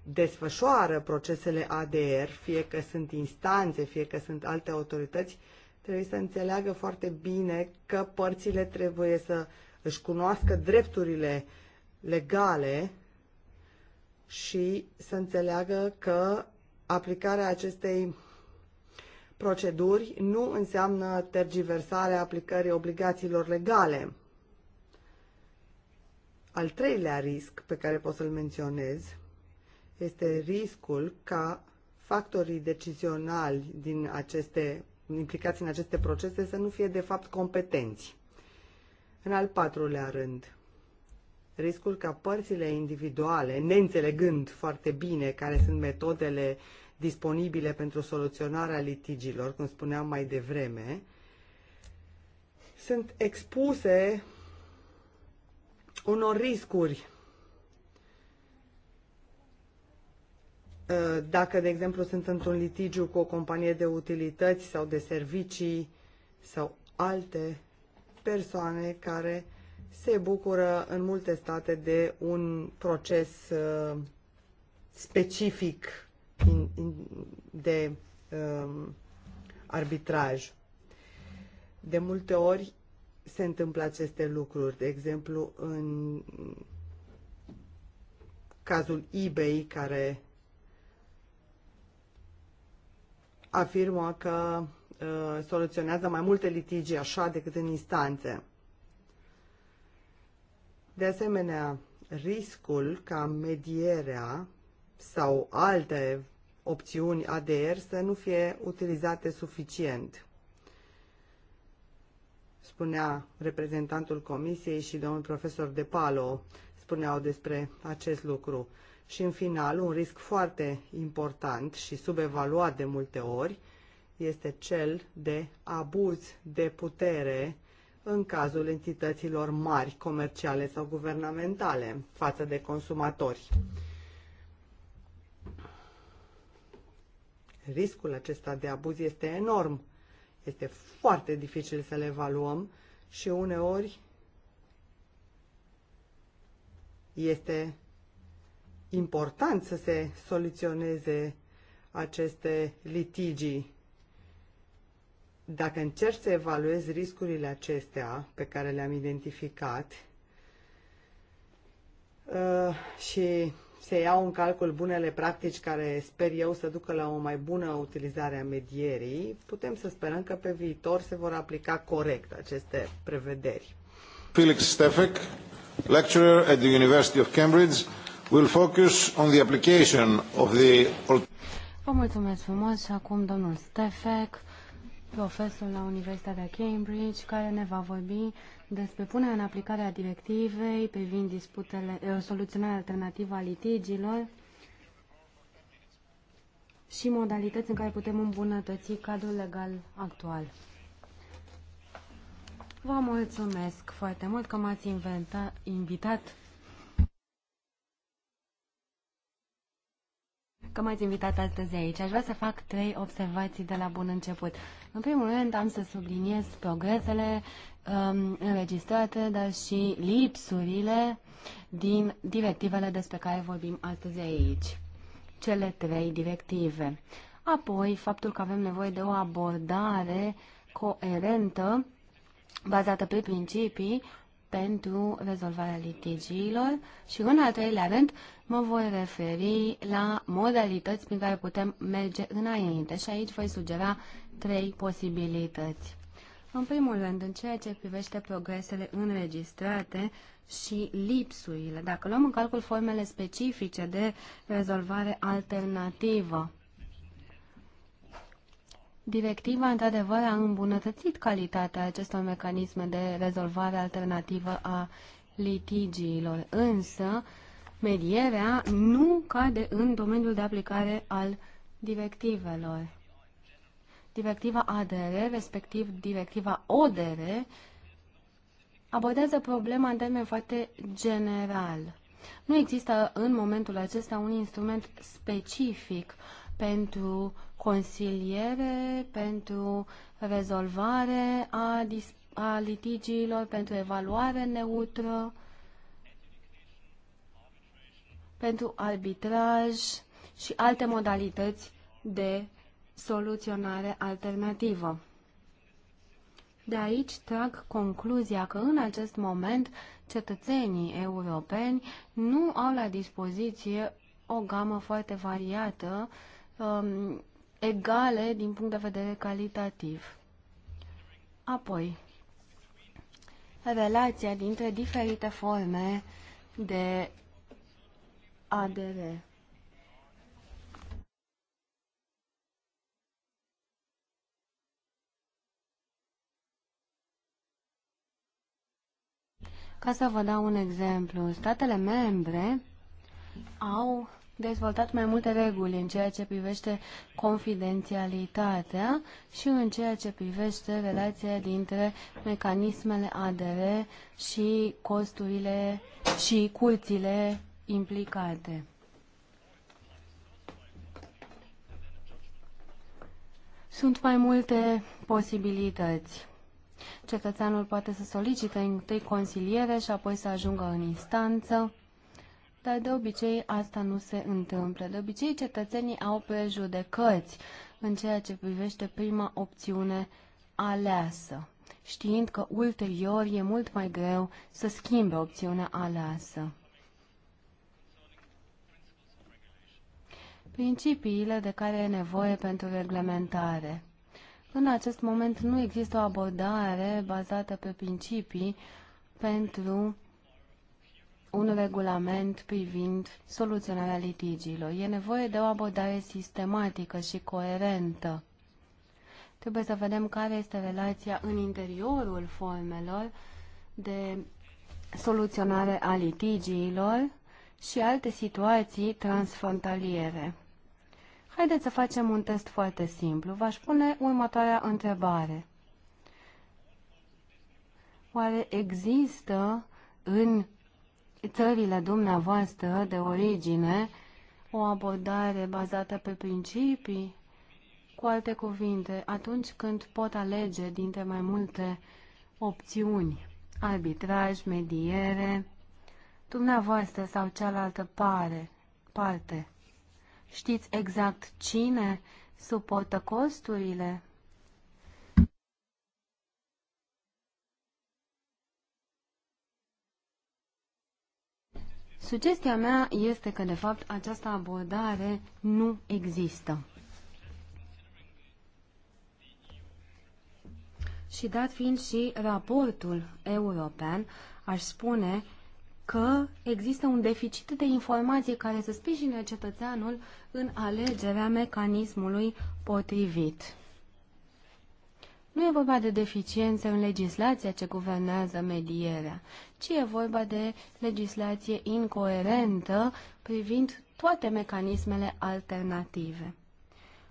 desfășoară procesele ADR, fie că sunt instanțe, fie că sunt alte autorități, trebuie să înțeleagă foarte bine că părțile trebuie să își cunoască drepturile legale și să înțeleagă că aplicarea acestei proceduri nu înseamnă tergiversarea aplicării obligațiilor legale. Al treilea risc pe care pot să-l menționez este riscul ca factorii decizionali din aceste implicați în aceste procese să nu fie de fapt competenți. În al patrulea rând, riscul ca părțile individuale, neînțelegând foarte bine care sunt metodele disponibile pentru soluționarea litigilor, cum spuneam mai devreme, sunt expuse unor riscuri Uh, dacă, de exemplu, sunt într-un litigiu cu o companie de utilități sau de servicii sau alte persoane care se bucură în multe state de un proces uh, specific de um, arbitraj. De multe ori se întâmplă aceste lucruri, de exemplu în cazul eBay care afirmă că uh, soluționează mai multe litigi așa decât în instanțe. De asemenea, riscul ca medierea sau alte opțiuni ADR să nu fie utilizate suficient. Spunea reprezentantul comisiei și domnul profesor De Palo spuneau despre acest lucru. Și în final, un risc foarte important și subevaluat de multe ori este cel de abuz de putere în cazul entităților mari, comerciale sau guvernamentale, față de consumatori. Riscul acesta de abuz este enorm. Este foarte dificil să-l evaluăm și uneori este important să se soluționeze aceste litigii. Dacă încerci să evaluezi riscurile acestea pe care le-am identificat uh, și se iau în calcul bunele practici care sper eu să ducă la o mai bună utilizare a medierii, putem să sperăm că pe viitor se vor aplica corect aceste prevederi. Felix Stefek, lecturer at the University of Cambridge, will focus on the application of the... Vă mulțumesc frumos. și Acum domnul Stefek, profesor la Universitatea Cambridge, care ne va vorbi despre punerea în aplicare a directivei privind disputele, eh, soluționarea alternativă a litigilor și modalități în care putem îmbunătăți cadrul legal actual. Vă mulțumesc foarte mult că m-ați invitat că m-ați invitat astăzi aici. Aș vrea să fac trei observații de la bun început. În primul rând, am să subliniez progresele um, înregistrate, dar și lipsurile din directivele despre care vorbim astăzi aici. Cele trei directive. Apoi, faptul că avem nevoie de o abordare coerentă bazată pe principii pentru rezolvarea litigiilor și, în al treilea rând, mă voi referi la modalități prin care putem merge înainte și aici voi sugera trei posibilități. În primul rând, în ceea ce privește progresele înregistrate și lipsurile, dacă luăm în calcul formele specifice de rezolvare alternativă, Directiva, într-adevăr, a îmbunătățit calitatea acestor mecanisme de rezolvare alternativă a litigiilor, însă medierea nu cade în domeniul de aplicare al directivelor. Directiva ADR, respectiv directiva ODR, abordează problema în termen foarte general. Nu există în momentul acesta un instrument specific pentru consiliere, pentru rezolvare a, a litigiilor, pentru evaluare neutră, pentru arbitraj și alte modalități de soluționare alternativă. De aici trag concluzia că în acest moment cetățenii europeni nu au la dispoziție o gamă foarte variată uh, um, egale din punct de vedere calitativ. Apoi, relația dintre diferite forme de ADR. Ca să vă dau un exemplu, statele membre au dezvoltat mai multe reguli în ceea ce privește confidențialitatea și în ceea ce privește relația dintre mecanismele ADR și costurile și curțile implicate. Sunt mai multe posibilități. Cetățeanul poate să solicite întâi consiliere și apoi să ajungă în instanță dar de obicei asta nu se întâmplă. De obicei cetățenii au prejudecăți în ceea ce privește prima opțiune aleasă, știind că ulterior e mult mai greu să schimbe opțiunea aleasă. Principiile de care e nevoie pentru reglementare În acest moment nu există o abordare bazată pe principii pentru un regulament privind soluționarea litigiilor. E nevoie de o abordare sistematică și coerentă. Trebuie să vedem care este relația în interiorul formelor de soluționare a litigiilor și alte situații transfrontaliere. Haideți să facem un test foarte simplu. V-aș pune următoarea întrebare. Oare există în țările dumneavoastră de origine o abordare bazată pe principii? Cu alte cuvinte, atunci când pot alege dintre mai multe opțiuni, arbitraj, mediere, dumneavoastră sau cealaltă pare, parte, știți exact cine suportă costurile? Sugestia mea este că, de fapt, această abordare nu există. Și dat fiind și raportul european, aș spune că există un deficit de informație care să sprijine cetățeanul în alegerea mecanismului potrivit. Nu e vorba de deficiențe în legislația ce guvernează medierea, ci e vorba de legislație incoerentă privind toate mecanismele alternative.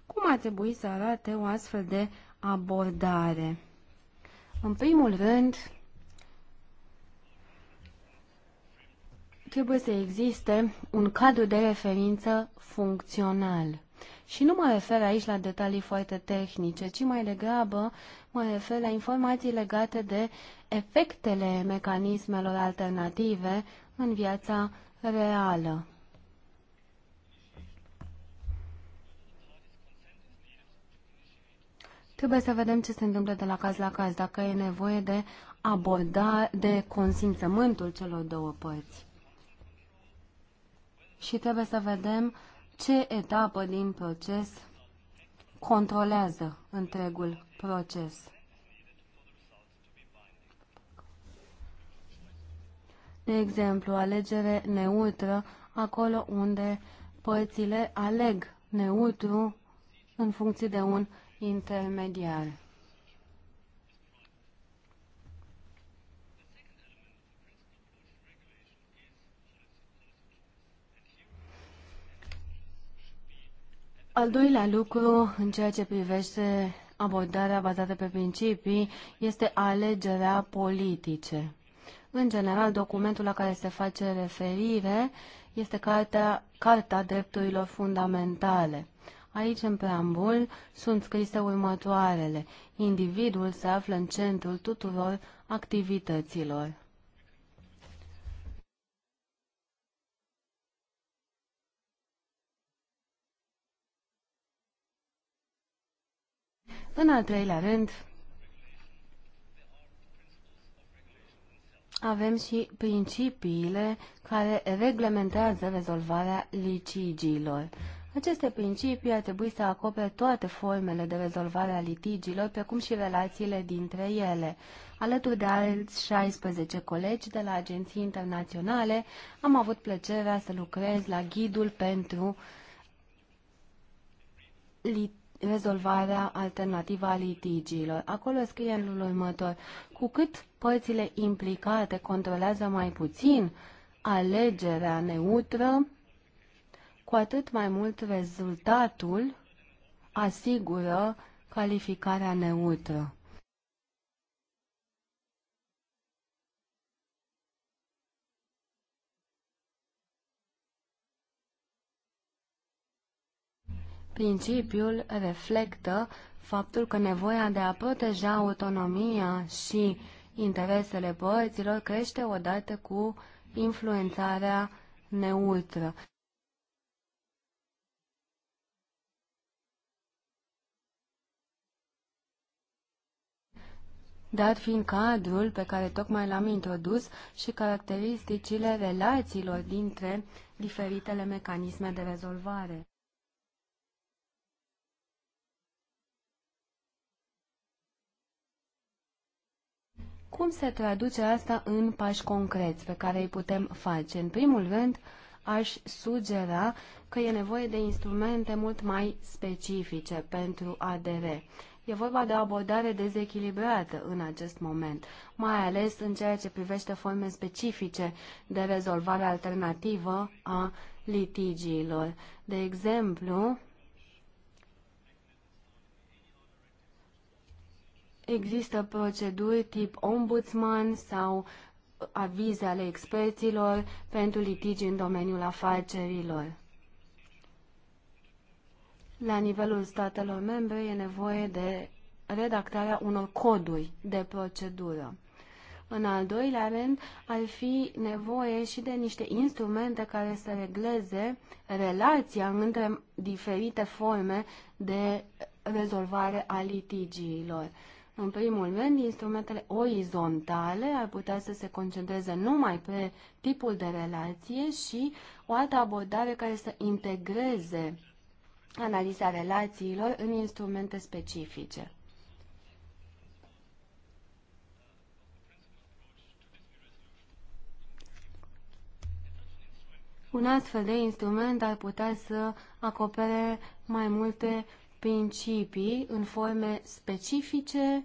Cum ar trebui să arate o astfel de abordare? În primul rând, trebuie să existe un cadru de referință funcțional. Și nu mă refer aici la detalii foarte tehnice, ci mai degrabă mă refer la informații legate de efectele mecanismelor alternative în viața reală. Trebuie să vedem ce se întâmplă de la caz la caz, dacă e nevoie de abordare, de consimțământul celor două părți. Și trebuie să vedem ce etapă din proces controlează întregul proces. De exemplu, alegere neutră, acolo unde părțile aleg neutru în funcție de un intermediar. Al doilea lucru, în ceea ce privește abordarea bazată pe principii, este alegerea politice. În general, documentul la care se face referire este Cartea, Carta Drepturilor Fundamentale. Aici, în preambul, sunt scrise următoarele. Individul se află în centrul tuturor activităților. În al treilea rând, avem și principiile care reglementează rezolvarea litigiilor. Aceste principii ar trebui să acopere toate formele de rezolvare a litigiilor, precum și relațiile dintre ele. Alături de alți 16 colegi de la agenții internaționale, am avut plăcerea să lucrez la ghidul pentru litigi rezolvarea alternativă a litigiilor. Acolo scrie în felul următor, cu cât părțile implicate controlează mai puțin alegerea neutră, cu atât mai mult rezultatul asigură calificarea neutră. Principiul reflectă faptul că nevoia de a proteja autonomia și interesele părților crește odată cu influențarea neutră. dat fiind cadrul pe care tocmai l-am introdus și caracteristicile relațiilor dintre diferitele mecanisme de rezolvare. Cum se traduce asta în pași concreți pe care îi putem face? În primul rând, aș sugera că e nevoie de instrumente mult mai specifice pentru ADR. E vorba de o abordare dezechilibrată în acest moment, mai ales în ceea ce privește forme specifice de rezolvare alternativă a litigiilor. De exemplu, Există proceduri tip ombudsman sau avize ale experților pentru litigi în domeniul afacerilor. La nivelul statelor membre e nevoie de redactarea unor coduri de procedură. În al doilea rând, ar fi nevoie și de niște instrumente care să regleze relația între diferite forme de rezolvare a litigiilor. În primul rând, instrumentele orizontale ar putea să se concentreze numai pe tipul de relație și o altă abordare care să integreze analiza relațiilor în instrumente specifice. Un astfel de instrument ar putea să acopere mai multe principii în forme specifice,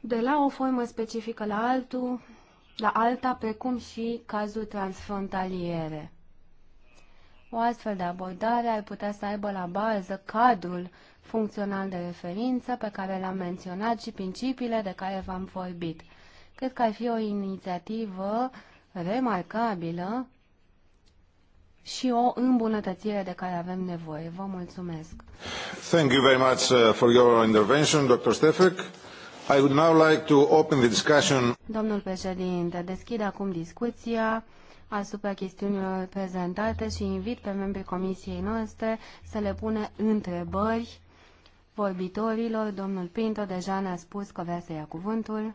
de la o formă specifică la altul, la alta, precum și cazul transfrontaliere. O astfel de abordare ar putea să aibă la bază cadrul funcțional de referință pe care l-am menționat și principiile de care v-am vorbit. Cred că ar fi o inițiativă remarcabilă și o îmbunătățire de care avem nevoie. Vă mulțumesc. Thank you very much uh, for your intervention, Dr. Stefek. I would now like to open the discussion. Domnul președinte, deschid acum discuția asupra chestiunilor prezentate și invit pe membrii comisiei noastre să le pune întrebări vorbitorilor. Domnul Pinto deja ne-a spus că vrea să ia cuvântul.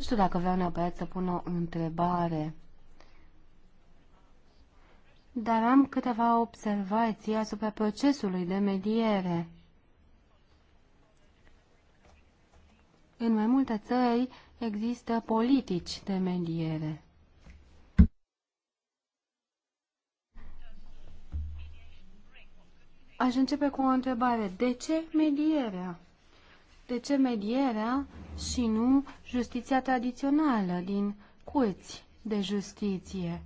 Nu știu dacă vreau neapărat să pun o întrebare, dar am câteva observații asupra procesului de mediere. În mai multe țări există politici de mediere. Aș începe cu o întrebare. De ce medierea? De ce medierea și nu justiția tradițională din curți de justiție.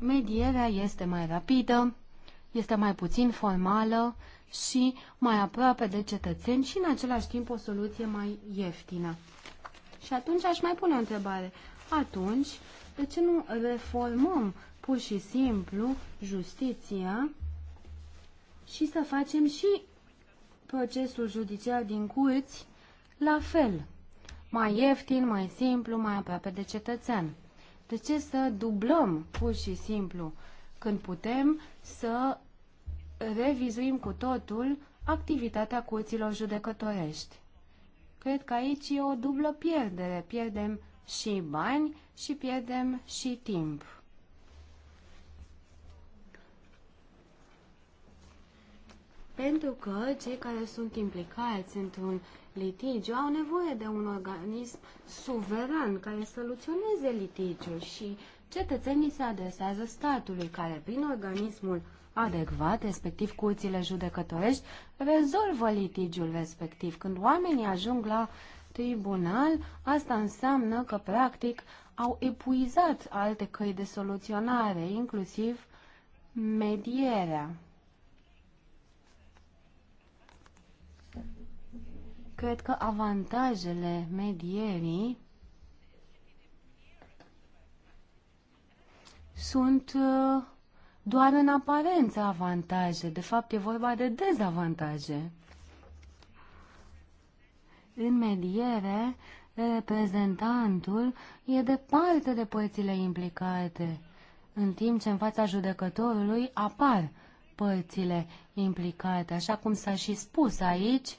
Medierea este mai rapidă, este mai puțin formală și mai aproape de cetățeni și în același timp o soluție mai ieftină. Și atunci aș mai pune o întrebare. Atunci, de ce nu reformăm pur și simplu justiția și să facem și procesul judiciar din curți la fel. Mai ieftin, mai simplu, mai aproape de cetățean. De ce să dublăm pur și simplu când putem să revizuim cu totul activitatea curților judecătorești? Cred că aici e o dublă pierdere. Pierdem și bani și pierdem și timp. Pentru că cei care sunt implicați într-un litigiu au nevoie de un organism suveran care să soluționeze litigiul și cetățenii se adresează statului care prin organismul adecvat, respectiv curțile judecătorești, rezolvă litigiul respectiv. Când oamenii ajung la tribunal, asta înseamnă că practic au epuizat alte căi de soluționare, inclusiv medierea. Cred că avantajele medierii sunt uh, doar în aparență avantaje. De fapt, e vorba de dezavantaje. În mediere, reprezentantul e departe de părțile implicate, în timp ce în fața judecătorului apar părțile implicate. Așa cum s-a și spus aici,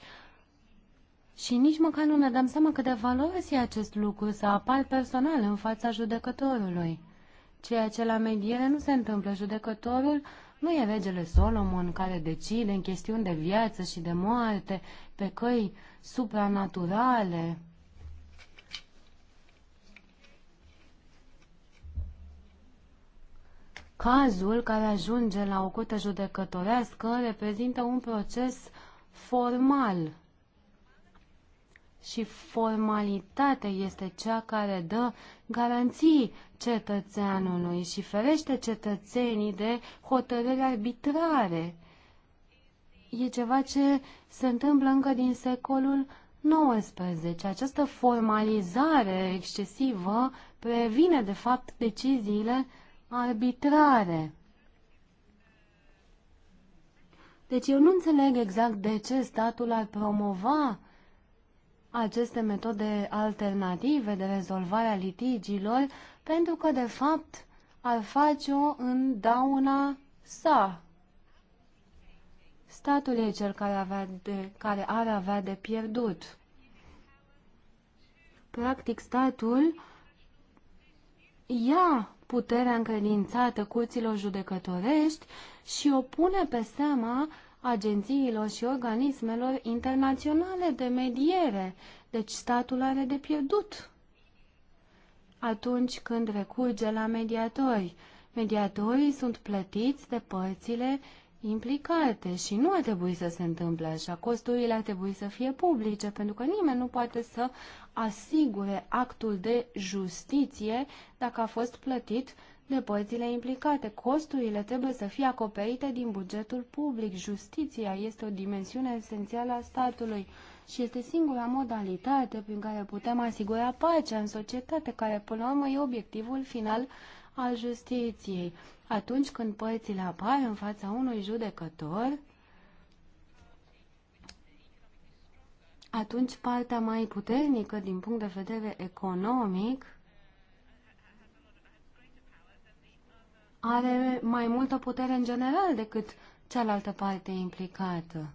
și nici măcar nu ne dăm seama cât de valoros e acest lucru să apar personal în fața judecătorului. Ceea ce la mediere nu se întâmplă. Judecătorul nu e regele Solomon care decide în chestiuni de viață și de moarte, pe căi supranaturale. Cazul care ajunge la o cută judecătorească reprezintă un proces formal și formalitatea este cea care dă garanții cetățeanului și ferește cetățenii de hotărâri arbitrare. E ceva ce se întâmplă încă din secolul 19. Această formalizare excesivă previne, de fapt, deciziile arbitrare. Deci eu nu înțeleg exact de ce statul ar promova aceste metode alternative de rezolvare a litigiilor, pentru că, de fapt, ar face-o în dauna sa. Statul e cel care, avea de, care ar avea de pierdut. Practic, statul ia puterea încredințată curților judecătorești și o pune pe seama agențiilor și organismelor internaționale de mediere. Deci statul are de pierdut atunci când recurge la mediatori. Mediatorii sunt plătiți de părțile implicate și nu ar trebui să se întâmple așa. Costurile ar trebui să fie publice, pentru că nimeni nu poate să asigure actul de justiție dacă a fost plătit uh, de părțile implicate. Costurile trebuie să fie acoperite din bugetul public. Justiția este o dimensiune esențială a statului și este singura modalitate prin care putem asigura pacea în societate, care până la urmă e obiectivul final al justiției. Atunci când părțile apar în fața unui judecător, atunci partea mai puternică din punct de vedere economic are mai multă putere în general decât cealaltă parte implicată.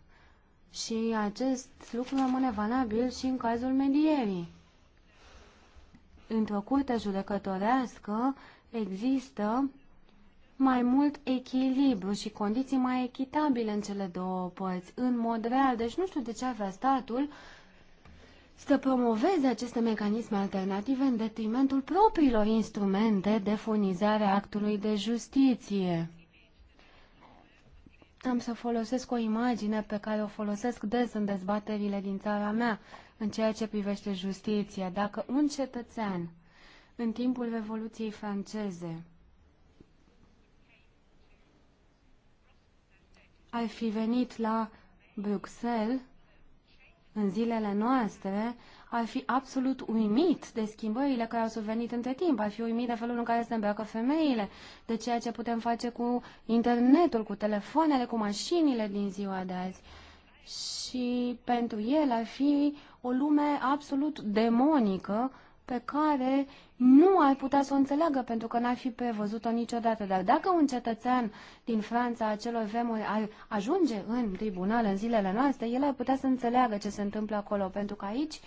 Și acest lucru rămâne valabil și în cazul medierii. Într-o curte judecătorească există mai mult echilibru și condiții mai echitabile în cele două părți, în mod real. Deci nu știu de ce avea statul să promoveze aceste mecanisme alternative în detrimentul propriilor instrumente de furnizare a actului de justiție. Am să folosesc o imagine pe care o folosesc des în dezbaterile din țara mea în ceea ce privește justiția. Dacă un cetățean, în timpul Revoluției franceze, ar fi venit la Bruxelles, în zilele noastre ar fi absolut uimit de schimbările care au survenit între timp, ar fi uimit de felul în care se îmbracă femeile, de ceea ce putem face cu internetul, cu telefoanele, cu mașinile din ziua de azi. Și pentru el ar fi o lume absolut demonică pe care nu ar putea să o înțeleagă pentru că n-ar fi prevăzut-o niciodată. Dar dacă un cetățean din Franța a celor vremuri ar ajunge în tribunal în zilele noastre, el ar putea să înțeleagă ce se întâmplă acolo, pentru că aici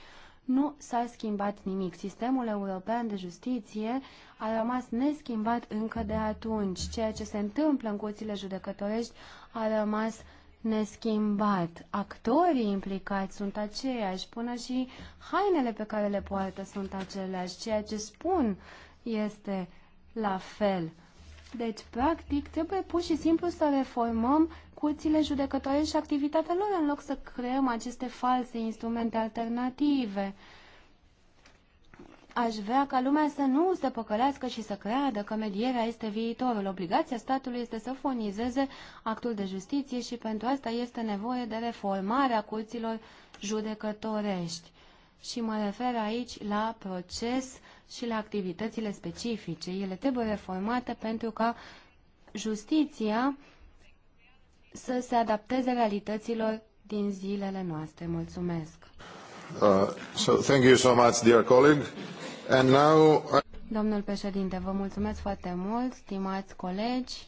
nu s-a schimbat nimic. Sistemul european de justiție a rămas neschimbat încă de atunci. Ceea ce se întâmplă în curțile judecătorești a rămas uh, neschimbat. Actorii implicați sunt aceiași, până și hainele pe care le poartă sunt aceleași. Ceea ce spun este la fel. Deci, practic, trebuie pur și simplu să reformăm curțile judecătoare și activitatea lor, în loc să creăm aceste false instrumente alternative. Uh, aș vrea ca lumea să nu se păcălească și să creadă că medierea este viitorul. Obligația statului este să fonizeze actul de justiție și pentru asta este nevoie de reformarea curților judecătorești. Și mă refer aici la proces și la activitățile specifice. Ele trebuie reformate pentru ca justiția să se adapteze realităților din zilele noastre. Mulțumesc! Uh, so thank you so much, dear colleague. And now... Domnul președinte, vă mulțumesc foarte mult, stimați colegi.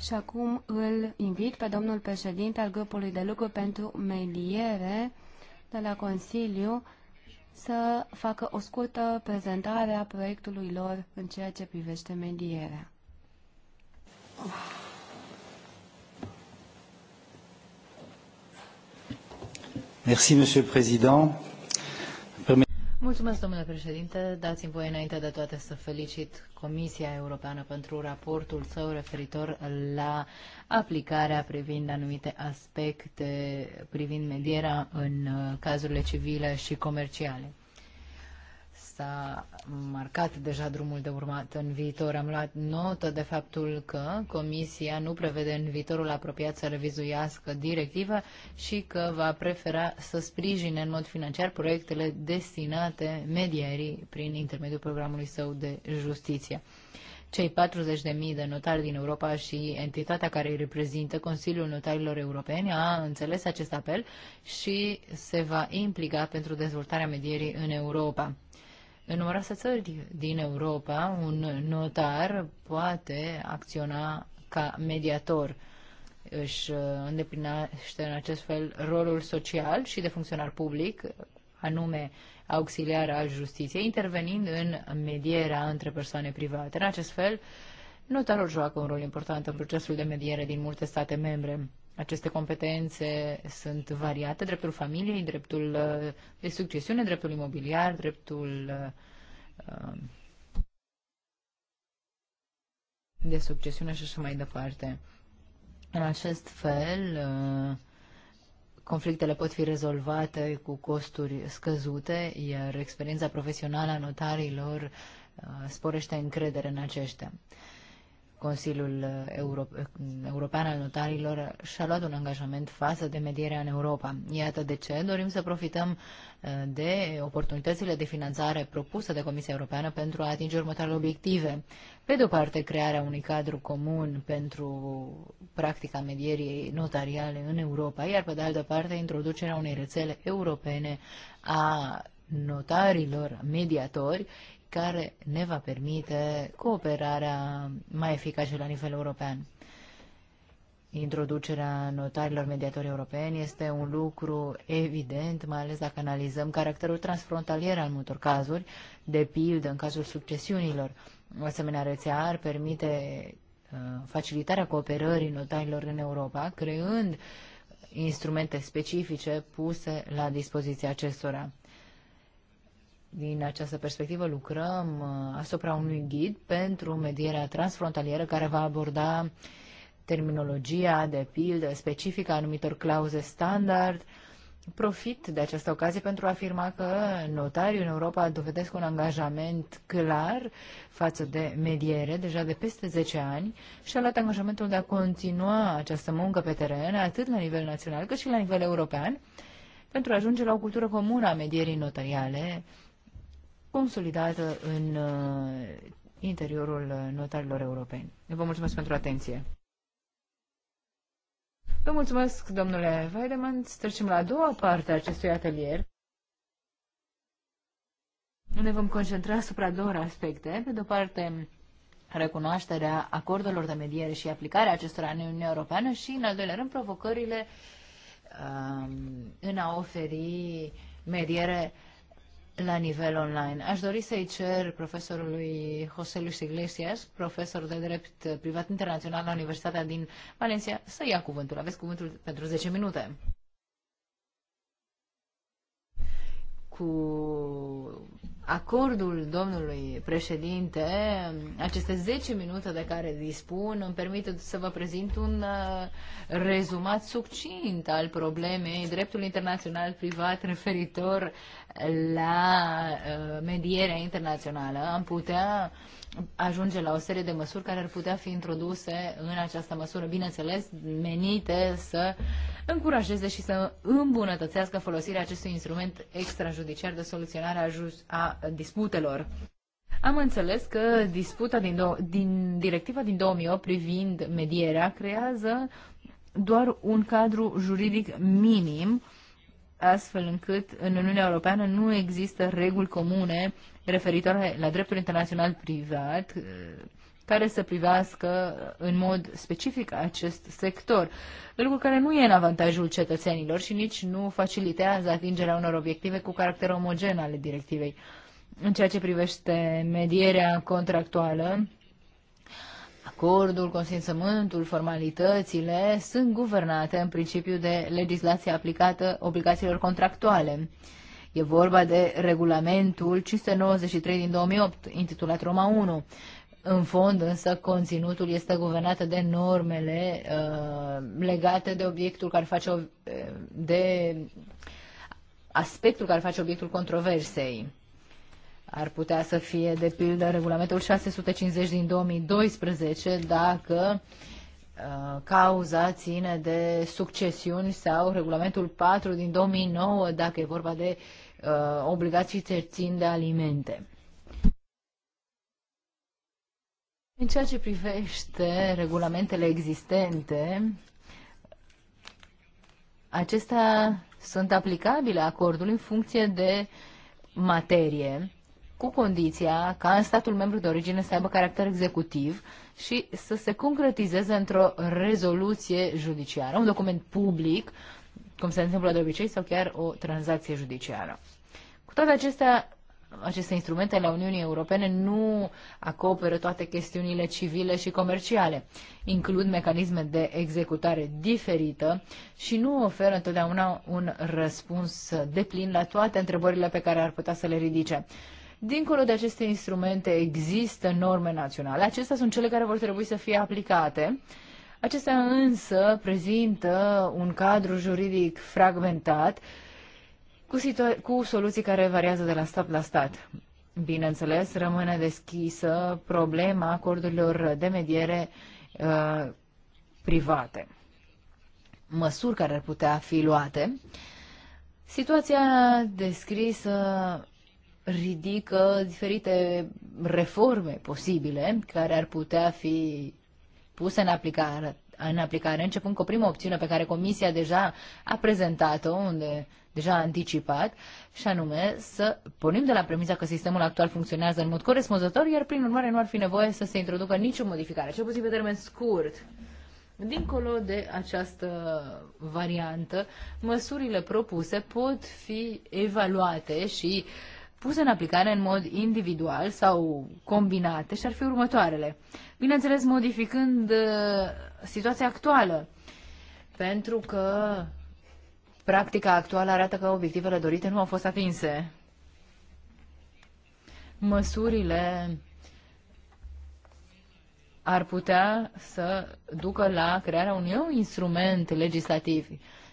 Și acum îl invit pe domnul președinte al grupului de lucru pentru mediere de la Consiliu să facă o scurtă prezentare a proiectului lor în ceea ce privește medierea. Oh. Mulțumesc, domnule președinte. Dați-mi voie înainte de toate să felicit Comisia Europeană pentru raportul său referitor la aplicarea privind anumite aspecte privind medierea în uh, cazurile civile și comerciale s-a marcat deja drumul de urmat în viitor. Am luat notă de faptul că Comisia nu prevede în viitorul apropiat să revizuiască directiva și că va prefera să sprijine în mod financiar proiectele destinate medierii prin intermediul programului său de justiție. Cei 40.000 de notari din Europa și entitatea care îi reprezintă Consiliul Notarilor Europeni a înțeles acest apel și se va implica pentru dezvoltarea medierii în Europa. În numeroase țări din Europa, un notar poate acționa ca mediator. Își uh, îndeplinește în acest fel rolul social și de funcționar public, anume auxiliar al justiției, intervenind în medierea între persoane private. În acest fel, notarul joacă un rol important în procesul de mediere din multe state membre. Aceste competențe sunt variate, dreptul familiei, dreptul uh, de succesiune, dreptul imobiliar, dreptul uh, de succesiune și așa mai departe. În acest fel, uh, conflictele pot fi rezolvate cu costuri scăzute, iar experiența profesională a notarilor sporește încredere în aceștia. Consiliul uh, Euro- uh, European al Notarilor și-a luat un angajament față de medierea în Europa. Iată de ce dorim să profităm uh, de oportunitățile de finanțare propuse de Comisia Europeană pentru a atinge următoarele obiective. Pe de o parte, crearea unui cadru comun pentru practica medierii notariale în Europa, iar pe de altă parte, introducerea unei rețele europene a notarilor mediatori, care ne va permite cooperarea mai eficace la nivel european. Introducerea notarilor mediatori europeni este un lucru evident, mai ales dacă analizăm caracterul transfrontalier al multor cazuri, de pildă în cazul succesiunilor. O asemenea rețea ar permite uh, facilitarea cooperării notarilor în Europa, creând instrumente specifice puse la dispoziția acestora. Din această perspectivă lucrăm uh, asupra unui ghid pentru medierea transfrontalieră care va aborda terminologia, de pildă, specifică a anumitor clauze standard. Profit de această ocazie pentru a afirma că notarii în Europa dovedesc un angajament clar față de mediere deja de peste 10 ani și a luat angajamentul de a continua această muncă pe teren, atât la nivel național cât și la nivel european, pentru a ajunge la o cultură comună a medierii notariale, consolidată în uh, interiorul uh, notarilor europeni. Vă mulțumesc pentru atenție. Vă mulțumesc, domnule Weidemann. Trecem la a doua parte a acestui atelier. Ne vom concentra asupra două aspecte. Pe de-o parte, recunoașterea acordurilor de mediere și aplicarea acestora în Uniunea Europeană și, în al doilea rând, provocările um, în a oferi mediere la nivel online. Aș dori să-i cer profesorului José Luis Iglesias, profesor de drept privat internațional la Universitatea din Valencia, să ia cuvântul. Aveți cuvântul pentru 10 minute. Cu acordul domnului președinte, aceste 10 minute de care dispun îmi permit să vă prezint un uh, rezumat succint al problemei dreptului internațional privat referitor la uh, medierea internațională, am putea ajunge la o serie de măsuri care ar putea fi introduse în această măsură, bineînțeles, menite să încurajeze și să îmbunătățească folosirea acestui instrument extrajudiciar de soluționare a disputelor. Am înțeles că disputa din, do- din directiva din 2008 privind medierea creează doar un cadru juridic minim uh, astfel încât în Uniunea Europeană nu există reguli comune referitoare la dreptul internațional privat eh, care să privească în mod specific acest sector, lucru care nu e în avantajul cetățenilor și nici nu facilitează atingerea unor obiective cu caracter omogen ale directivei. În ceea ce privește medierea contractuală, acordul, consimțământul, formalitățile sunt guvernate în principiu de legislația aplicată obligațiilor contractuale. E vorba de regulamentul 593 din 2008, intitulat Roma 1. În fond, însă, conținutul este guvernat de normele uh, legate de obiectul care face o, uh, de aspectul care face obiectul controversei. Ar putea să fie, de pildă, regulamentul 650 din 2012, dacă uh, cauza ține de succesiuni sau regulamentul 4 din 2009, dacă e vorba de uh, obligații ce țin de alimente. În ceea ce privește regulamentele existente, acestea sunt aplicabile acordului în funcție de materie cu condiția ca în statul membru de origine să aibă caracter executiv și să se concretizeze într-o rezoluție judiciară, un document public, cum se întâmplă de obicei, sau chiar o tranzacție judiciară. Cu toate acestea, aceste instrumente ale Uniunii Europene nu acoperă toate chestiunile civile și comerciale. Includ mecanisme de executare diferită și nu oferă întotdeauna un răspuns deplin la toate întrebările pe care ar putea să le ridice. Dincolo de aceste instrumente există norme naționale. Acestea sunt cele care vor trebui să fie aplicate. Acestea însă prezintă un cadru juridic fragmentat cu, cu soluții care variază de la stat la stat. Bineînțeles, rămâne deschisă problema acordurilor de mediere uh, private, măsuri care ar putea fi luate. Situația descrisă ridică diferite reforme posibile care ar putea fi puse în aplicare, în aplicare, începând cu o primă opțiune pe care Comisia deja a prezentat-o, unde deja a anticipat, și anume să pornim de la premisa că sistemul actual funcționează în mod corespunzător, iar prin urmare nu ar fi nevoie să se introducă nicio modificare, cel puțin pe termen scurt. Dincolo de această variantă, măsurile propuse pot fi evaluate și uh, puse în aplicare în mod individual sau combinate și ar fi următoarele. Bineînțeles, modificând uh, situația actuală, pentru că practica actuală arată că obiectivele dorite nu au fost atinse. Măsurile ar putea să ducă la crearea unui nou instrument legislativ,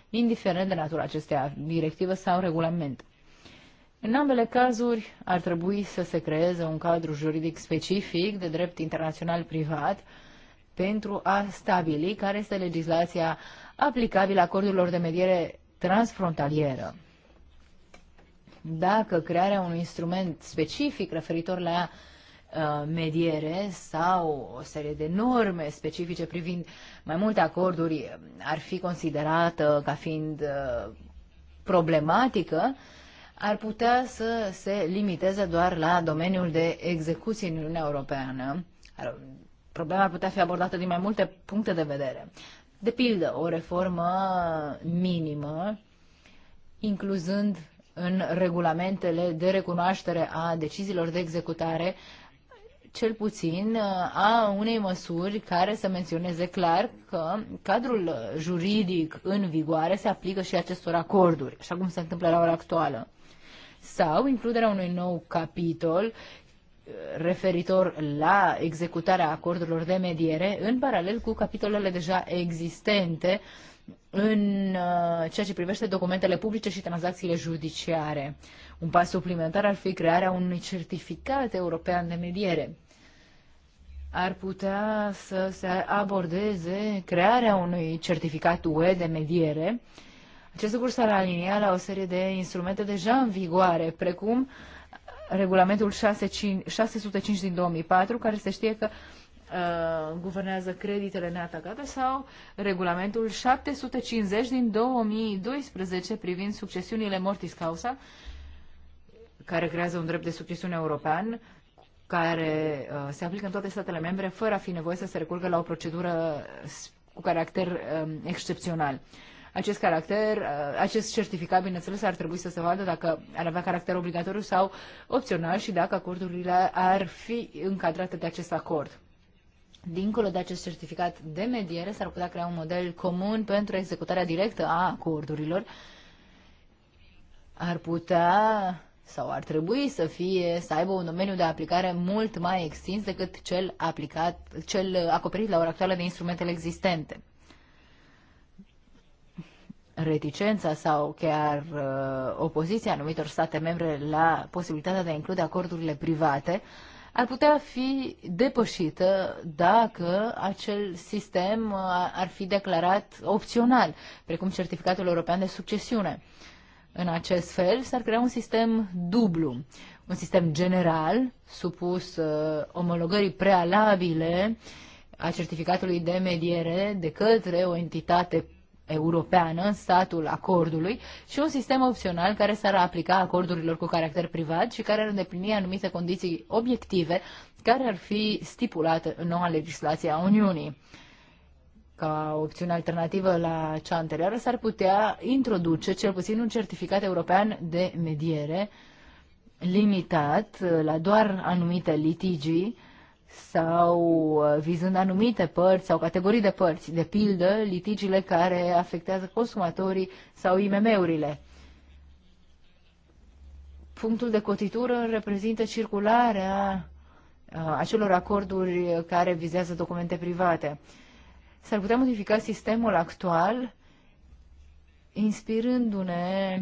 indiferent de natura acestea, directivă sau regulament. În ambele cazuri ar trebui să se creeze un cadru juridic specific de drept internațional privat pentru a stabili care este legislația aplicabilă acordurilor de mediere transfrontalieră. Dacă crearea unui instrument specific referitor la uh, mediere sau o serie de norme specifice privind mai multe acorduri um, ar fi considerată ca fiind uh, problematică, ar putea să se limiteze doar la domeniul de execuție în Uniunea Europeană. Problema ar putea fi abordată din mai multe puncte de vedere. De pildă, o reformă minimă, incluzând în regulamentele de recunoaștere a deciziilor de executare cel puțin a unei măsuri care să menționeze clar că cadrul juridic în vigoare se aplică și acestor acorduri, așa cum se întâmplă la ora actuală sau includerea unui nou capitol uh, referitor la executarea acordurilor de mediere în paralel cu capitolele deja existente în uh, ceea ce privește documentele publice și tranzacțiile judiciare. Un pas suplimentar ar fi crearea unui certificat european de mediere. Ar putea să se abordeze crearea unui certificat UE de mediere acest lucru s-ar alinia la o serie de instrumente deja în vigoare, precum regulamentul 605 din 2004, care se știe că uh, guvernează creditele neatacate sau regulamentul 750 din 2012 privind succesiunile mortis causa, care creează un drept de succesiune european, care uh, se aplică în toate statele membre fără a fi nevoie să se recurgă la o procedură cu caracter um, excepțional. Acest caracter, uh, acest certificat, bineînțeles, ar trebui să se vadă dacă ar avea caracter obligatoriu sau opțional și dacă acordurile ar fi încadrate de acest acord. Dincolo de acest certificat de mediere, s-ar putea crea un model comun pentru executarea directă a acordurilor. Ar putea sau ar trebui să fie, să aibă un domeniu de aplicare mult mai extins decât cel aplicat, cel acoperit la ora actuală de instrumentele existente reticența sau chiar uh, opoziția anumitor state membre la posibilitatea de a include acordurile private ar putea fi depășită dacă acel sistem uh, ar fi declarat opțional, precum certificatul european de succesiune. În acest fel s-ar crea un sistem dublu, un sistem general supus uh, omologării prealabile a certificatului de mediere de către o entitate europeană, statul acordului, și un sistem opțional care s-ar aplica acordurilor cu caracter privat și care ar îndeplini anumite condiții obiective care ar fi stipulate în noua legislație a Uniunii. Ca opțiune alternativă la cea anterioară, s-ar putea introduce cel puțin un certificat european de mediere limitat la doar anumite litigii, sau uh, vizând anumite părți sau categorii de părți, de pildă litigiile care afectează consumatorii sau IMM-urile. Punctul de cotitură reprezintă circularea uh, acelor acorduri care vizează documente private. S-ar putea modifica sistemul actual inspirându-ne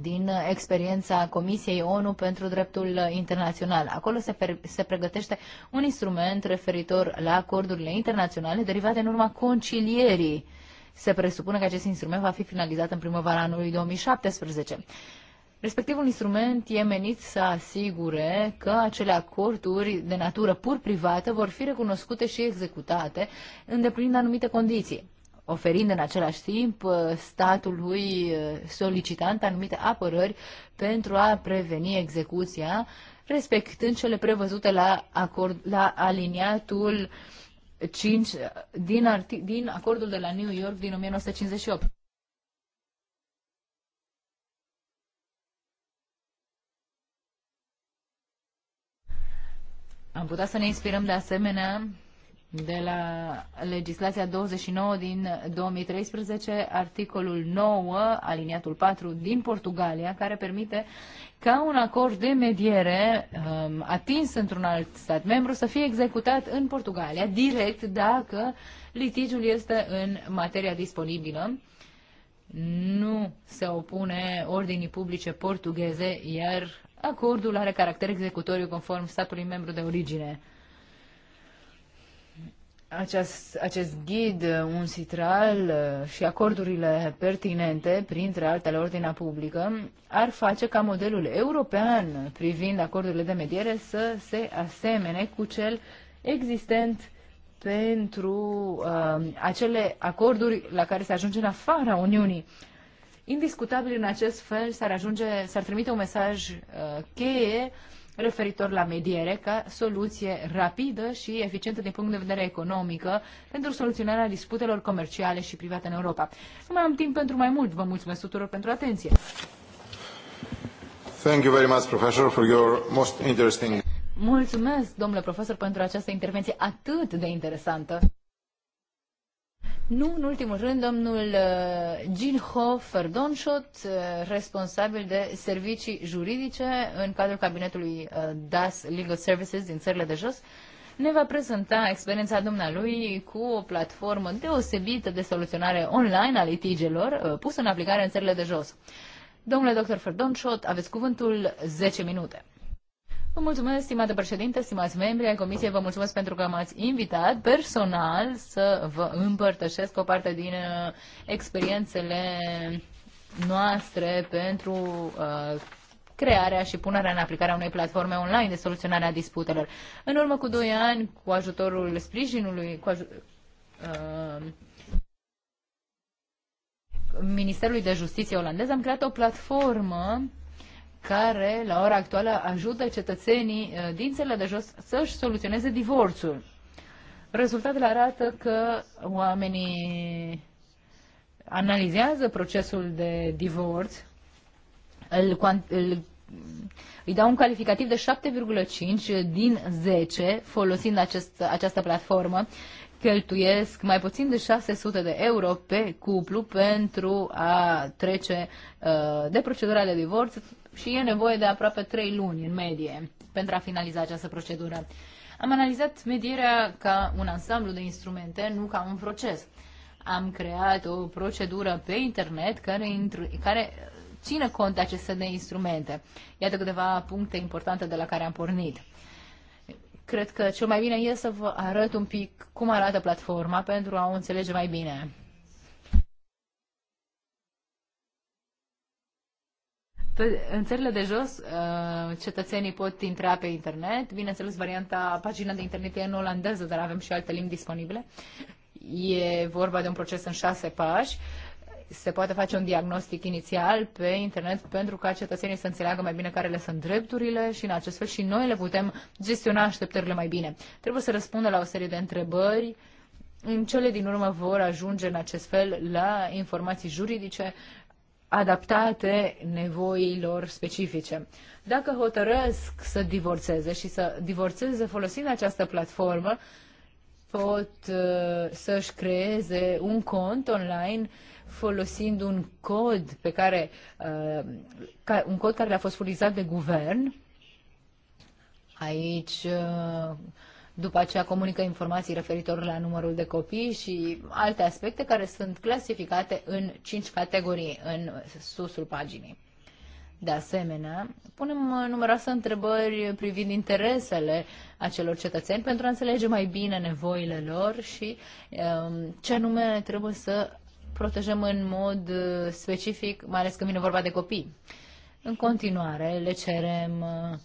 din experiența Comisiei ONU pentru Dreptul Internațional. Acolo se, se pregătește un instrument referitor la acordurile internaționale derivate în urma concilierii. Se presupune că acest instrument va fi finalizat în primăvara anului 2017. Respectivul instrument e menit să asigure că acele acorduri de natură pur privată vor fi recunoscute și executate îndeplinind anumite condiții oferind în același timp uh, statului uh, solicitant anumite apărări pentru a preveni execuția, respectând cele prevăzute la, acord, la aliniatul 5 din, din acordul de la New York din 1958. Am putea să ne inspirăm de asemenea de la legislația 29 din 2013, articolul 9, aliniatul 4 din Portugalia, care permite ca un acord de mediere um, atins într-un alt stat membru să fie executat în Portugalia direct dacă litigiul este în materia disponibilă. Nu se opune ordinii publice portugheze, iar acordul are caracter executoriu conform statului membru de origine acest, acest ghid uh, un sitral uh, și acordurile pertinente, printre altele ordinea publică, ar face ca modelul european privind acordurile de mediere să se asemene cu cel existent pentru uh, acele acorduri la care se ajunge în afara Uniunii. Indiscutabil în acest fel s-ar trimite un mesaj uh, cheie referitor la mediere ca soluție rapidă și eficientă din punct de vedere economică uh, pentru soluționarea disputelor comerciale și private în Europa. Nu mai am timp pentru mai mult. Vă mulțumesc tuturor pentru atenție. Thank you very much, professor, for your most interesting... Mulțumesc, domnule profesor, pentru această intervenție atât de interesantă. Nu, în ultimul rând, domnul uh, Hofer Donshot, uh, responsabil de servicii juridice în cadrul cabinetului uh, DAS Legal Services din țările de jos, ne va prezenta experiența dumnealui cu o platformă deosebită de soluționare online a litigelor pusă în aplicare în țările de jos. Domnule doctor Ferdonșot, aveți cuvântul 10 minute. Vă mulțumesc, stimată președinte, stimați membri ai Comisiei, vă mulțumesc pentru că m-ați invitat personal să vă împărtășesc o parte din uh, experiențele noastre pentru uh, crearea și punerea în aplicare a unei platforme online de soluționare a disputelor. În urmă cu doi ani, cu ajutorul sprijinului, cu aj- uh, Ministerului de Justiție olandez, am creat o platformă care, la ora actuală, ajută cetățenii uh, din țările de jos să-și soluționeze divorțul. Rezultatele arată că oamenii analizează procesul de divorț, îl, îl, îi dau un calificativ de 7,5 din 10 folosind acest, această platformă, cheltuiesc mai puțin de 600 de euro pe cuplu pentru a trece uh, de procedura de divorț și e nevoie de aproape 3 luni în medie pentru a finaliza această procedură. Am analizat medierea ca un ansamblu de instrumente, nu ca un proces. Am creat o procedură pe internet care, care ține cont de aceste de instrumente. Iată câteva puncte importante de la care am pornit. Cred că cel mai bine e să vă arăt un pic cum arată platforma pentru a o înțelege mai bine. Pe, în țările de jos, uh, cetățenii pot intra pe internet. Bineînțeles, varianta, pagina de internet e în olandeză, dar avem și alte limbi disponibile. E vorba de un proces în șase pași. Se poate face un diagnostic inițial pe internet pentru ca cetățenii să înțeleagă mai bine care le sunt drepturile și în acest fel și noi le putem gestiona așteptările mai bine. Trebuie să răspundă la o serie de întrebări în cele din urmă vor ajunge în acest fel la informații juridice adaptate nevoilor specifice. Dacă hotărăsc să divorțeze și să divorțeze folosind această platformă, pot uh, să-și creeze un cont online folosind un cod pe care uh, ca, un cod care le-a fost furnizat de guvern. Aici uh, după aceea comunică informații referitor la numărul de copii și alte aspecte care sunt clasificate în cinci categorii în susul paginii. De asemenea, punem numeroase întrebări privind interesele acelor cetățeni pentru a înțelege mai bine nevoile lor și um, ce anume trebuie să protejăm în mod uh, specific, mai ales când vine vorba de copii. În continuare, le cerem uh,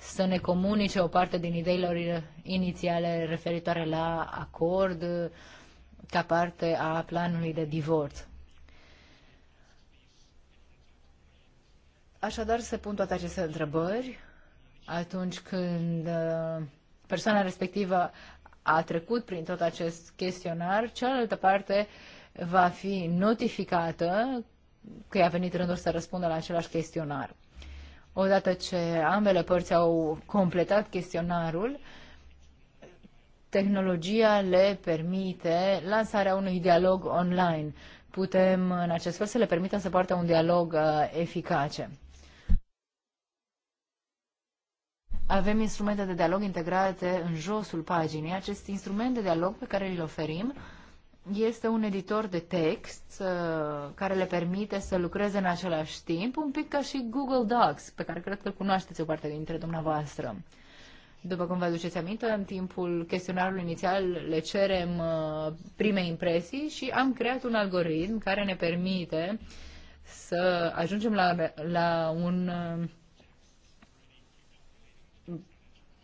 să ne comunice o parte din ideilor inițiale referitoare la acord uh, ca parte a planului de divorț. Așadar, se pun toate aceste întrebări atunci când uh, persoana respectivă a trecut prin tot acest chestionar, cealaltă parte va fi notificată că i-a venit rândul să răspundă la același chestionar. Odată ce ambele părți au completat chestionarul, tehnologia le permite lansarea unui dialog online. Putem, în acest fel, să le permitem să poartă un dialog uh, eficace. Avem instrumente de dialog integrate în josul paginii. Acest instrument de dialog pe care îl oferim este un editor de text uh, care le permite să lucreze în același timp, un pic ca și Google Docs, pe care cred că îl cunoașteți o parte dintre dumneavoastră. După cum vă aduceți aminte, în timpul chestionarului inițial le cerem uh, prime impresii și am creat un algoritm care ne permite să ajungem la, la un uh,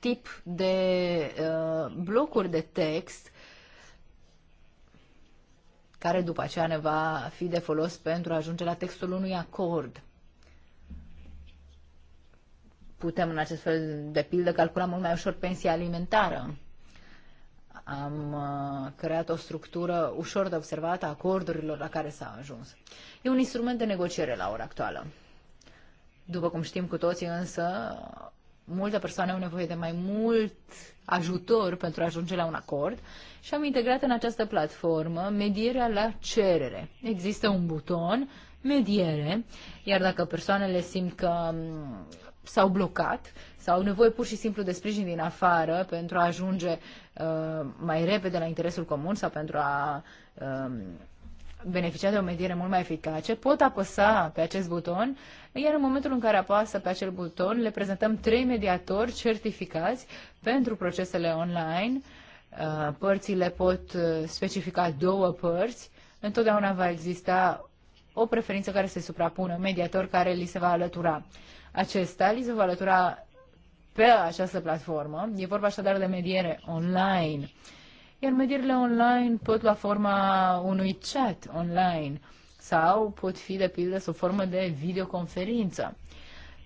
tip de uh, blocuri de text care după aceea ne va fi de folos pentru a ajunge la textul unui acord. Putem în acest fel, de pildă, calcula mult mai ușor pensia alimentară. Am uh, creat o structură ușor de observat a acordurilor la care s-a ajuns. E un instrument de negociere la ora actuală. După cum știm cu toții însă, multe persoane au nevoie de mai mult ajutor pentru a ajunge la un acord și am integrat în această platformă medierea la cerere. Există un buton, mediere, iar dacă persoanele simt că mm, s-au blocat sau au nevoie pur și simplu de sprijin din afară pentru a ajunge uh, mai repede la interesul comun sau pentru a uh, beneficia de o mediere mult mai eficace, pot apăsa pe acest buton, iar în momentul în care apasă pe acel buton, le prezentăm trei mediatori certificați pentru procesele online. Uh, părțile pot uh, specifica două părți. Întotdeauna va exista o preferință care se suprapune, un mediator care li se va alătura. Acesta li se va alătura pe această platformă. E vorba așadar de mediere online iar medierile online pot lua forma unui chat online sau pot fi, de pildă, sub formă de videoconferință.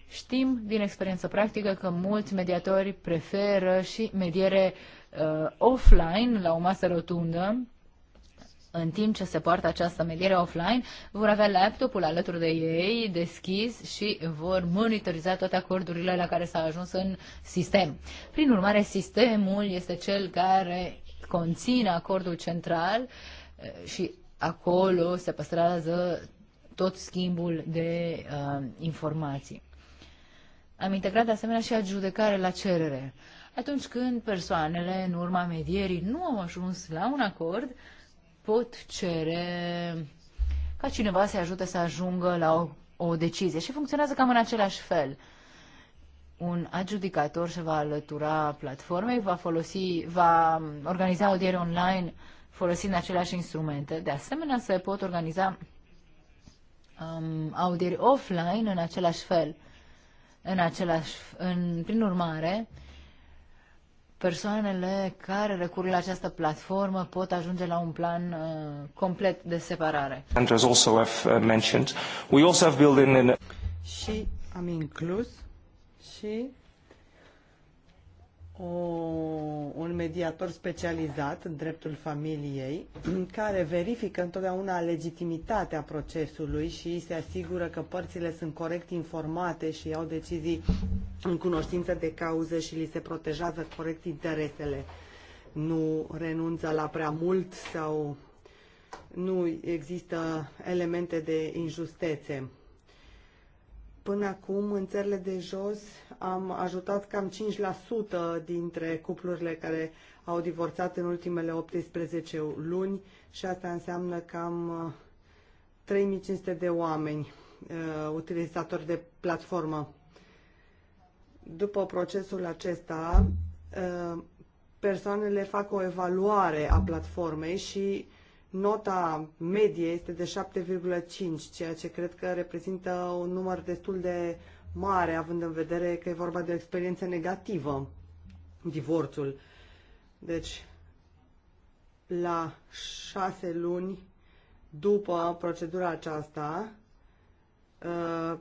Știm din experiență practică că mulți mediatori preferă și mediere uh, offline la o masă rotundă, în timp ce se poartă această mediere offline, vor avea laptopul alături de ei deschis și vor monitoriza toate acordurile la care s-a ajuns în sistem. Prin urmare, sistemul este cel care conține acordul central eh, și acolo se păstrează tot schimbul de uh, informații. Am integrat de asemenea și adjudecare la cerere. Atunci când persoanele, în urma medierii, nu au ajuns la un acord, pot cere ca cineva să ajute să ajungă la o, o decizie. Și funcționează cam în același fel. Uh, un adjudicator se va alătura platformei, va folosi, va organiza audiere online folosind aceleași instrumente. De asemenea, se pot organiza um, audieri offline în același fel. În același, în, prin urmare, persoanele care recurg la această platformă pot ajunge la un plan uh, complet de separare. also have uh, mentioned, we also have built in... Și am inclus și o, un mediator specializat în dreptul familiei care verifică întotdeauna legitimitatea procesului și se asigură că părțile sunt corect informate și au decizii în cunoștință de cauză și li se protejează corect interesele. Nu renunță la prea mult sau nu există elemente de injustețe. Până acum, în țările de jos, am ajutat cam 5% dintre cuplurile care au divorțat în ultimele 18 luni și asta înseamnă cam 3500 uh, de oameni uh, utilizatori de platformă. După procesul acesta, uh, persoanele fac o evaluare a platformei și nota medie este de 7,5, ceea ce cred că reprezintă un număr destul de mare, având în vedere că e vorba de o experiență negativă, divorțul. Deci, la șase luni după procedura aceasta, uh,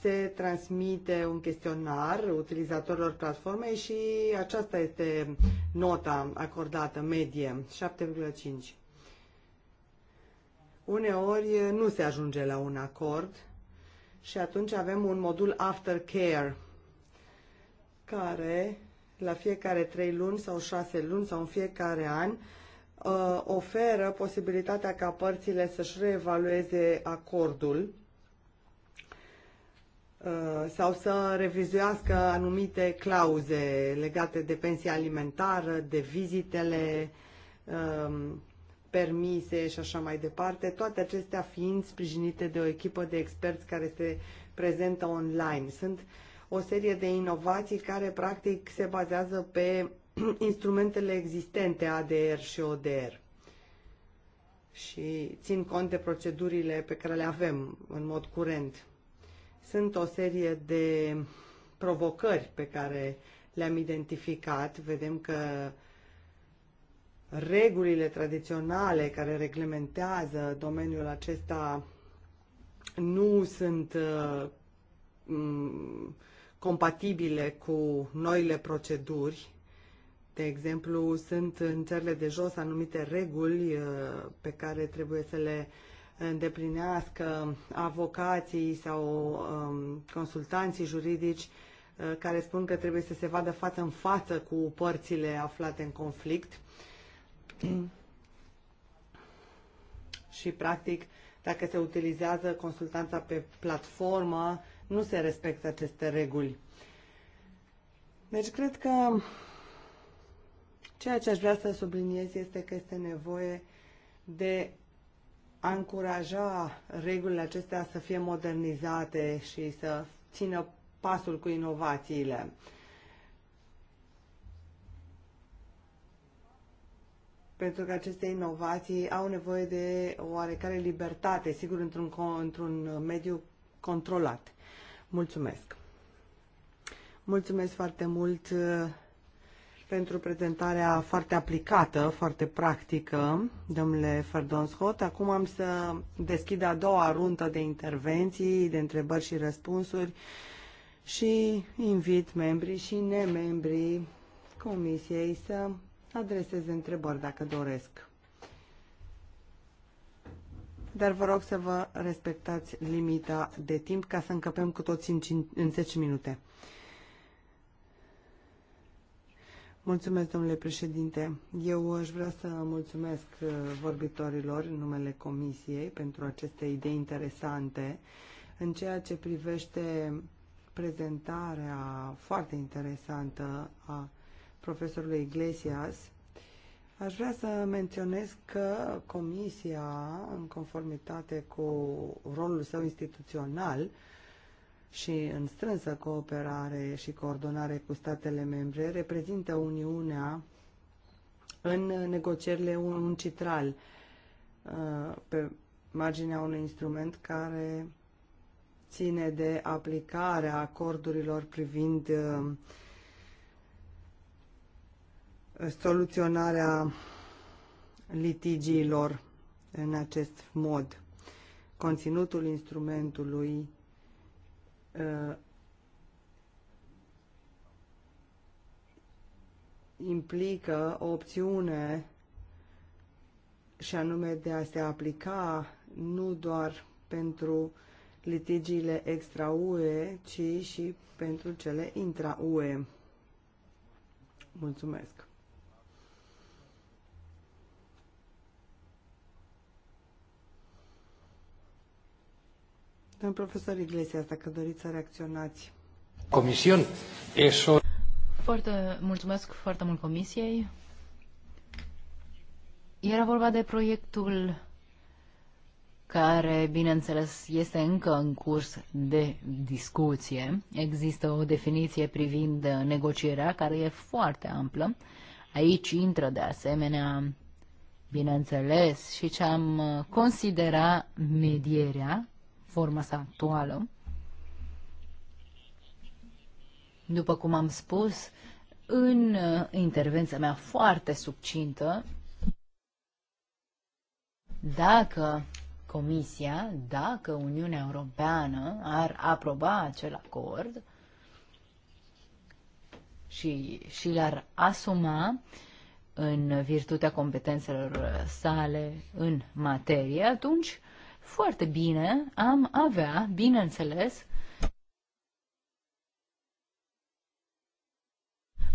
se transmite un chestionar utilizatorilor platformei și aceasta este nota acordată, medie, 7,5. Uneori nu se ajunge la un acord și atunci avem un modul aftercare care la fiecare trei luni sau șase luni sau în fiecare an uh, oferă posibilitatea ca părțile să-și reevalueze acordul uh, sau să revizuiască anumite clauze legate de pensia alimentară, de vizitele um, permise și așa mai departe, toate acestea fiind sprijinite de o echipă de experți care se prezentă online. Sunt o serie de inovații care practic se bazează pe instrumentele existente ADR și ODR și țin cont de procedurile pe care le avem în mod curent. Sunt o serie de provocări pe care le-am identificat. Vedem că uh, regulile tradiționale care reglementează domeniul acesta nu sunt uh, compatibile cu noile proceduri. De exemplu, sunt în țările de jos anumite reguli uh, pe care trebuie să le îndeplinească avocații sau um, consultanții juridici uh, care spun că trebuie să se vadă față în față cu părțile aflate în conflict și, practic, dacă se utilizează consultanța pe platformă, nu se respectă aceste reguli. Deci, cred că ceea ce aș vrea să subliniez este că este nevoie de a încuraja regulile acestea să fie modernizate și să țină pasul cu inovațiile. pentru că aceste inovații au nevoie de oarecare libertate, sigur, într-un, într-un mediu controlat. Mulțumesc! Mulțumesc foarte mult uh, pentru prezentarea foarte aplicată, foarte practică, domnule Scott. Acum am să deschid a doua rundă de intervenții, de întrebări și răspunsuri și invit membrii și nemembrii Comisiei să adreseze întrebări dacă doresc. Dar vă rog să vă respectați limita de timp ca să încăpem cu toți în, în 10 minute. Mulțumesc, domnule președinte. Eu aș vrea să mulțumesc uh, vorbitorilor în numele Comisiei pentru aceste idei interesante în ceea ce privește prezentarea foarte interesantă a profesorului Iglesias, aș vrea să menționez că Comisia, în conformitate cu rolul său instituțional și în strânsă cooperare și coordonare cu statele membre, reprezintă Uniunea în negocierile citral uh, pe marginea unui instrument care ține de aplicarea acordurilor privind uh, soluționarea litigiilor în acest mod. Conținutul instrumentului uh, implică o opțiune și anume de a se aplica nu doar pentru litigiile extra-UE, ci și pentru cele intra-UE. Mulțumesc! Domnul profesor Iglesias, dacă doriți să reacționați. Comision, eso... Foarte, mulțumesc foarte mult comisiei. Era vorba de proiectul care, bineînțeles, este încă în curs de discuție. Există o definiție privind negocierea care e foarte amplă. Aici intră, de asemenea, bineînțeles, și ce am considera medierea, forma sa actuală. După cum am spus, în uh, intervenția mea foarte subcintă, dacă Comisia, dacă Uniunea Europeană ar aproba acel acord și, și l-ar asuma în virtutea competențelor sale în materie, atunci foarte bine am avea, bineînțeles,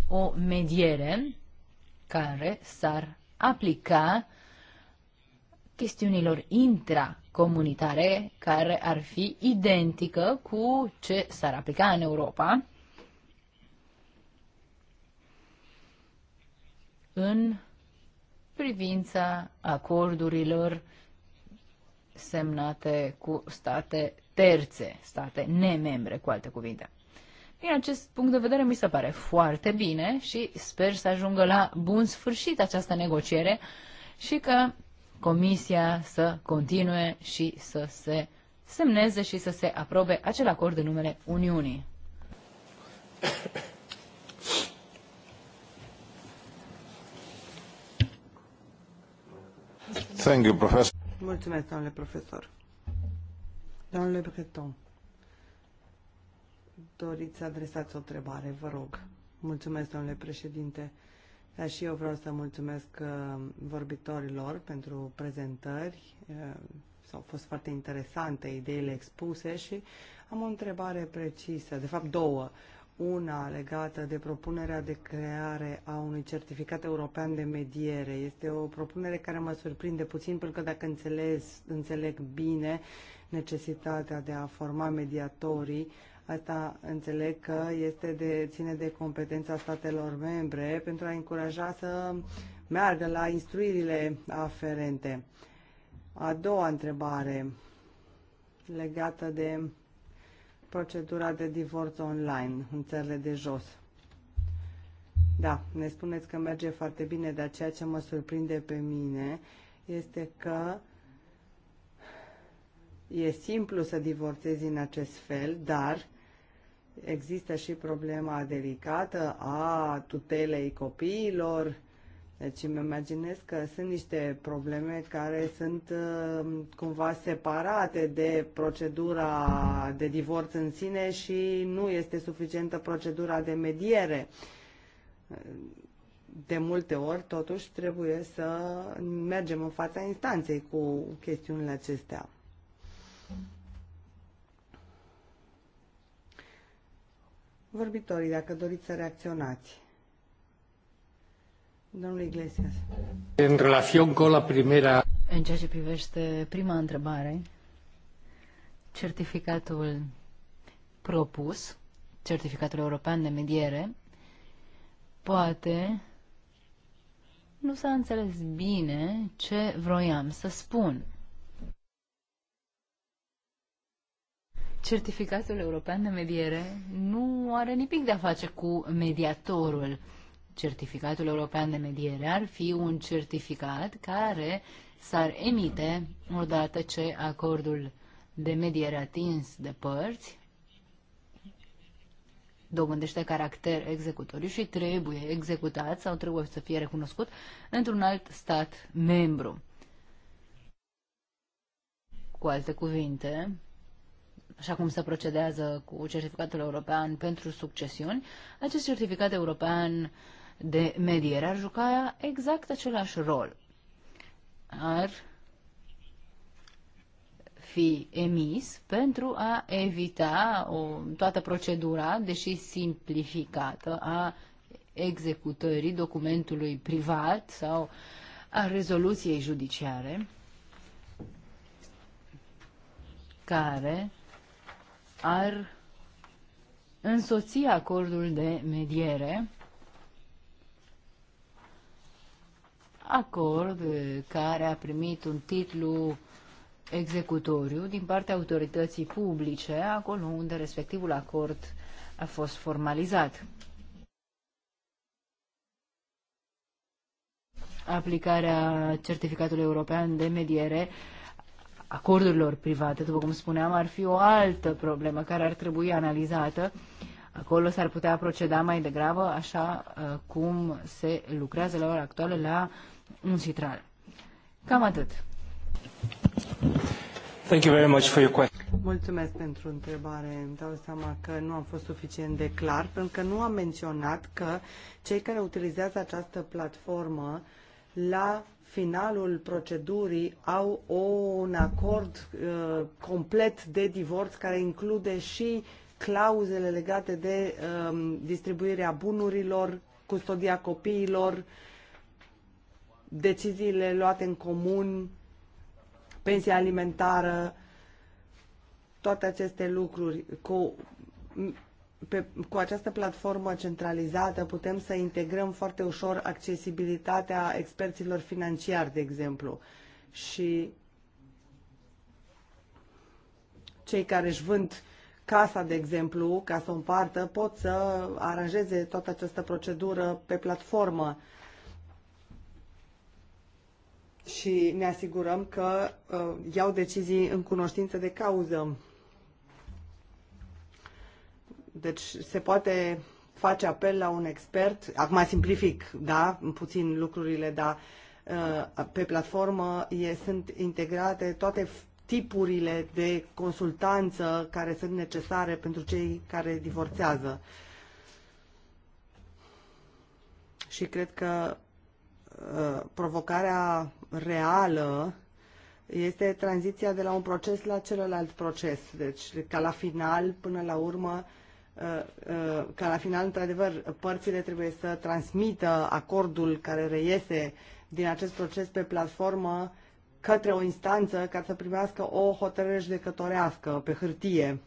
o mediere care s-ar aplica chestiunilor intracomunitare care ar fi identică cu ce s-ar aplica în Europa în privința acordurilor semnate cu state terțe, state nemembre, cu alte cuvinte. Din acest punct de vedere, mi se pare foarte bine și sper să ajungă la bun sfârșit această negociere și că Comisia să continue și să se semneze și să se aprobe acel acord în numele Uniunii. Thank you, professor. Mulțumesc, domnule profesor. Domnule Breton, doriți să adresați o întrebare, vă rog. Mulțumesc, domnule președinte. Dar și eu vreau să mulțumesc uh, vorbitorilor pentru prezentări. Uh, s-au fost foarte interesante ideile expuse și am o întrebare precisă, de fapt două una legată de propunerea de creare a unui certificat european de mediere. Este o propunere care mă surprinde puțin, pentru că dacă înțeles, înțeleg bine necesitatea de a forma mediatorii, Asta înțeleg că este de, ține de competența statelor membre pentru a încuraja să meargă la instruirile aferente. A doua întrebare legată de procedura de divorț online în țările de jos. Da, ne spuneți că merge foarte bine, dar ceea ce mă surprinde pe mine este că e simplu să divorțezi în acest fel, dar există și problema delicată a tutelei copiilor, deci îmi imaginez că sunt niște probleme care sunt uh, cumva separate de procedura de divorț în sine și nu este suficientă procedura de mediere. De multe ori, totuși, trebuie să mergem în fața instanței cu chestiunile acestea. Vorbitorii, dacă doriți să reacționați. Domnul Iglesias. În relațion cu la primera... În ceea ce privește prima întrebare, certificatul propus, certificatul european de mediere, poate nu s-a înțeles bine ce vroiam să spun. Certificatul european de mediere nu are nimic de a face cu mediatorul certificatul european de mediere ar fi un certificat care s-ar emite odată ce acordul de mediere atins de părți dobândește caracter executoriu și trebuie executat sau trebuie să fie recunoscut într-un alt stat membru. Cu alte cuvinte, așa cum se procedează cu certificatul european pentru succesiuni, acest certificat european uh, de mediere ar juca exact același rol. Ar fi emis pentru a evita o, toată procedura, deși simplificată, a executării documentului privat sau a rezoluției judiciare care ar însoți acordul de mediere acord eh, care a primit un titlu executoriu din partea autorității publice, acolo unde respectivul acord a fost formalizat. Aplicarea certificatului european de mediere acordurilor private, după cum spuneam, ar fi o altă problemă care ar trebui analizată. Acolo s-ar putea proceda mai degrabă așa eh, cum se lucrează la ora actuală la uh, un citral. Cam atât. Thank you very much for your question. Mulțumesc pentru întrebare. Îmi dau seama că nu am fost suficient de clar, pentru că nu am menționat că cei care utilizează această platformă la finalul procedurii au o, un acord uh, complet de divorț care include și clauzele legate de uh, distribuirea bunurilor, custodia copiilor, uh, deciziile luate în comun, pensia alimentară, toate aceste lucruri cu, pe, cu această platformă centralizată putem să integrăm foarte ușor accesibilitatea experților financiari, de exemplu, și cei care își vând casa, de exemplu, ca să o împartă, pot să aranjeze toată această procedură pe platformă și ne asigurăm că uh, iau decizii în cunoștință de cauză. Deci se poate face apel la un expert, acum simplific, da, puțin lucrurile, dar uh, pe platformă e, sunt integrate toate tipurile de consultanță care sunt necesare pentru cei care divorțează. Și cred că Uh, provocarea reală este tranziția de la un proces la celălalt proces. Deci, ca la final, până la urmă, uh, uh, ca la final, într-adevăr, părțile trebuie să transmită acordul care reiese din acest proces pe platformă către o instanță ca să primească o hotărâre judecătorească pe hârtie.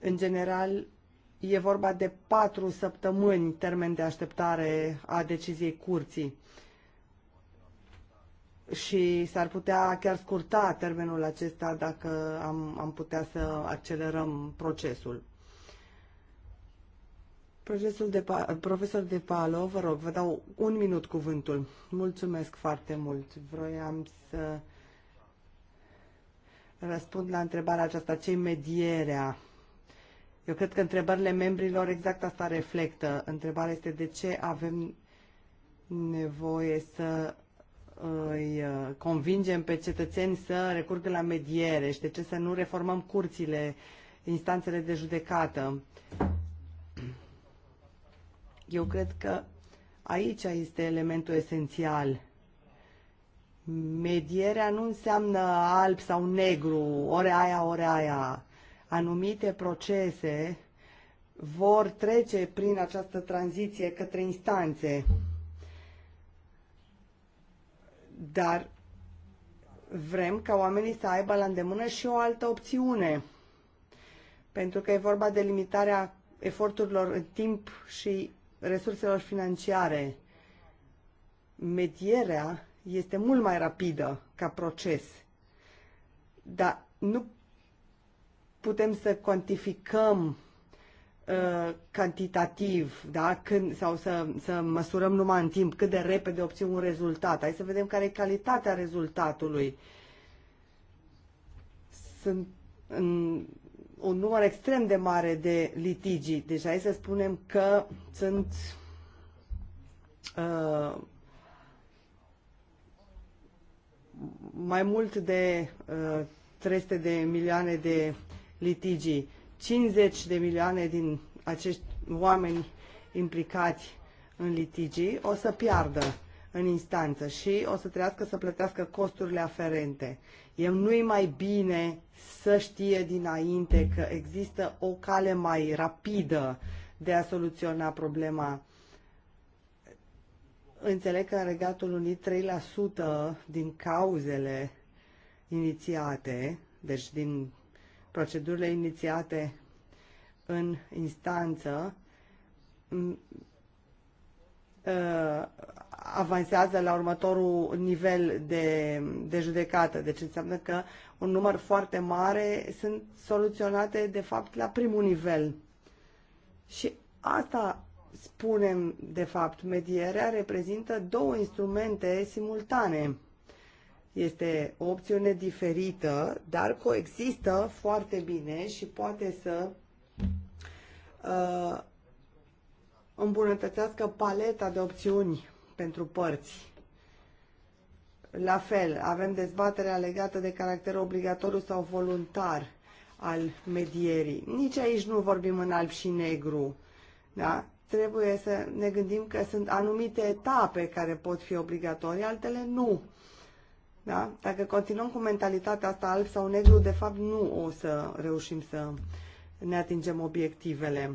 În general, E vorba de patru săptămâni termen de așteptare a deciziei curții și s-ar putea chiar scurta termenul acesta dacă am, am putea să accelerăm procesul. Procesul de pa- profesor De Palo, vă rog, vă dau un minut cuvântul. Mulțumesc foarte mult. Vroiam să răspund la întrebarea aceasta, ce medierea? Eu cred că întrebările membrilor exact asta reflectă. Întrebarea este de ce avem nevoie să îi uh, convingem pe cetățeni să recurgă la mediere și de ce să nu reformăm curțile, instanțele de judecată. Eu cred că aici este elementul esențial. Medierea nu înseamnă alb sau negru, ore aia, ore aia anumite procese vor trece prin această tranziție către instanțe. Dar vrem ca oamenii să aibă la îndemână și o altă opțiune. Pentru că e vorba de limitarea eforturilor în timp și resurselor financiare. Medierea este mult mai rapidă ca proces. Dar nu putem să cuantificăm uh, cantitativ, da? Când, sau să, să măsurăm numai în timp cât de repede obțin un rezultat. Hai să vedem care e calitatea rezultatului. Sunt în, un număr extrem de mare de litigii. Deci hai să spunem că sunt uh, mai mult de uh, 300 de milioane de litigii. 50 de milioane din acești oameni implicați în litigii o să piardă în instanță și o să trească să plătească costurile aferente. Eu nu-i mai bine să știe dinainte că există o cale mai rapidă de a soluționa problema. Înțeleg că în Regatul Unit 3% din cauzele inițiate, deci din procedurile inițiate în instanță ă, avansează la următorul nivel de, de judecată. Deci înseamnă că un număr foarte mare sunt soluționate, de fapt, la primul nivel. Și asta spunem, de fapt, medierea reprezintă două instrumente simultane este o opțiune diferită, dar coexistă foarte bine și poate să uh, îmbunătățească paleta de opțiuni pentru părți. La fel, avem dezbaterea legată de caracter obligatoriu sau voluntar al medierii. Nici aici nu vorbim în alb și negru. Da? Trebuie să ne gândim că sunt anumite etape care pot fi obligatorii, altele nu. Da? Dacă continuăm cu mentalitatea asta alb sau negru, de fapt nu o să reușim să ne atingem obiectivele.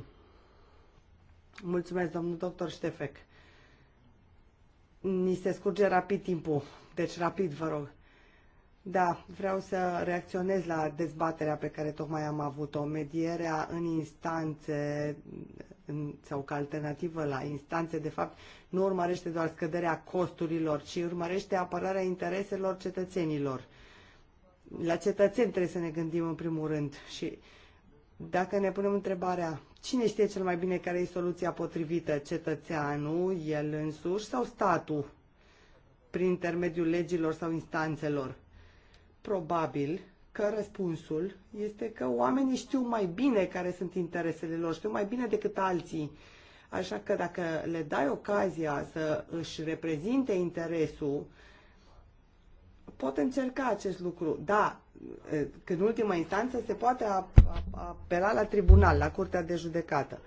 Mulțumesc, domnul doctor Ștefec. Ni se scurge rapid timpul, deci rapid vă rog. Da, vreau să reacționez la dezbaterea pe care tocmai am avut-o. Medierea în instanțe în, sau ca alternativă la instanțe, de fapt, nu urmărește doar scăderea costurilor, ci urmărește apărarea intereselor cetățenilor. La cetățeni trebuie să ne gândim în primul rând și dacă ne punem întrebarea cine știe cel mai bine care e soluția potrivită, cetățeanul, el însuși sau statul, prin intermediul legilor sau instanțelor, probabil că răspunsul este că oamenii știu mai bine care sunt interesele lor, știu mai bine decât alții. Așa că dacă le dai ocazia să își reprezinte interesul, pot încerca acest lucru. Da, că în ultima instanță se poate apela la tribunal, la curtea de judecată.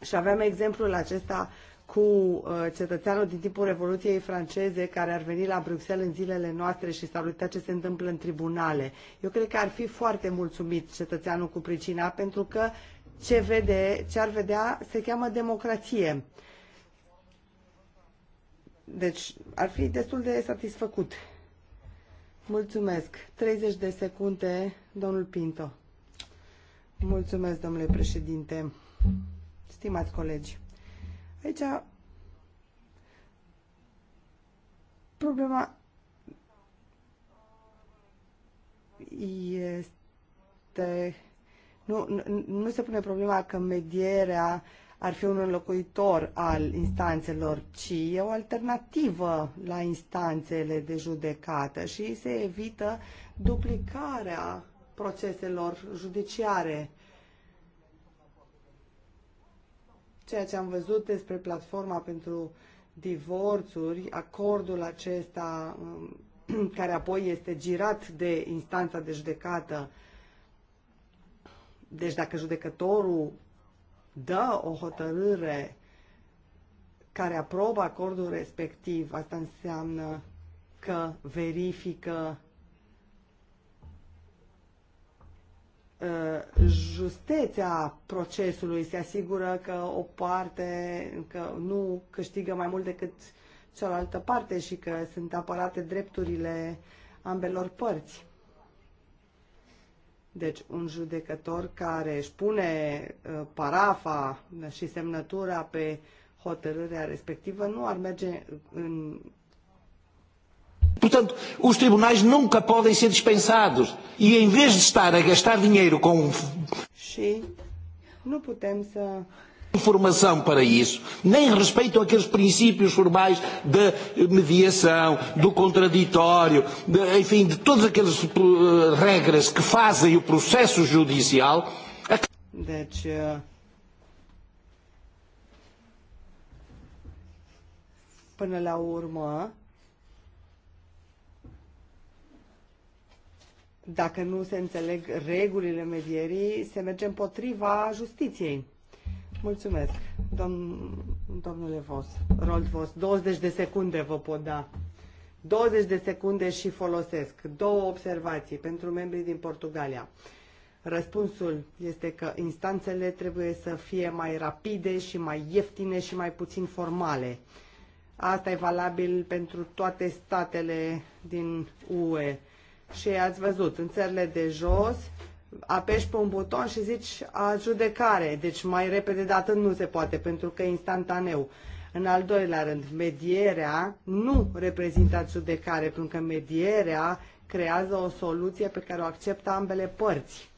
Și aveam exemplul acesta cu uh, cetățeanul din timpul Revoluției franceze care ar veni la Bruxelles în zilele noastre și s-ar uita ce se întâmplă în tribunale. Eu cred că ar fi foarte mulțumit cetățeanul cu pricina pentru că ce vede, ce ar vedea se cheamă democrație. Deci ar fi destul de satisfăcut. Mulțumesc. 30 de secunde, domnul Pinto. Mulțumesc, domnule președinte. Stimați colegi. Aici deci, problema este... Nu, nu, nu se pune problema că medierea ar fi un înlocuitor al instanțelor, ci e o alternativă la instanțele de judecată și se evită duplicarea proceselor judiciare Ceea ce am văzut despre platforma pentru divorțuri, acordul acesta um, care apoi este girat de instanța de judecată. Deci dacă judecătorul dă o hotărâre care aprobă acordul respectiv, asta înseamnă că verifică Uh, justețea procesului, se asigură că o parte că nu câștigă mai mult decât cealaltă parte și că sunt apărate drepturile ambelor părți. Deci un judecător care își pune uh, parafa și semnătura pe hotărârea respectivă nu ar merge în Portanto, os tribunais nunca podem ser dispensados. E em vez de estar a gastar dinheiro com. Um Și nu putem informação para isso, nem respeitam aqueles princípios formais de mediação, do contraditório, de, enfim, de todas aquelas uh, regras que fazem o processo judicial. Deci, uh, până la urmă, dacă nu se înțeleg regulile medierii, se merge împotriva justiției. Mulțumesc, domn, domnule Vos, Rold Vos. 20 de secunde vă pot da. 20 de secunde și folosesc. Două observații pentru membrii din Portugalia. Răspunsul este că instanțele trebuie să fie mai rapide și mai ieftine și mai puțin formale. Asta e valabil pentru toate statele din UE și ați văzut, în țările de jos apeși pe un buton și zici a judecare, deci mai repede de atât nu se poate, pentru că instantaneu. În al doilea rând, medierea nu reprezintă judecare, pentru că medierea creează o soluție pe care o acceptă ambele părți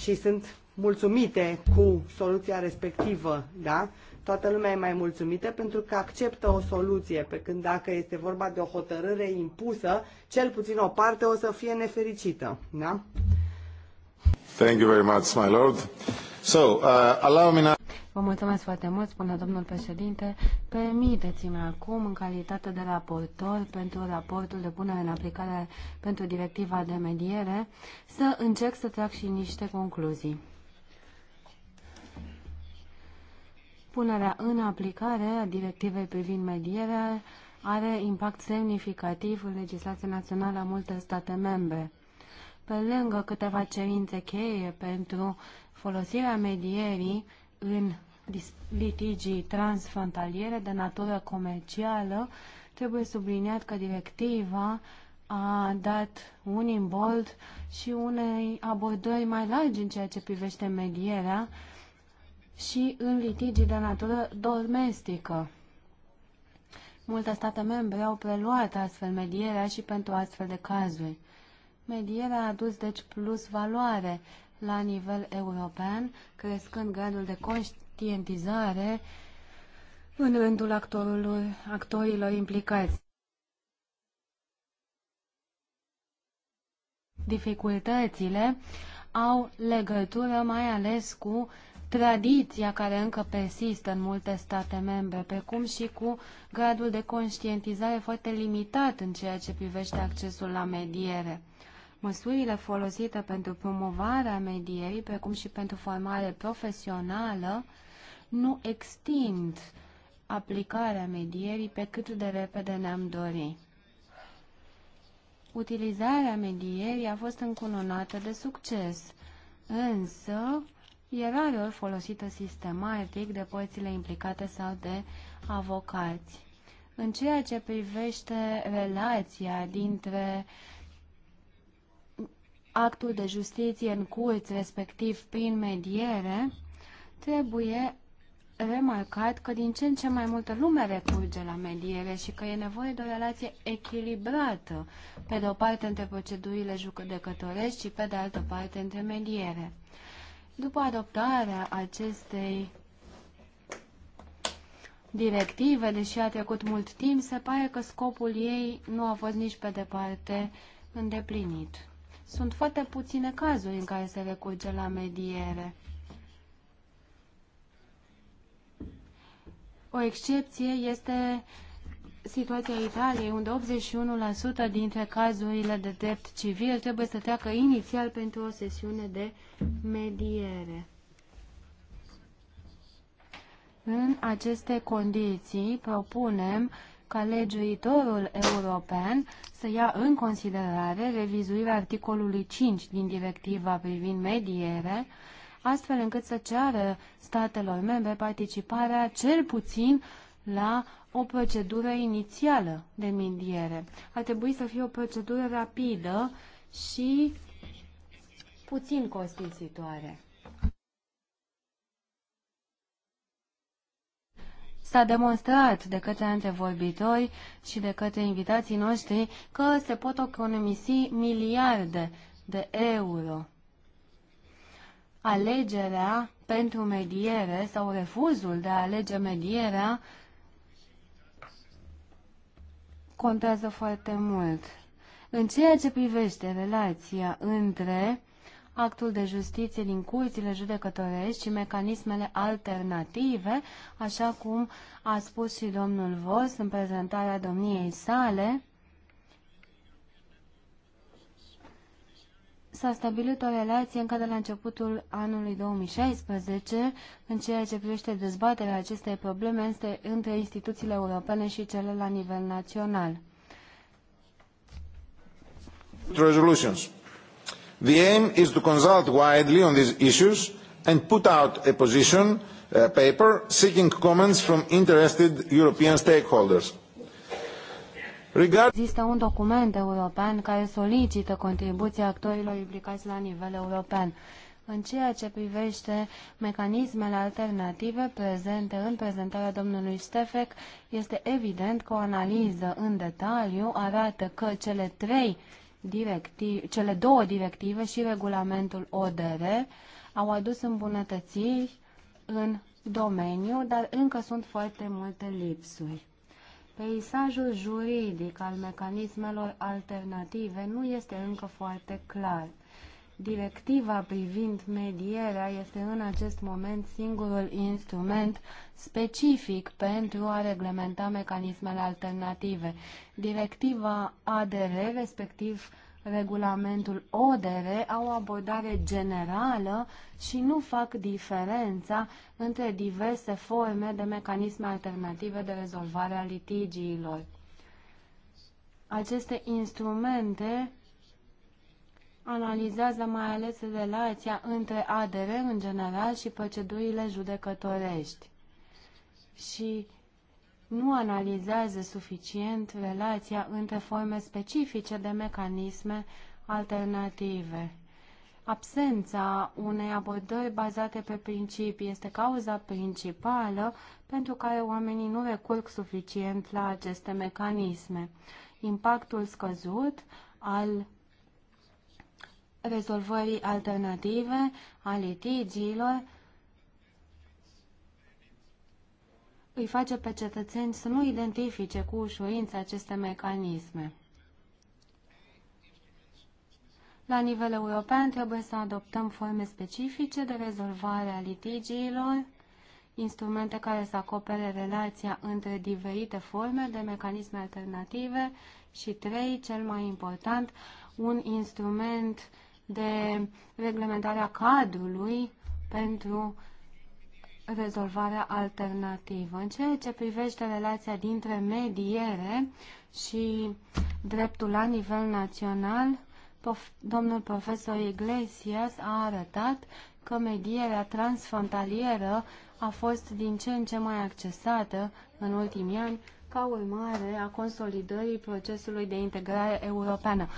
și sunt mulțumite cu soluția respectivă, da? toată lumea e mai mulțumită pentru că acceptă o soluție, pe când dacă este vorba de o hotărâre impusă, cel puțin o parte o să fie nefericită. Da? Thank you very much, my lord. So, uh, allow me now... Vă mulțumesc foarte mult, spune domnul președinte. Permiteți-mi acum, în calitate de raportor pentru raportul de punere în aplicare pentru directiva de mediere, să încerc să trag și niște concluzii. Punerea în aplicare a directivei privind medierea are impact semnificativ în legislația națională a multe state membre. Pe lângă câteva cerințe cheie pentru folosirea medierii în litigii transfrontaliere de natură comercială, trebuie subliniat că directiva a dat un imbold și unei abordări mai largi în ceea ce privește medierea, și în litigii de natură domestică. Multe state membre au preluat astfel medierea și pentru astfel de cazuri. Medierea a adus deci plus valoare la nivel european, crescând gradul de conștientizare în rândul actorilor, actorilor implicați. Dificultățile au legătură mai ales cu tradiția care încă persistă în multe state membre, precum și cu gradul de conștientizare foarte limitat în ceea ce privește accesul la mediere. Măsurile folosite pentru promovarea medierii, precum și pentru formare profesională, nu extind aplicarea medierii pe cât de repede ne-am dori. Utilizarea medierii a fost încununată de succes, însă e rareori folosită sistematic de părțile implicate sau de avocați. În ceea ce privește relația dintre actul de justiție în curți, respectiv prin mediere, trebuie remarcat că din ce în ce mai multă lume recurge la mediere și că e nevoie de o relație echilibrată, pe de o parte între procedurile judecătorești și pe de altă parte între mediere. După adoptarea acestei directive, deși a trecut mult timp, se pare că scopul ei nu a fost nici pe departe îndeplinit. Sunt foarte puține cazuri în care se recurge la mediere. O excepție este situația Italiei, unde 81% dintre cazurile de drept civil trebuie să treacă inițial pentru o sesiune de mediere. În aceste condiții propunem ca legiuitorul european să ia în considerare revizuirea articolului 5 din directiva privind mediere, astfel încât să ceară statelor membre participarea cel puțin la o procedură inițială de mindiere. Ar trebui să fie o procedură rapidă și puțin costisitoare. S-a demonstrat de către antevorbitori și de către invitații noștri că se pot economisi miliarde de euro. Alegerea pentru mediere sau refuzul de a alege medierea contează foarte mult. În ceea ce privește relația între actul de justiție din curțile judecătorești și mecanismele alternative, așa cum a spus și domnul Vos în prezentarea domniei sale, s-a stabilit o relație încă de la începutul anului 2016 în ceea ce privește dezbaterea acestei probleme între instituțiile europene și cele la nivel național. Resolutions. The aim is to consult widely on these issues and put out a position a uh, paper seeking comments from interested European stakeholders. Există un document european care solicită contribuția actorilor implicați la nivel european. În ceea ce privește mecanismele alternative prezente în prezentarea domnului Ștefec, este evident că o analiză în detaliu arată că cele trei directive, cele două directive și regulamentul ODR au adus îmbunătățiri în domeniu, dar încă sunt foarte multe lipsuri. Peisajul juridic al mecanismelor alternative nu este încă foarte clar. Directiva privind medierea este în acest moment singurul instrument specific pentru a reglementa mecanismele alternative. Directiva ADR, respectiv regulamentul ODR au o abordare generală și nu fac diferența între diverse forme de mecanisme alternative de rezolvare a litigiilor. Aceste instrumente analizează mai ales relația între ADR în general și procedurile judecătorești. Și nu analizează suficient relația între forme specifice de mecanisme alternative. Absența unei abordări bazate pe principii este cauza principală pentru care oamenii nu recurg suficient la aceste mecanisme. Impactul scăzut al rezolvării alternative a litigiilor îi face pe cetățeni să nu identifice cu ușurință aceste mecanisme. La nivel european trebuie să adoptăm forme specifice de rezolvare a litigiilor, instrumente care să acopere relația între diferite forme de mecanisme alternative și, trei, cel mai important, un instrument de reglementare a cadrului pentru rezolvarea alternativă. În ceea ce privește relația dintre mediere și dreptul la nivel național, prof, domnul profesor Iglesias a arătat că medierea transfrontalieră a fost din ce în ce mai accesată în ultimii ani ca urmare a consolidării procesului de integrare europeană.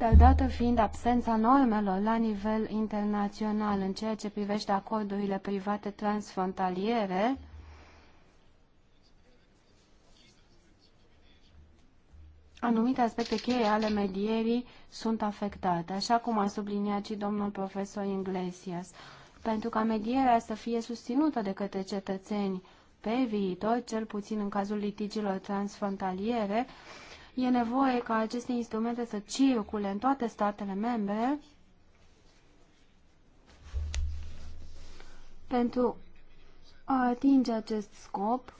dar dată fiind absența normelor la nivel internațional în ceea ce privește acordurile private transfrontaliere, anumite aspecte cheie ale medierii sunt afectate, așa cum a subliniat și domnul profesor Inglesias. Pentru ca medierea să fie susținută de către cetățeni pe viitor, cel puțin în cazul litigilor transfrontaliere, E nevoie ca aceste instrumente să circule în toate statele membre pentru a atinge acest scop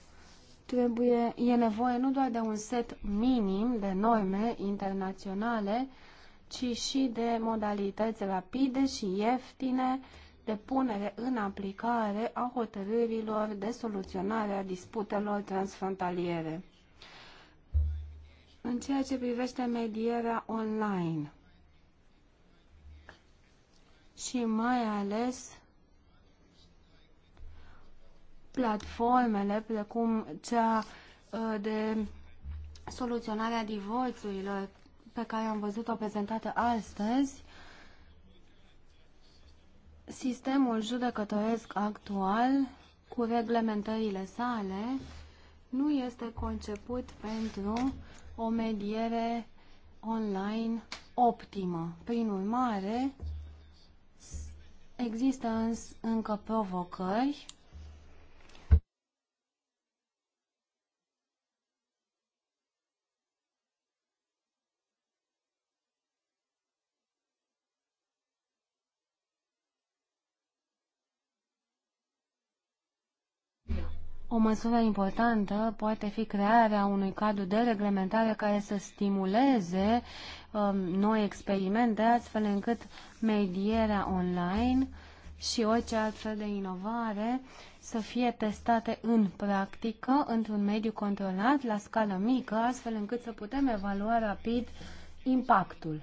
trebuie, e nevoie nu doar de un set minim de norme internaționale, ci și de modalități rapide și ieftine de punere în aplicare a hotărârilor de soluționare a disputelor transfrontaliere. În ceea ce privește medierea online și mai ales platformele precum cea uh, de a divorțurilor pe care am văzut-o prezentată astăzi, sistemul judecătoresc actual, cu reglementările sale, nu este conceput pentru o mediere online optimă. Prin urmare, există încă provocări O măsură importantă poate fi crearea unui cadru de reglementare care să stimuleze um, noi experimente, astfel încât medierea online și orice altfel de inovare să fie testate în practică, într-un mediu controlat, la scală mică, astfel încât să putem evalua rapid impactul.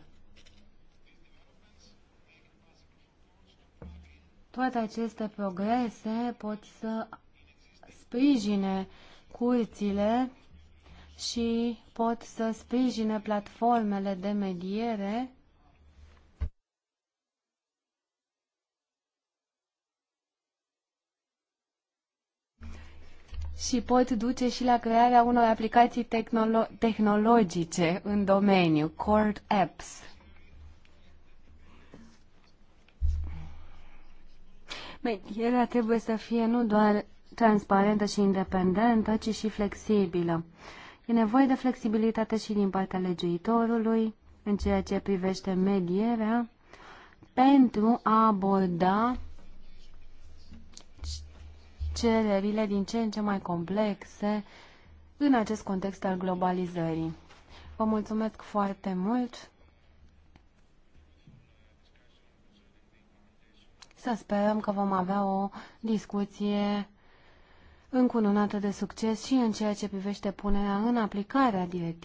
Toate aceste progrese pot să sprijine curțile și pot să sprijine platformele de mediere și pot duce și la crearea unor aplicații tehnolo- tehnologice în domeniu, Court Apps. Medierea trebuie să fie nu doar transparentă și independentă, ci și flexibilă. E nevoie de flexibilitate și din partea legiuitorului în ceea ce privește medierea pentru a aborda cererile din ce în ce mai complexe în acest context al globalizării. Vă mulțumesc foarte mult! Să sperăm că vom avea o discuție încununată de succes și în ceea ce privește punerea în aplicare a directivei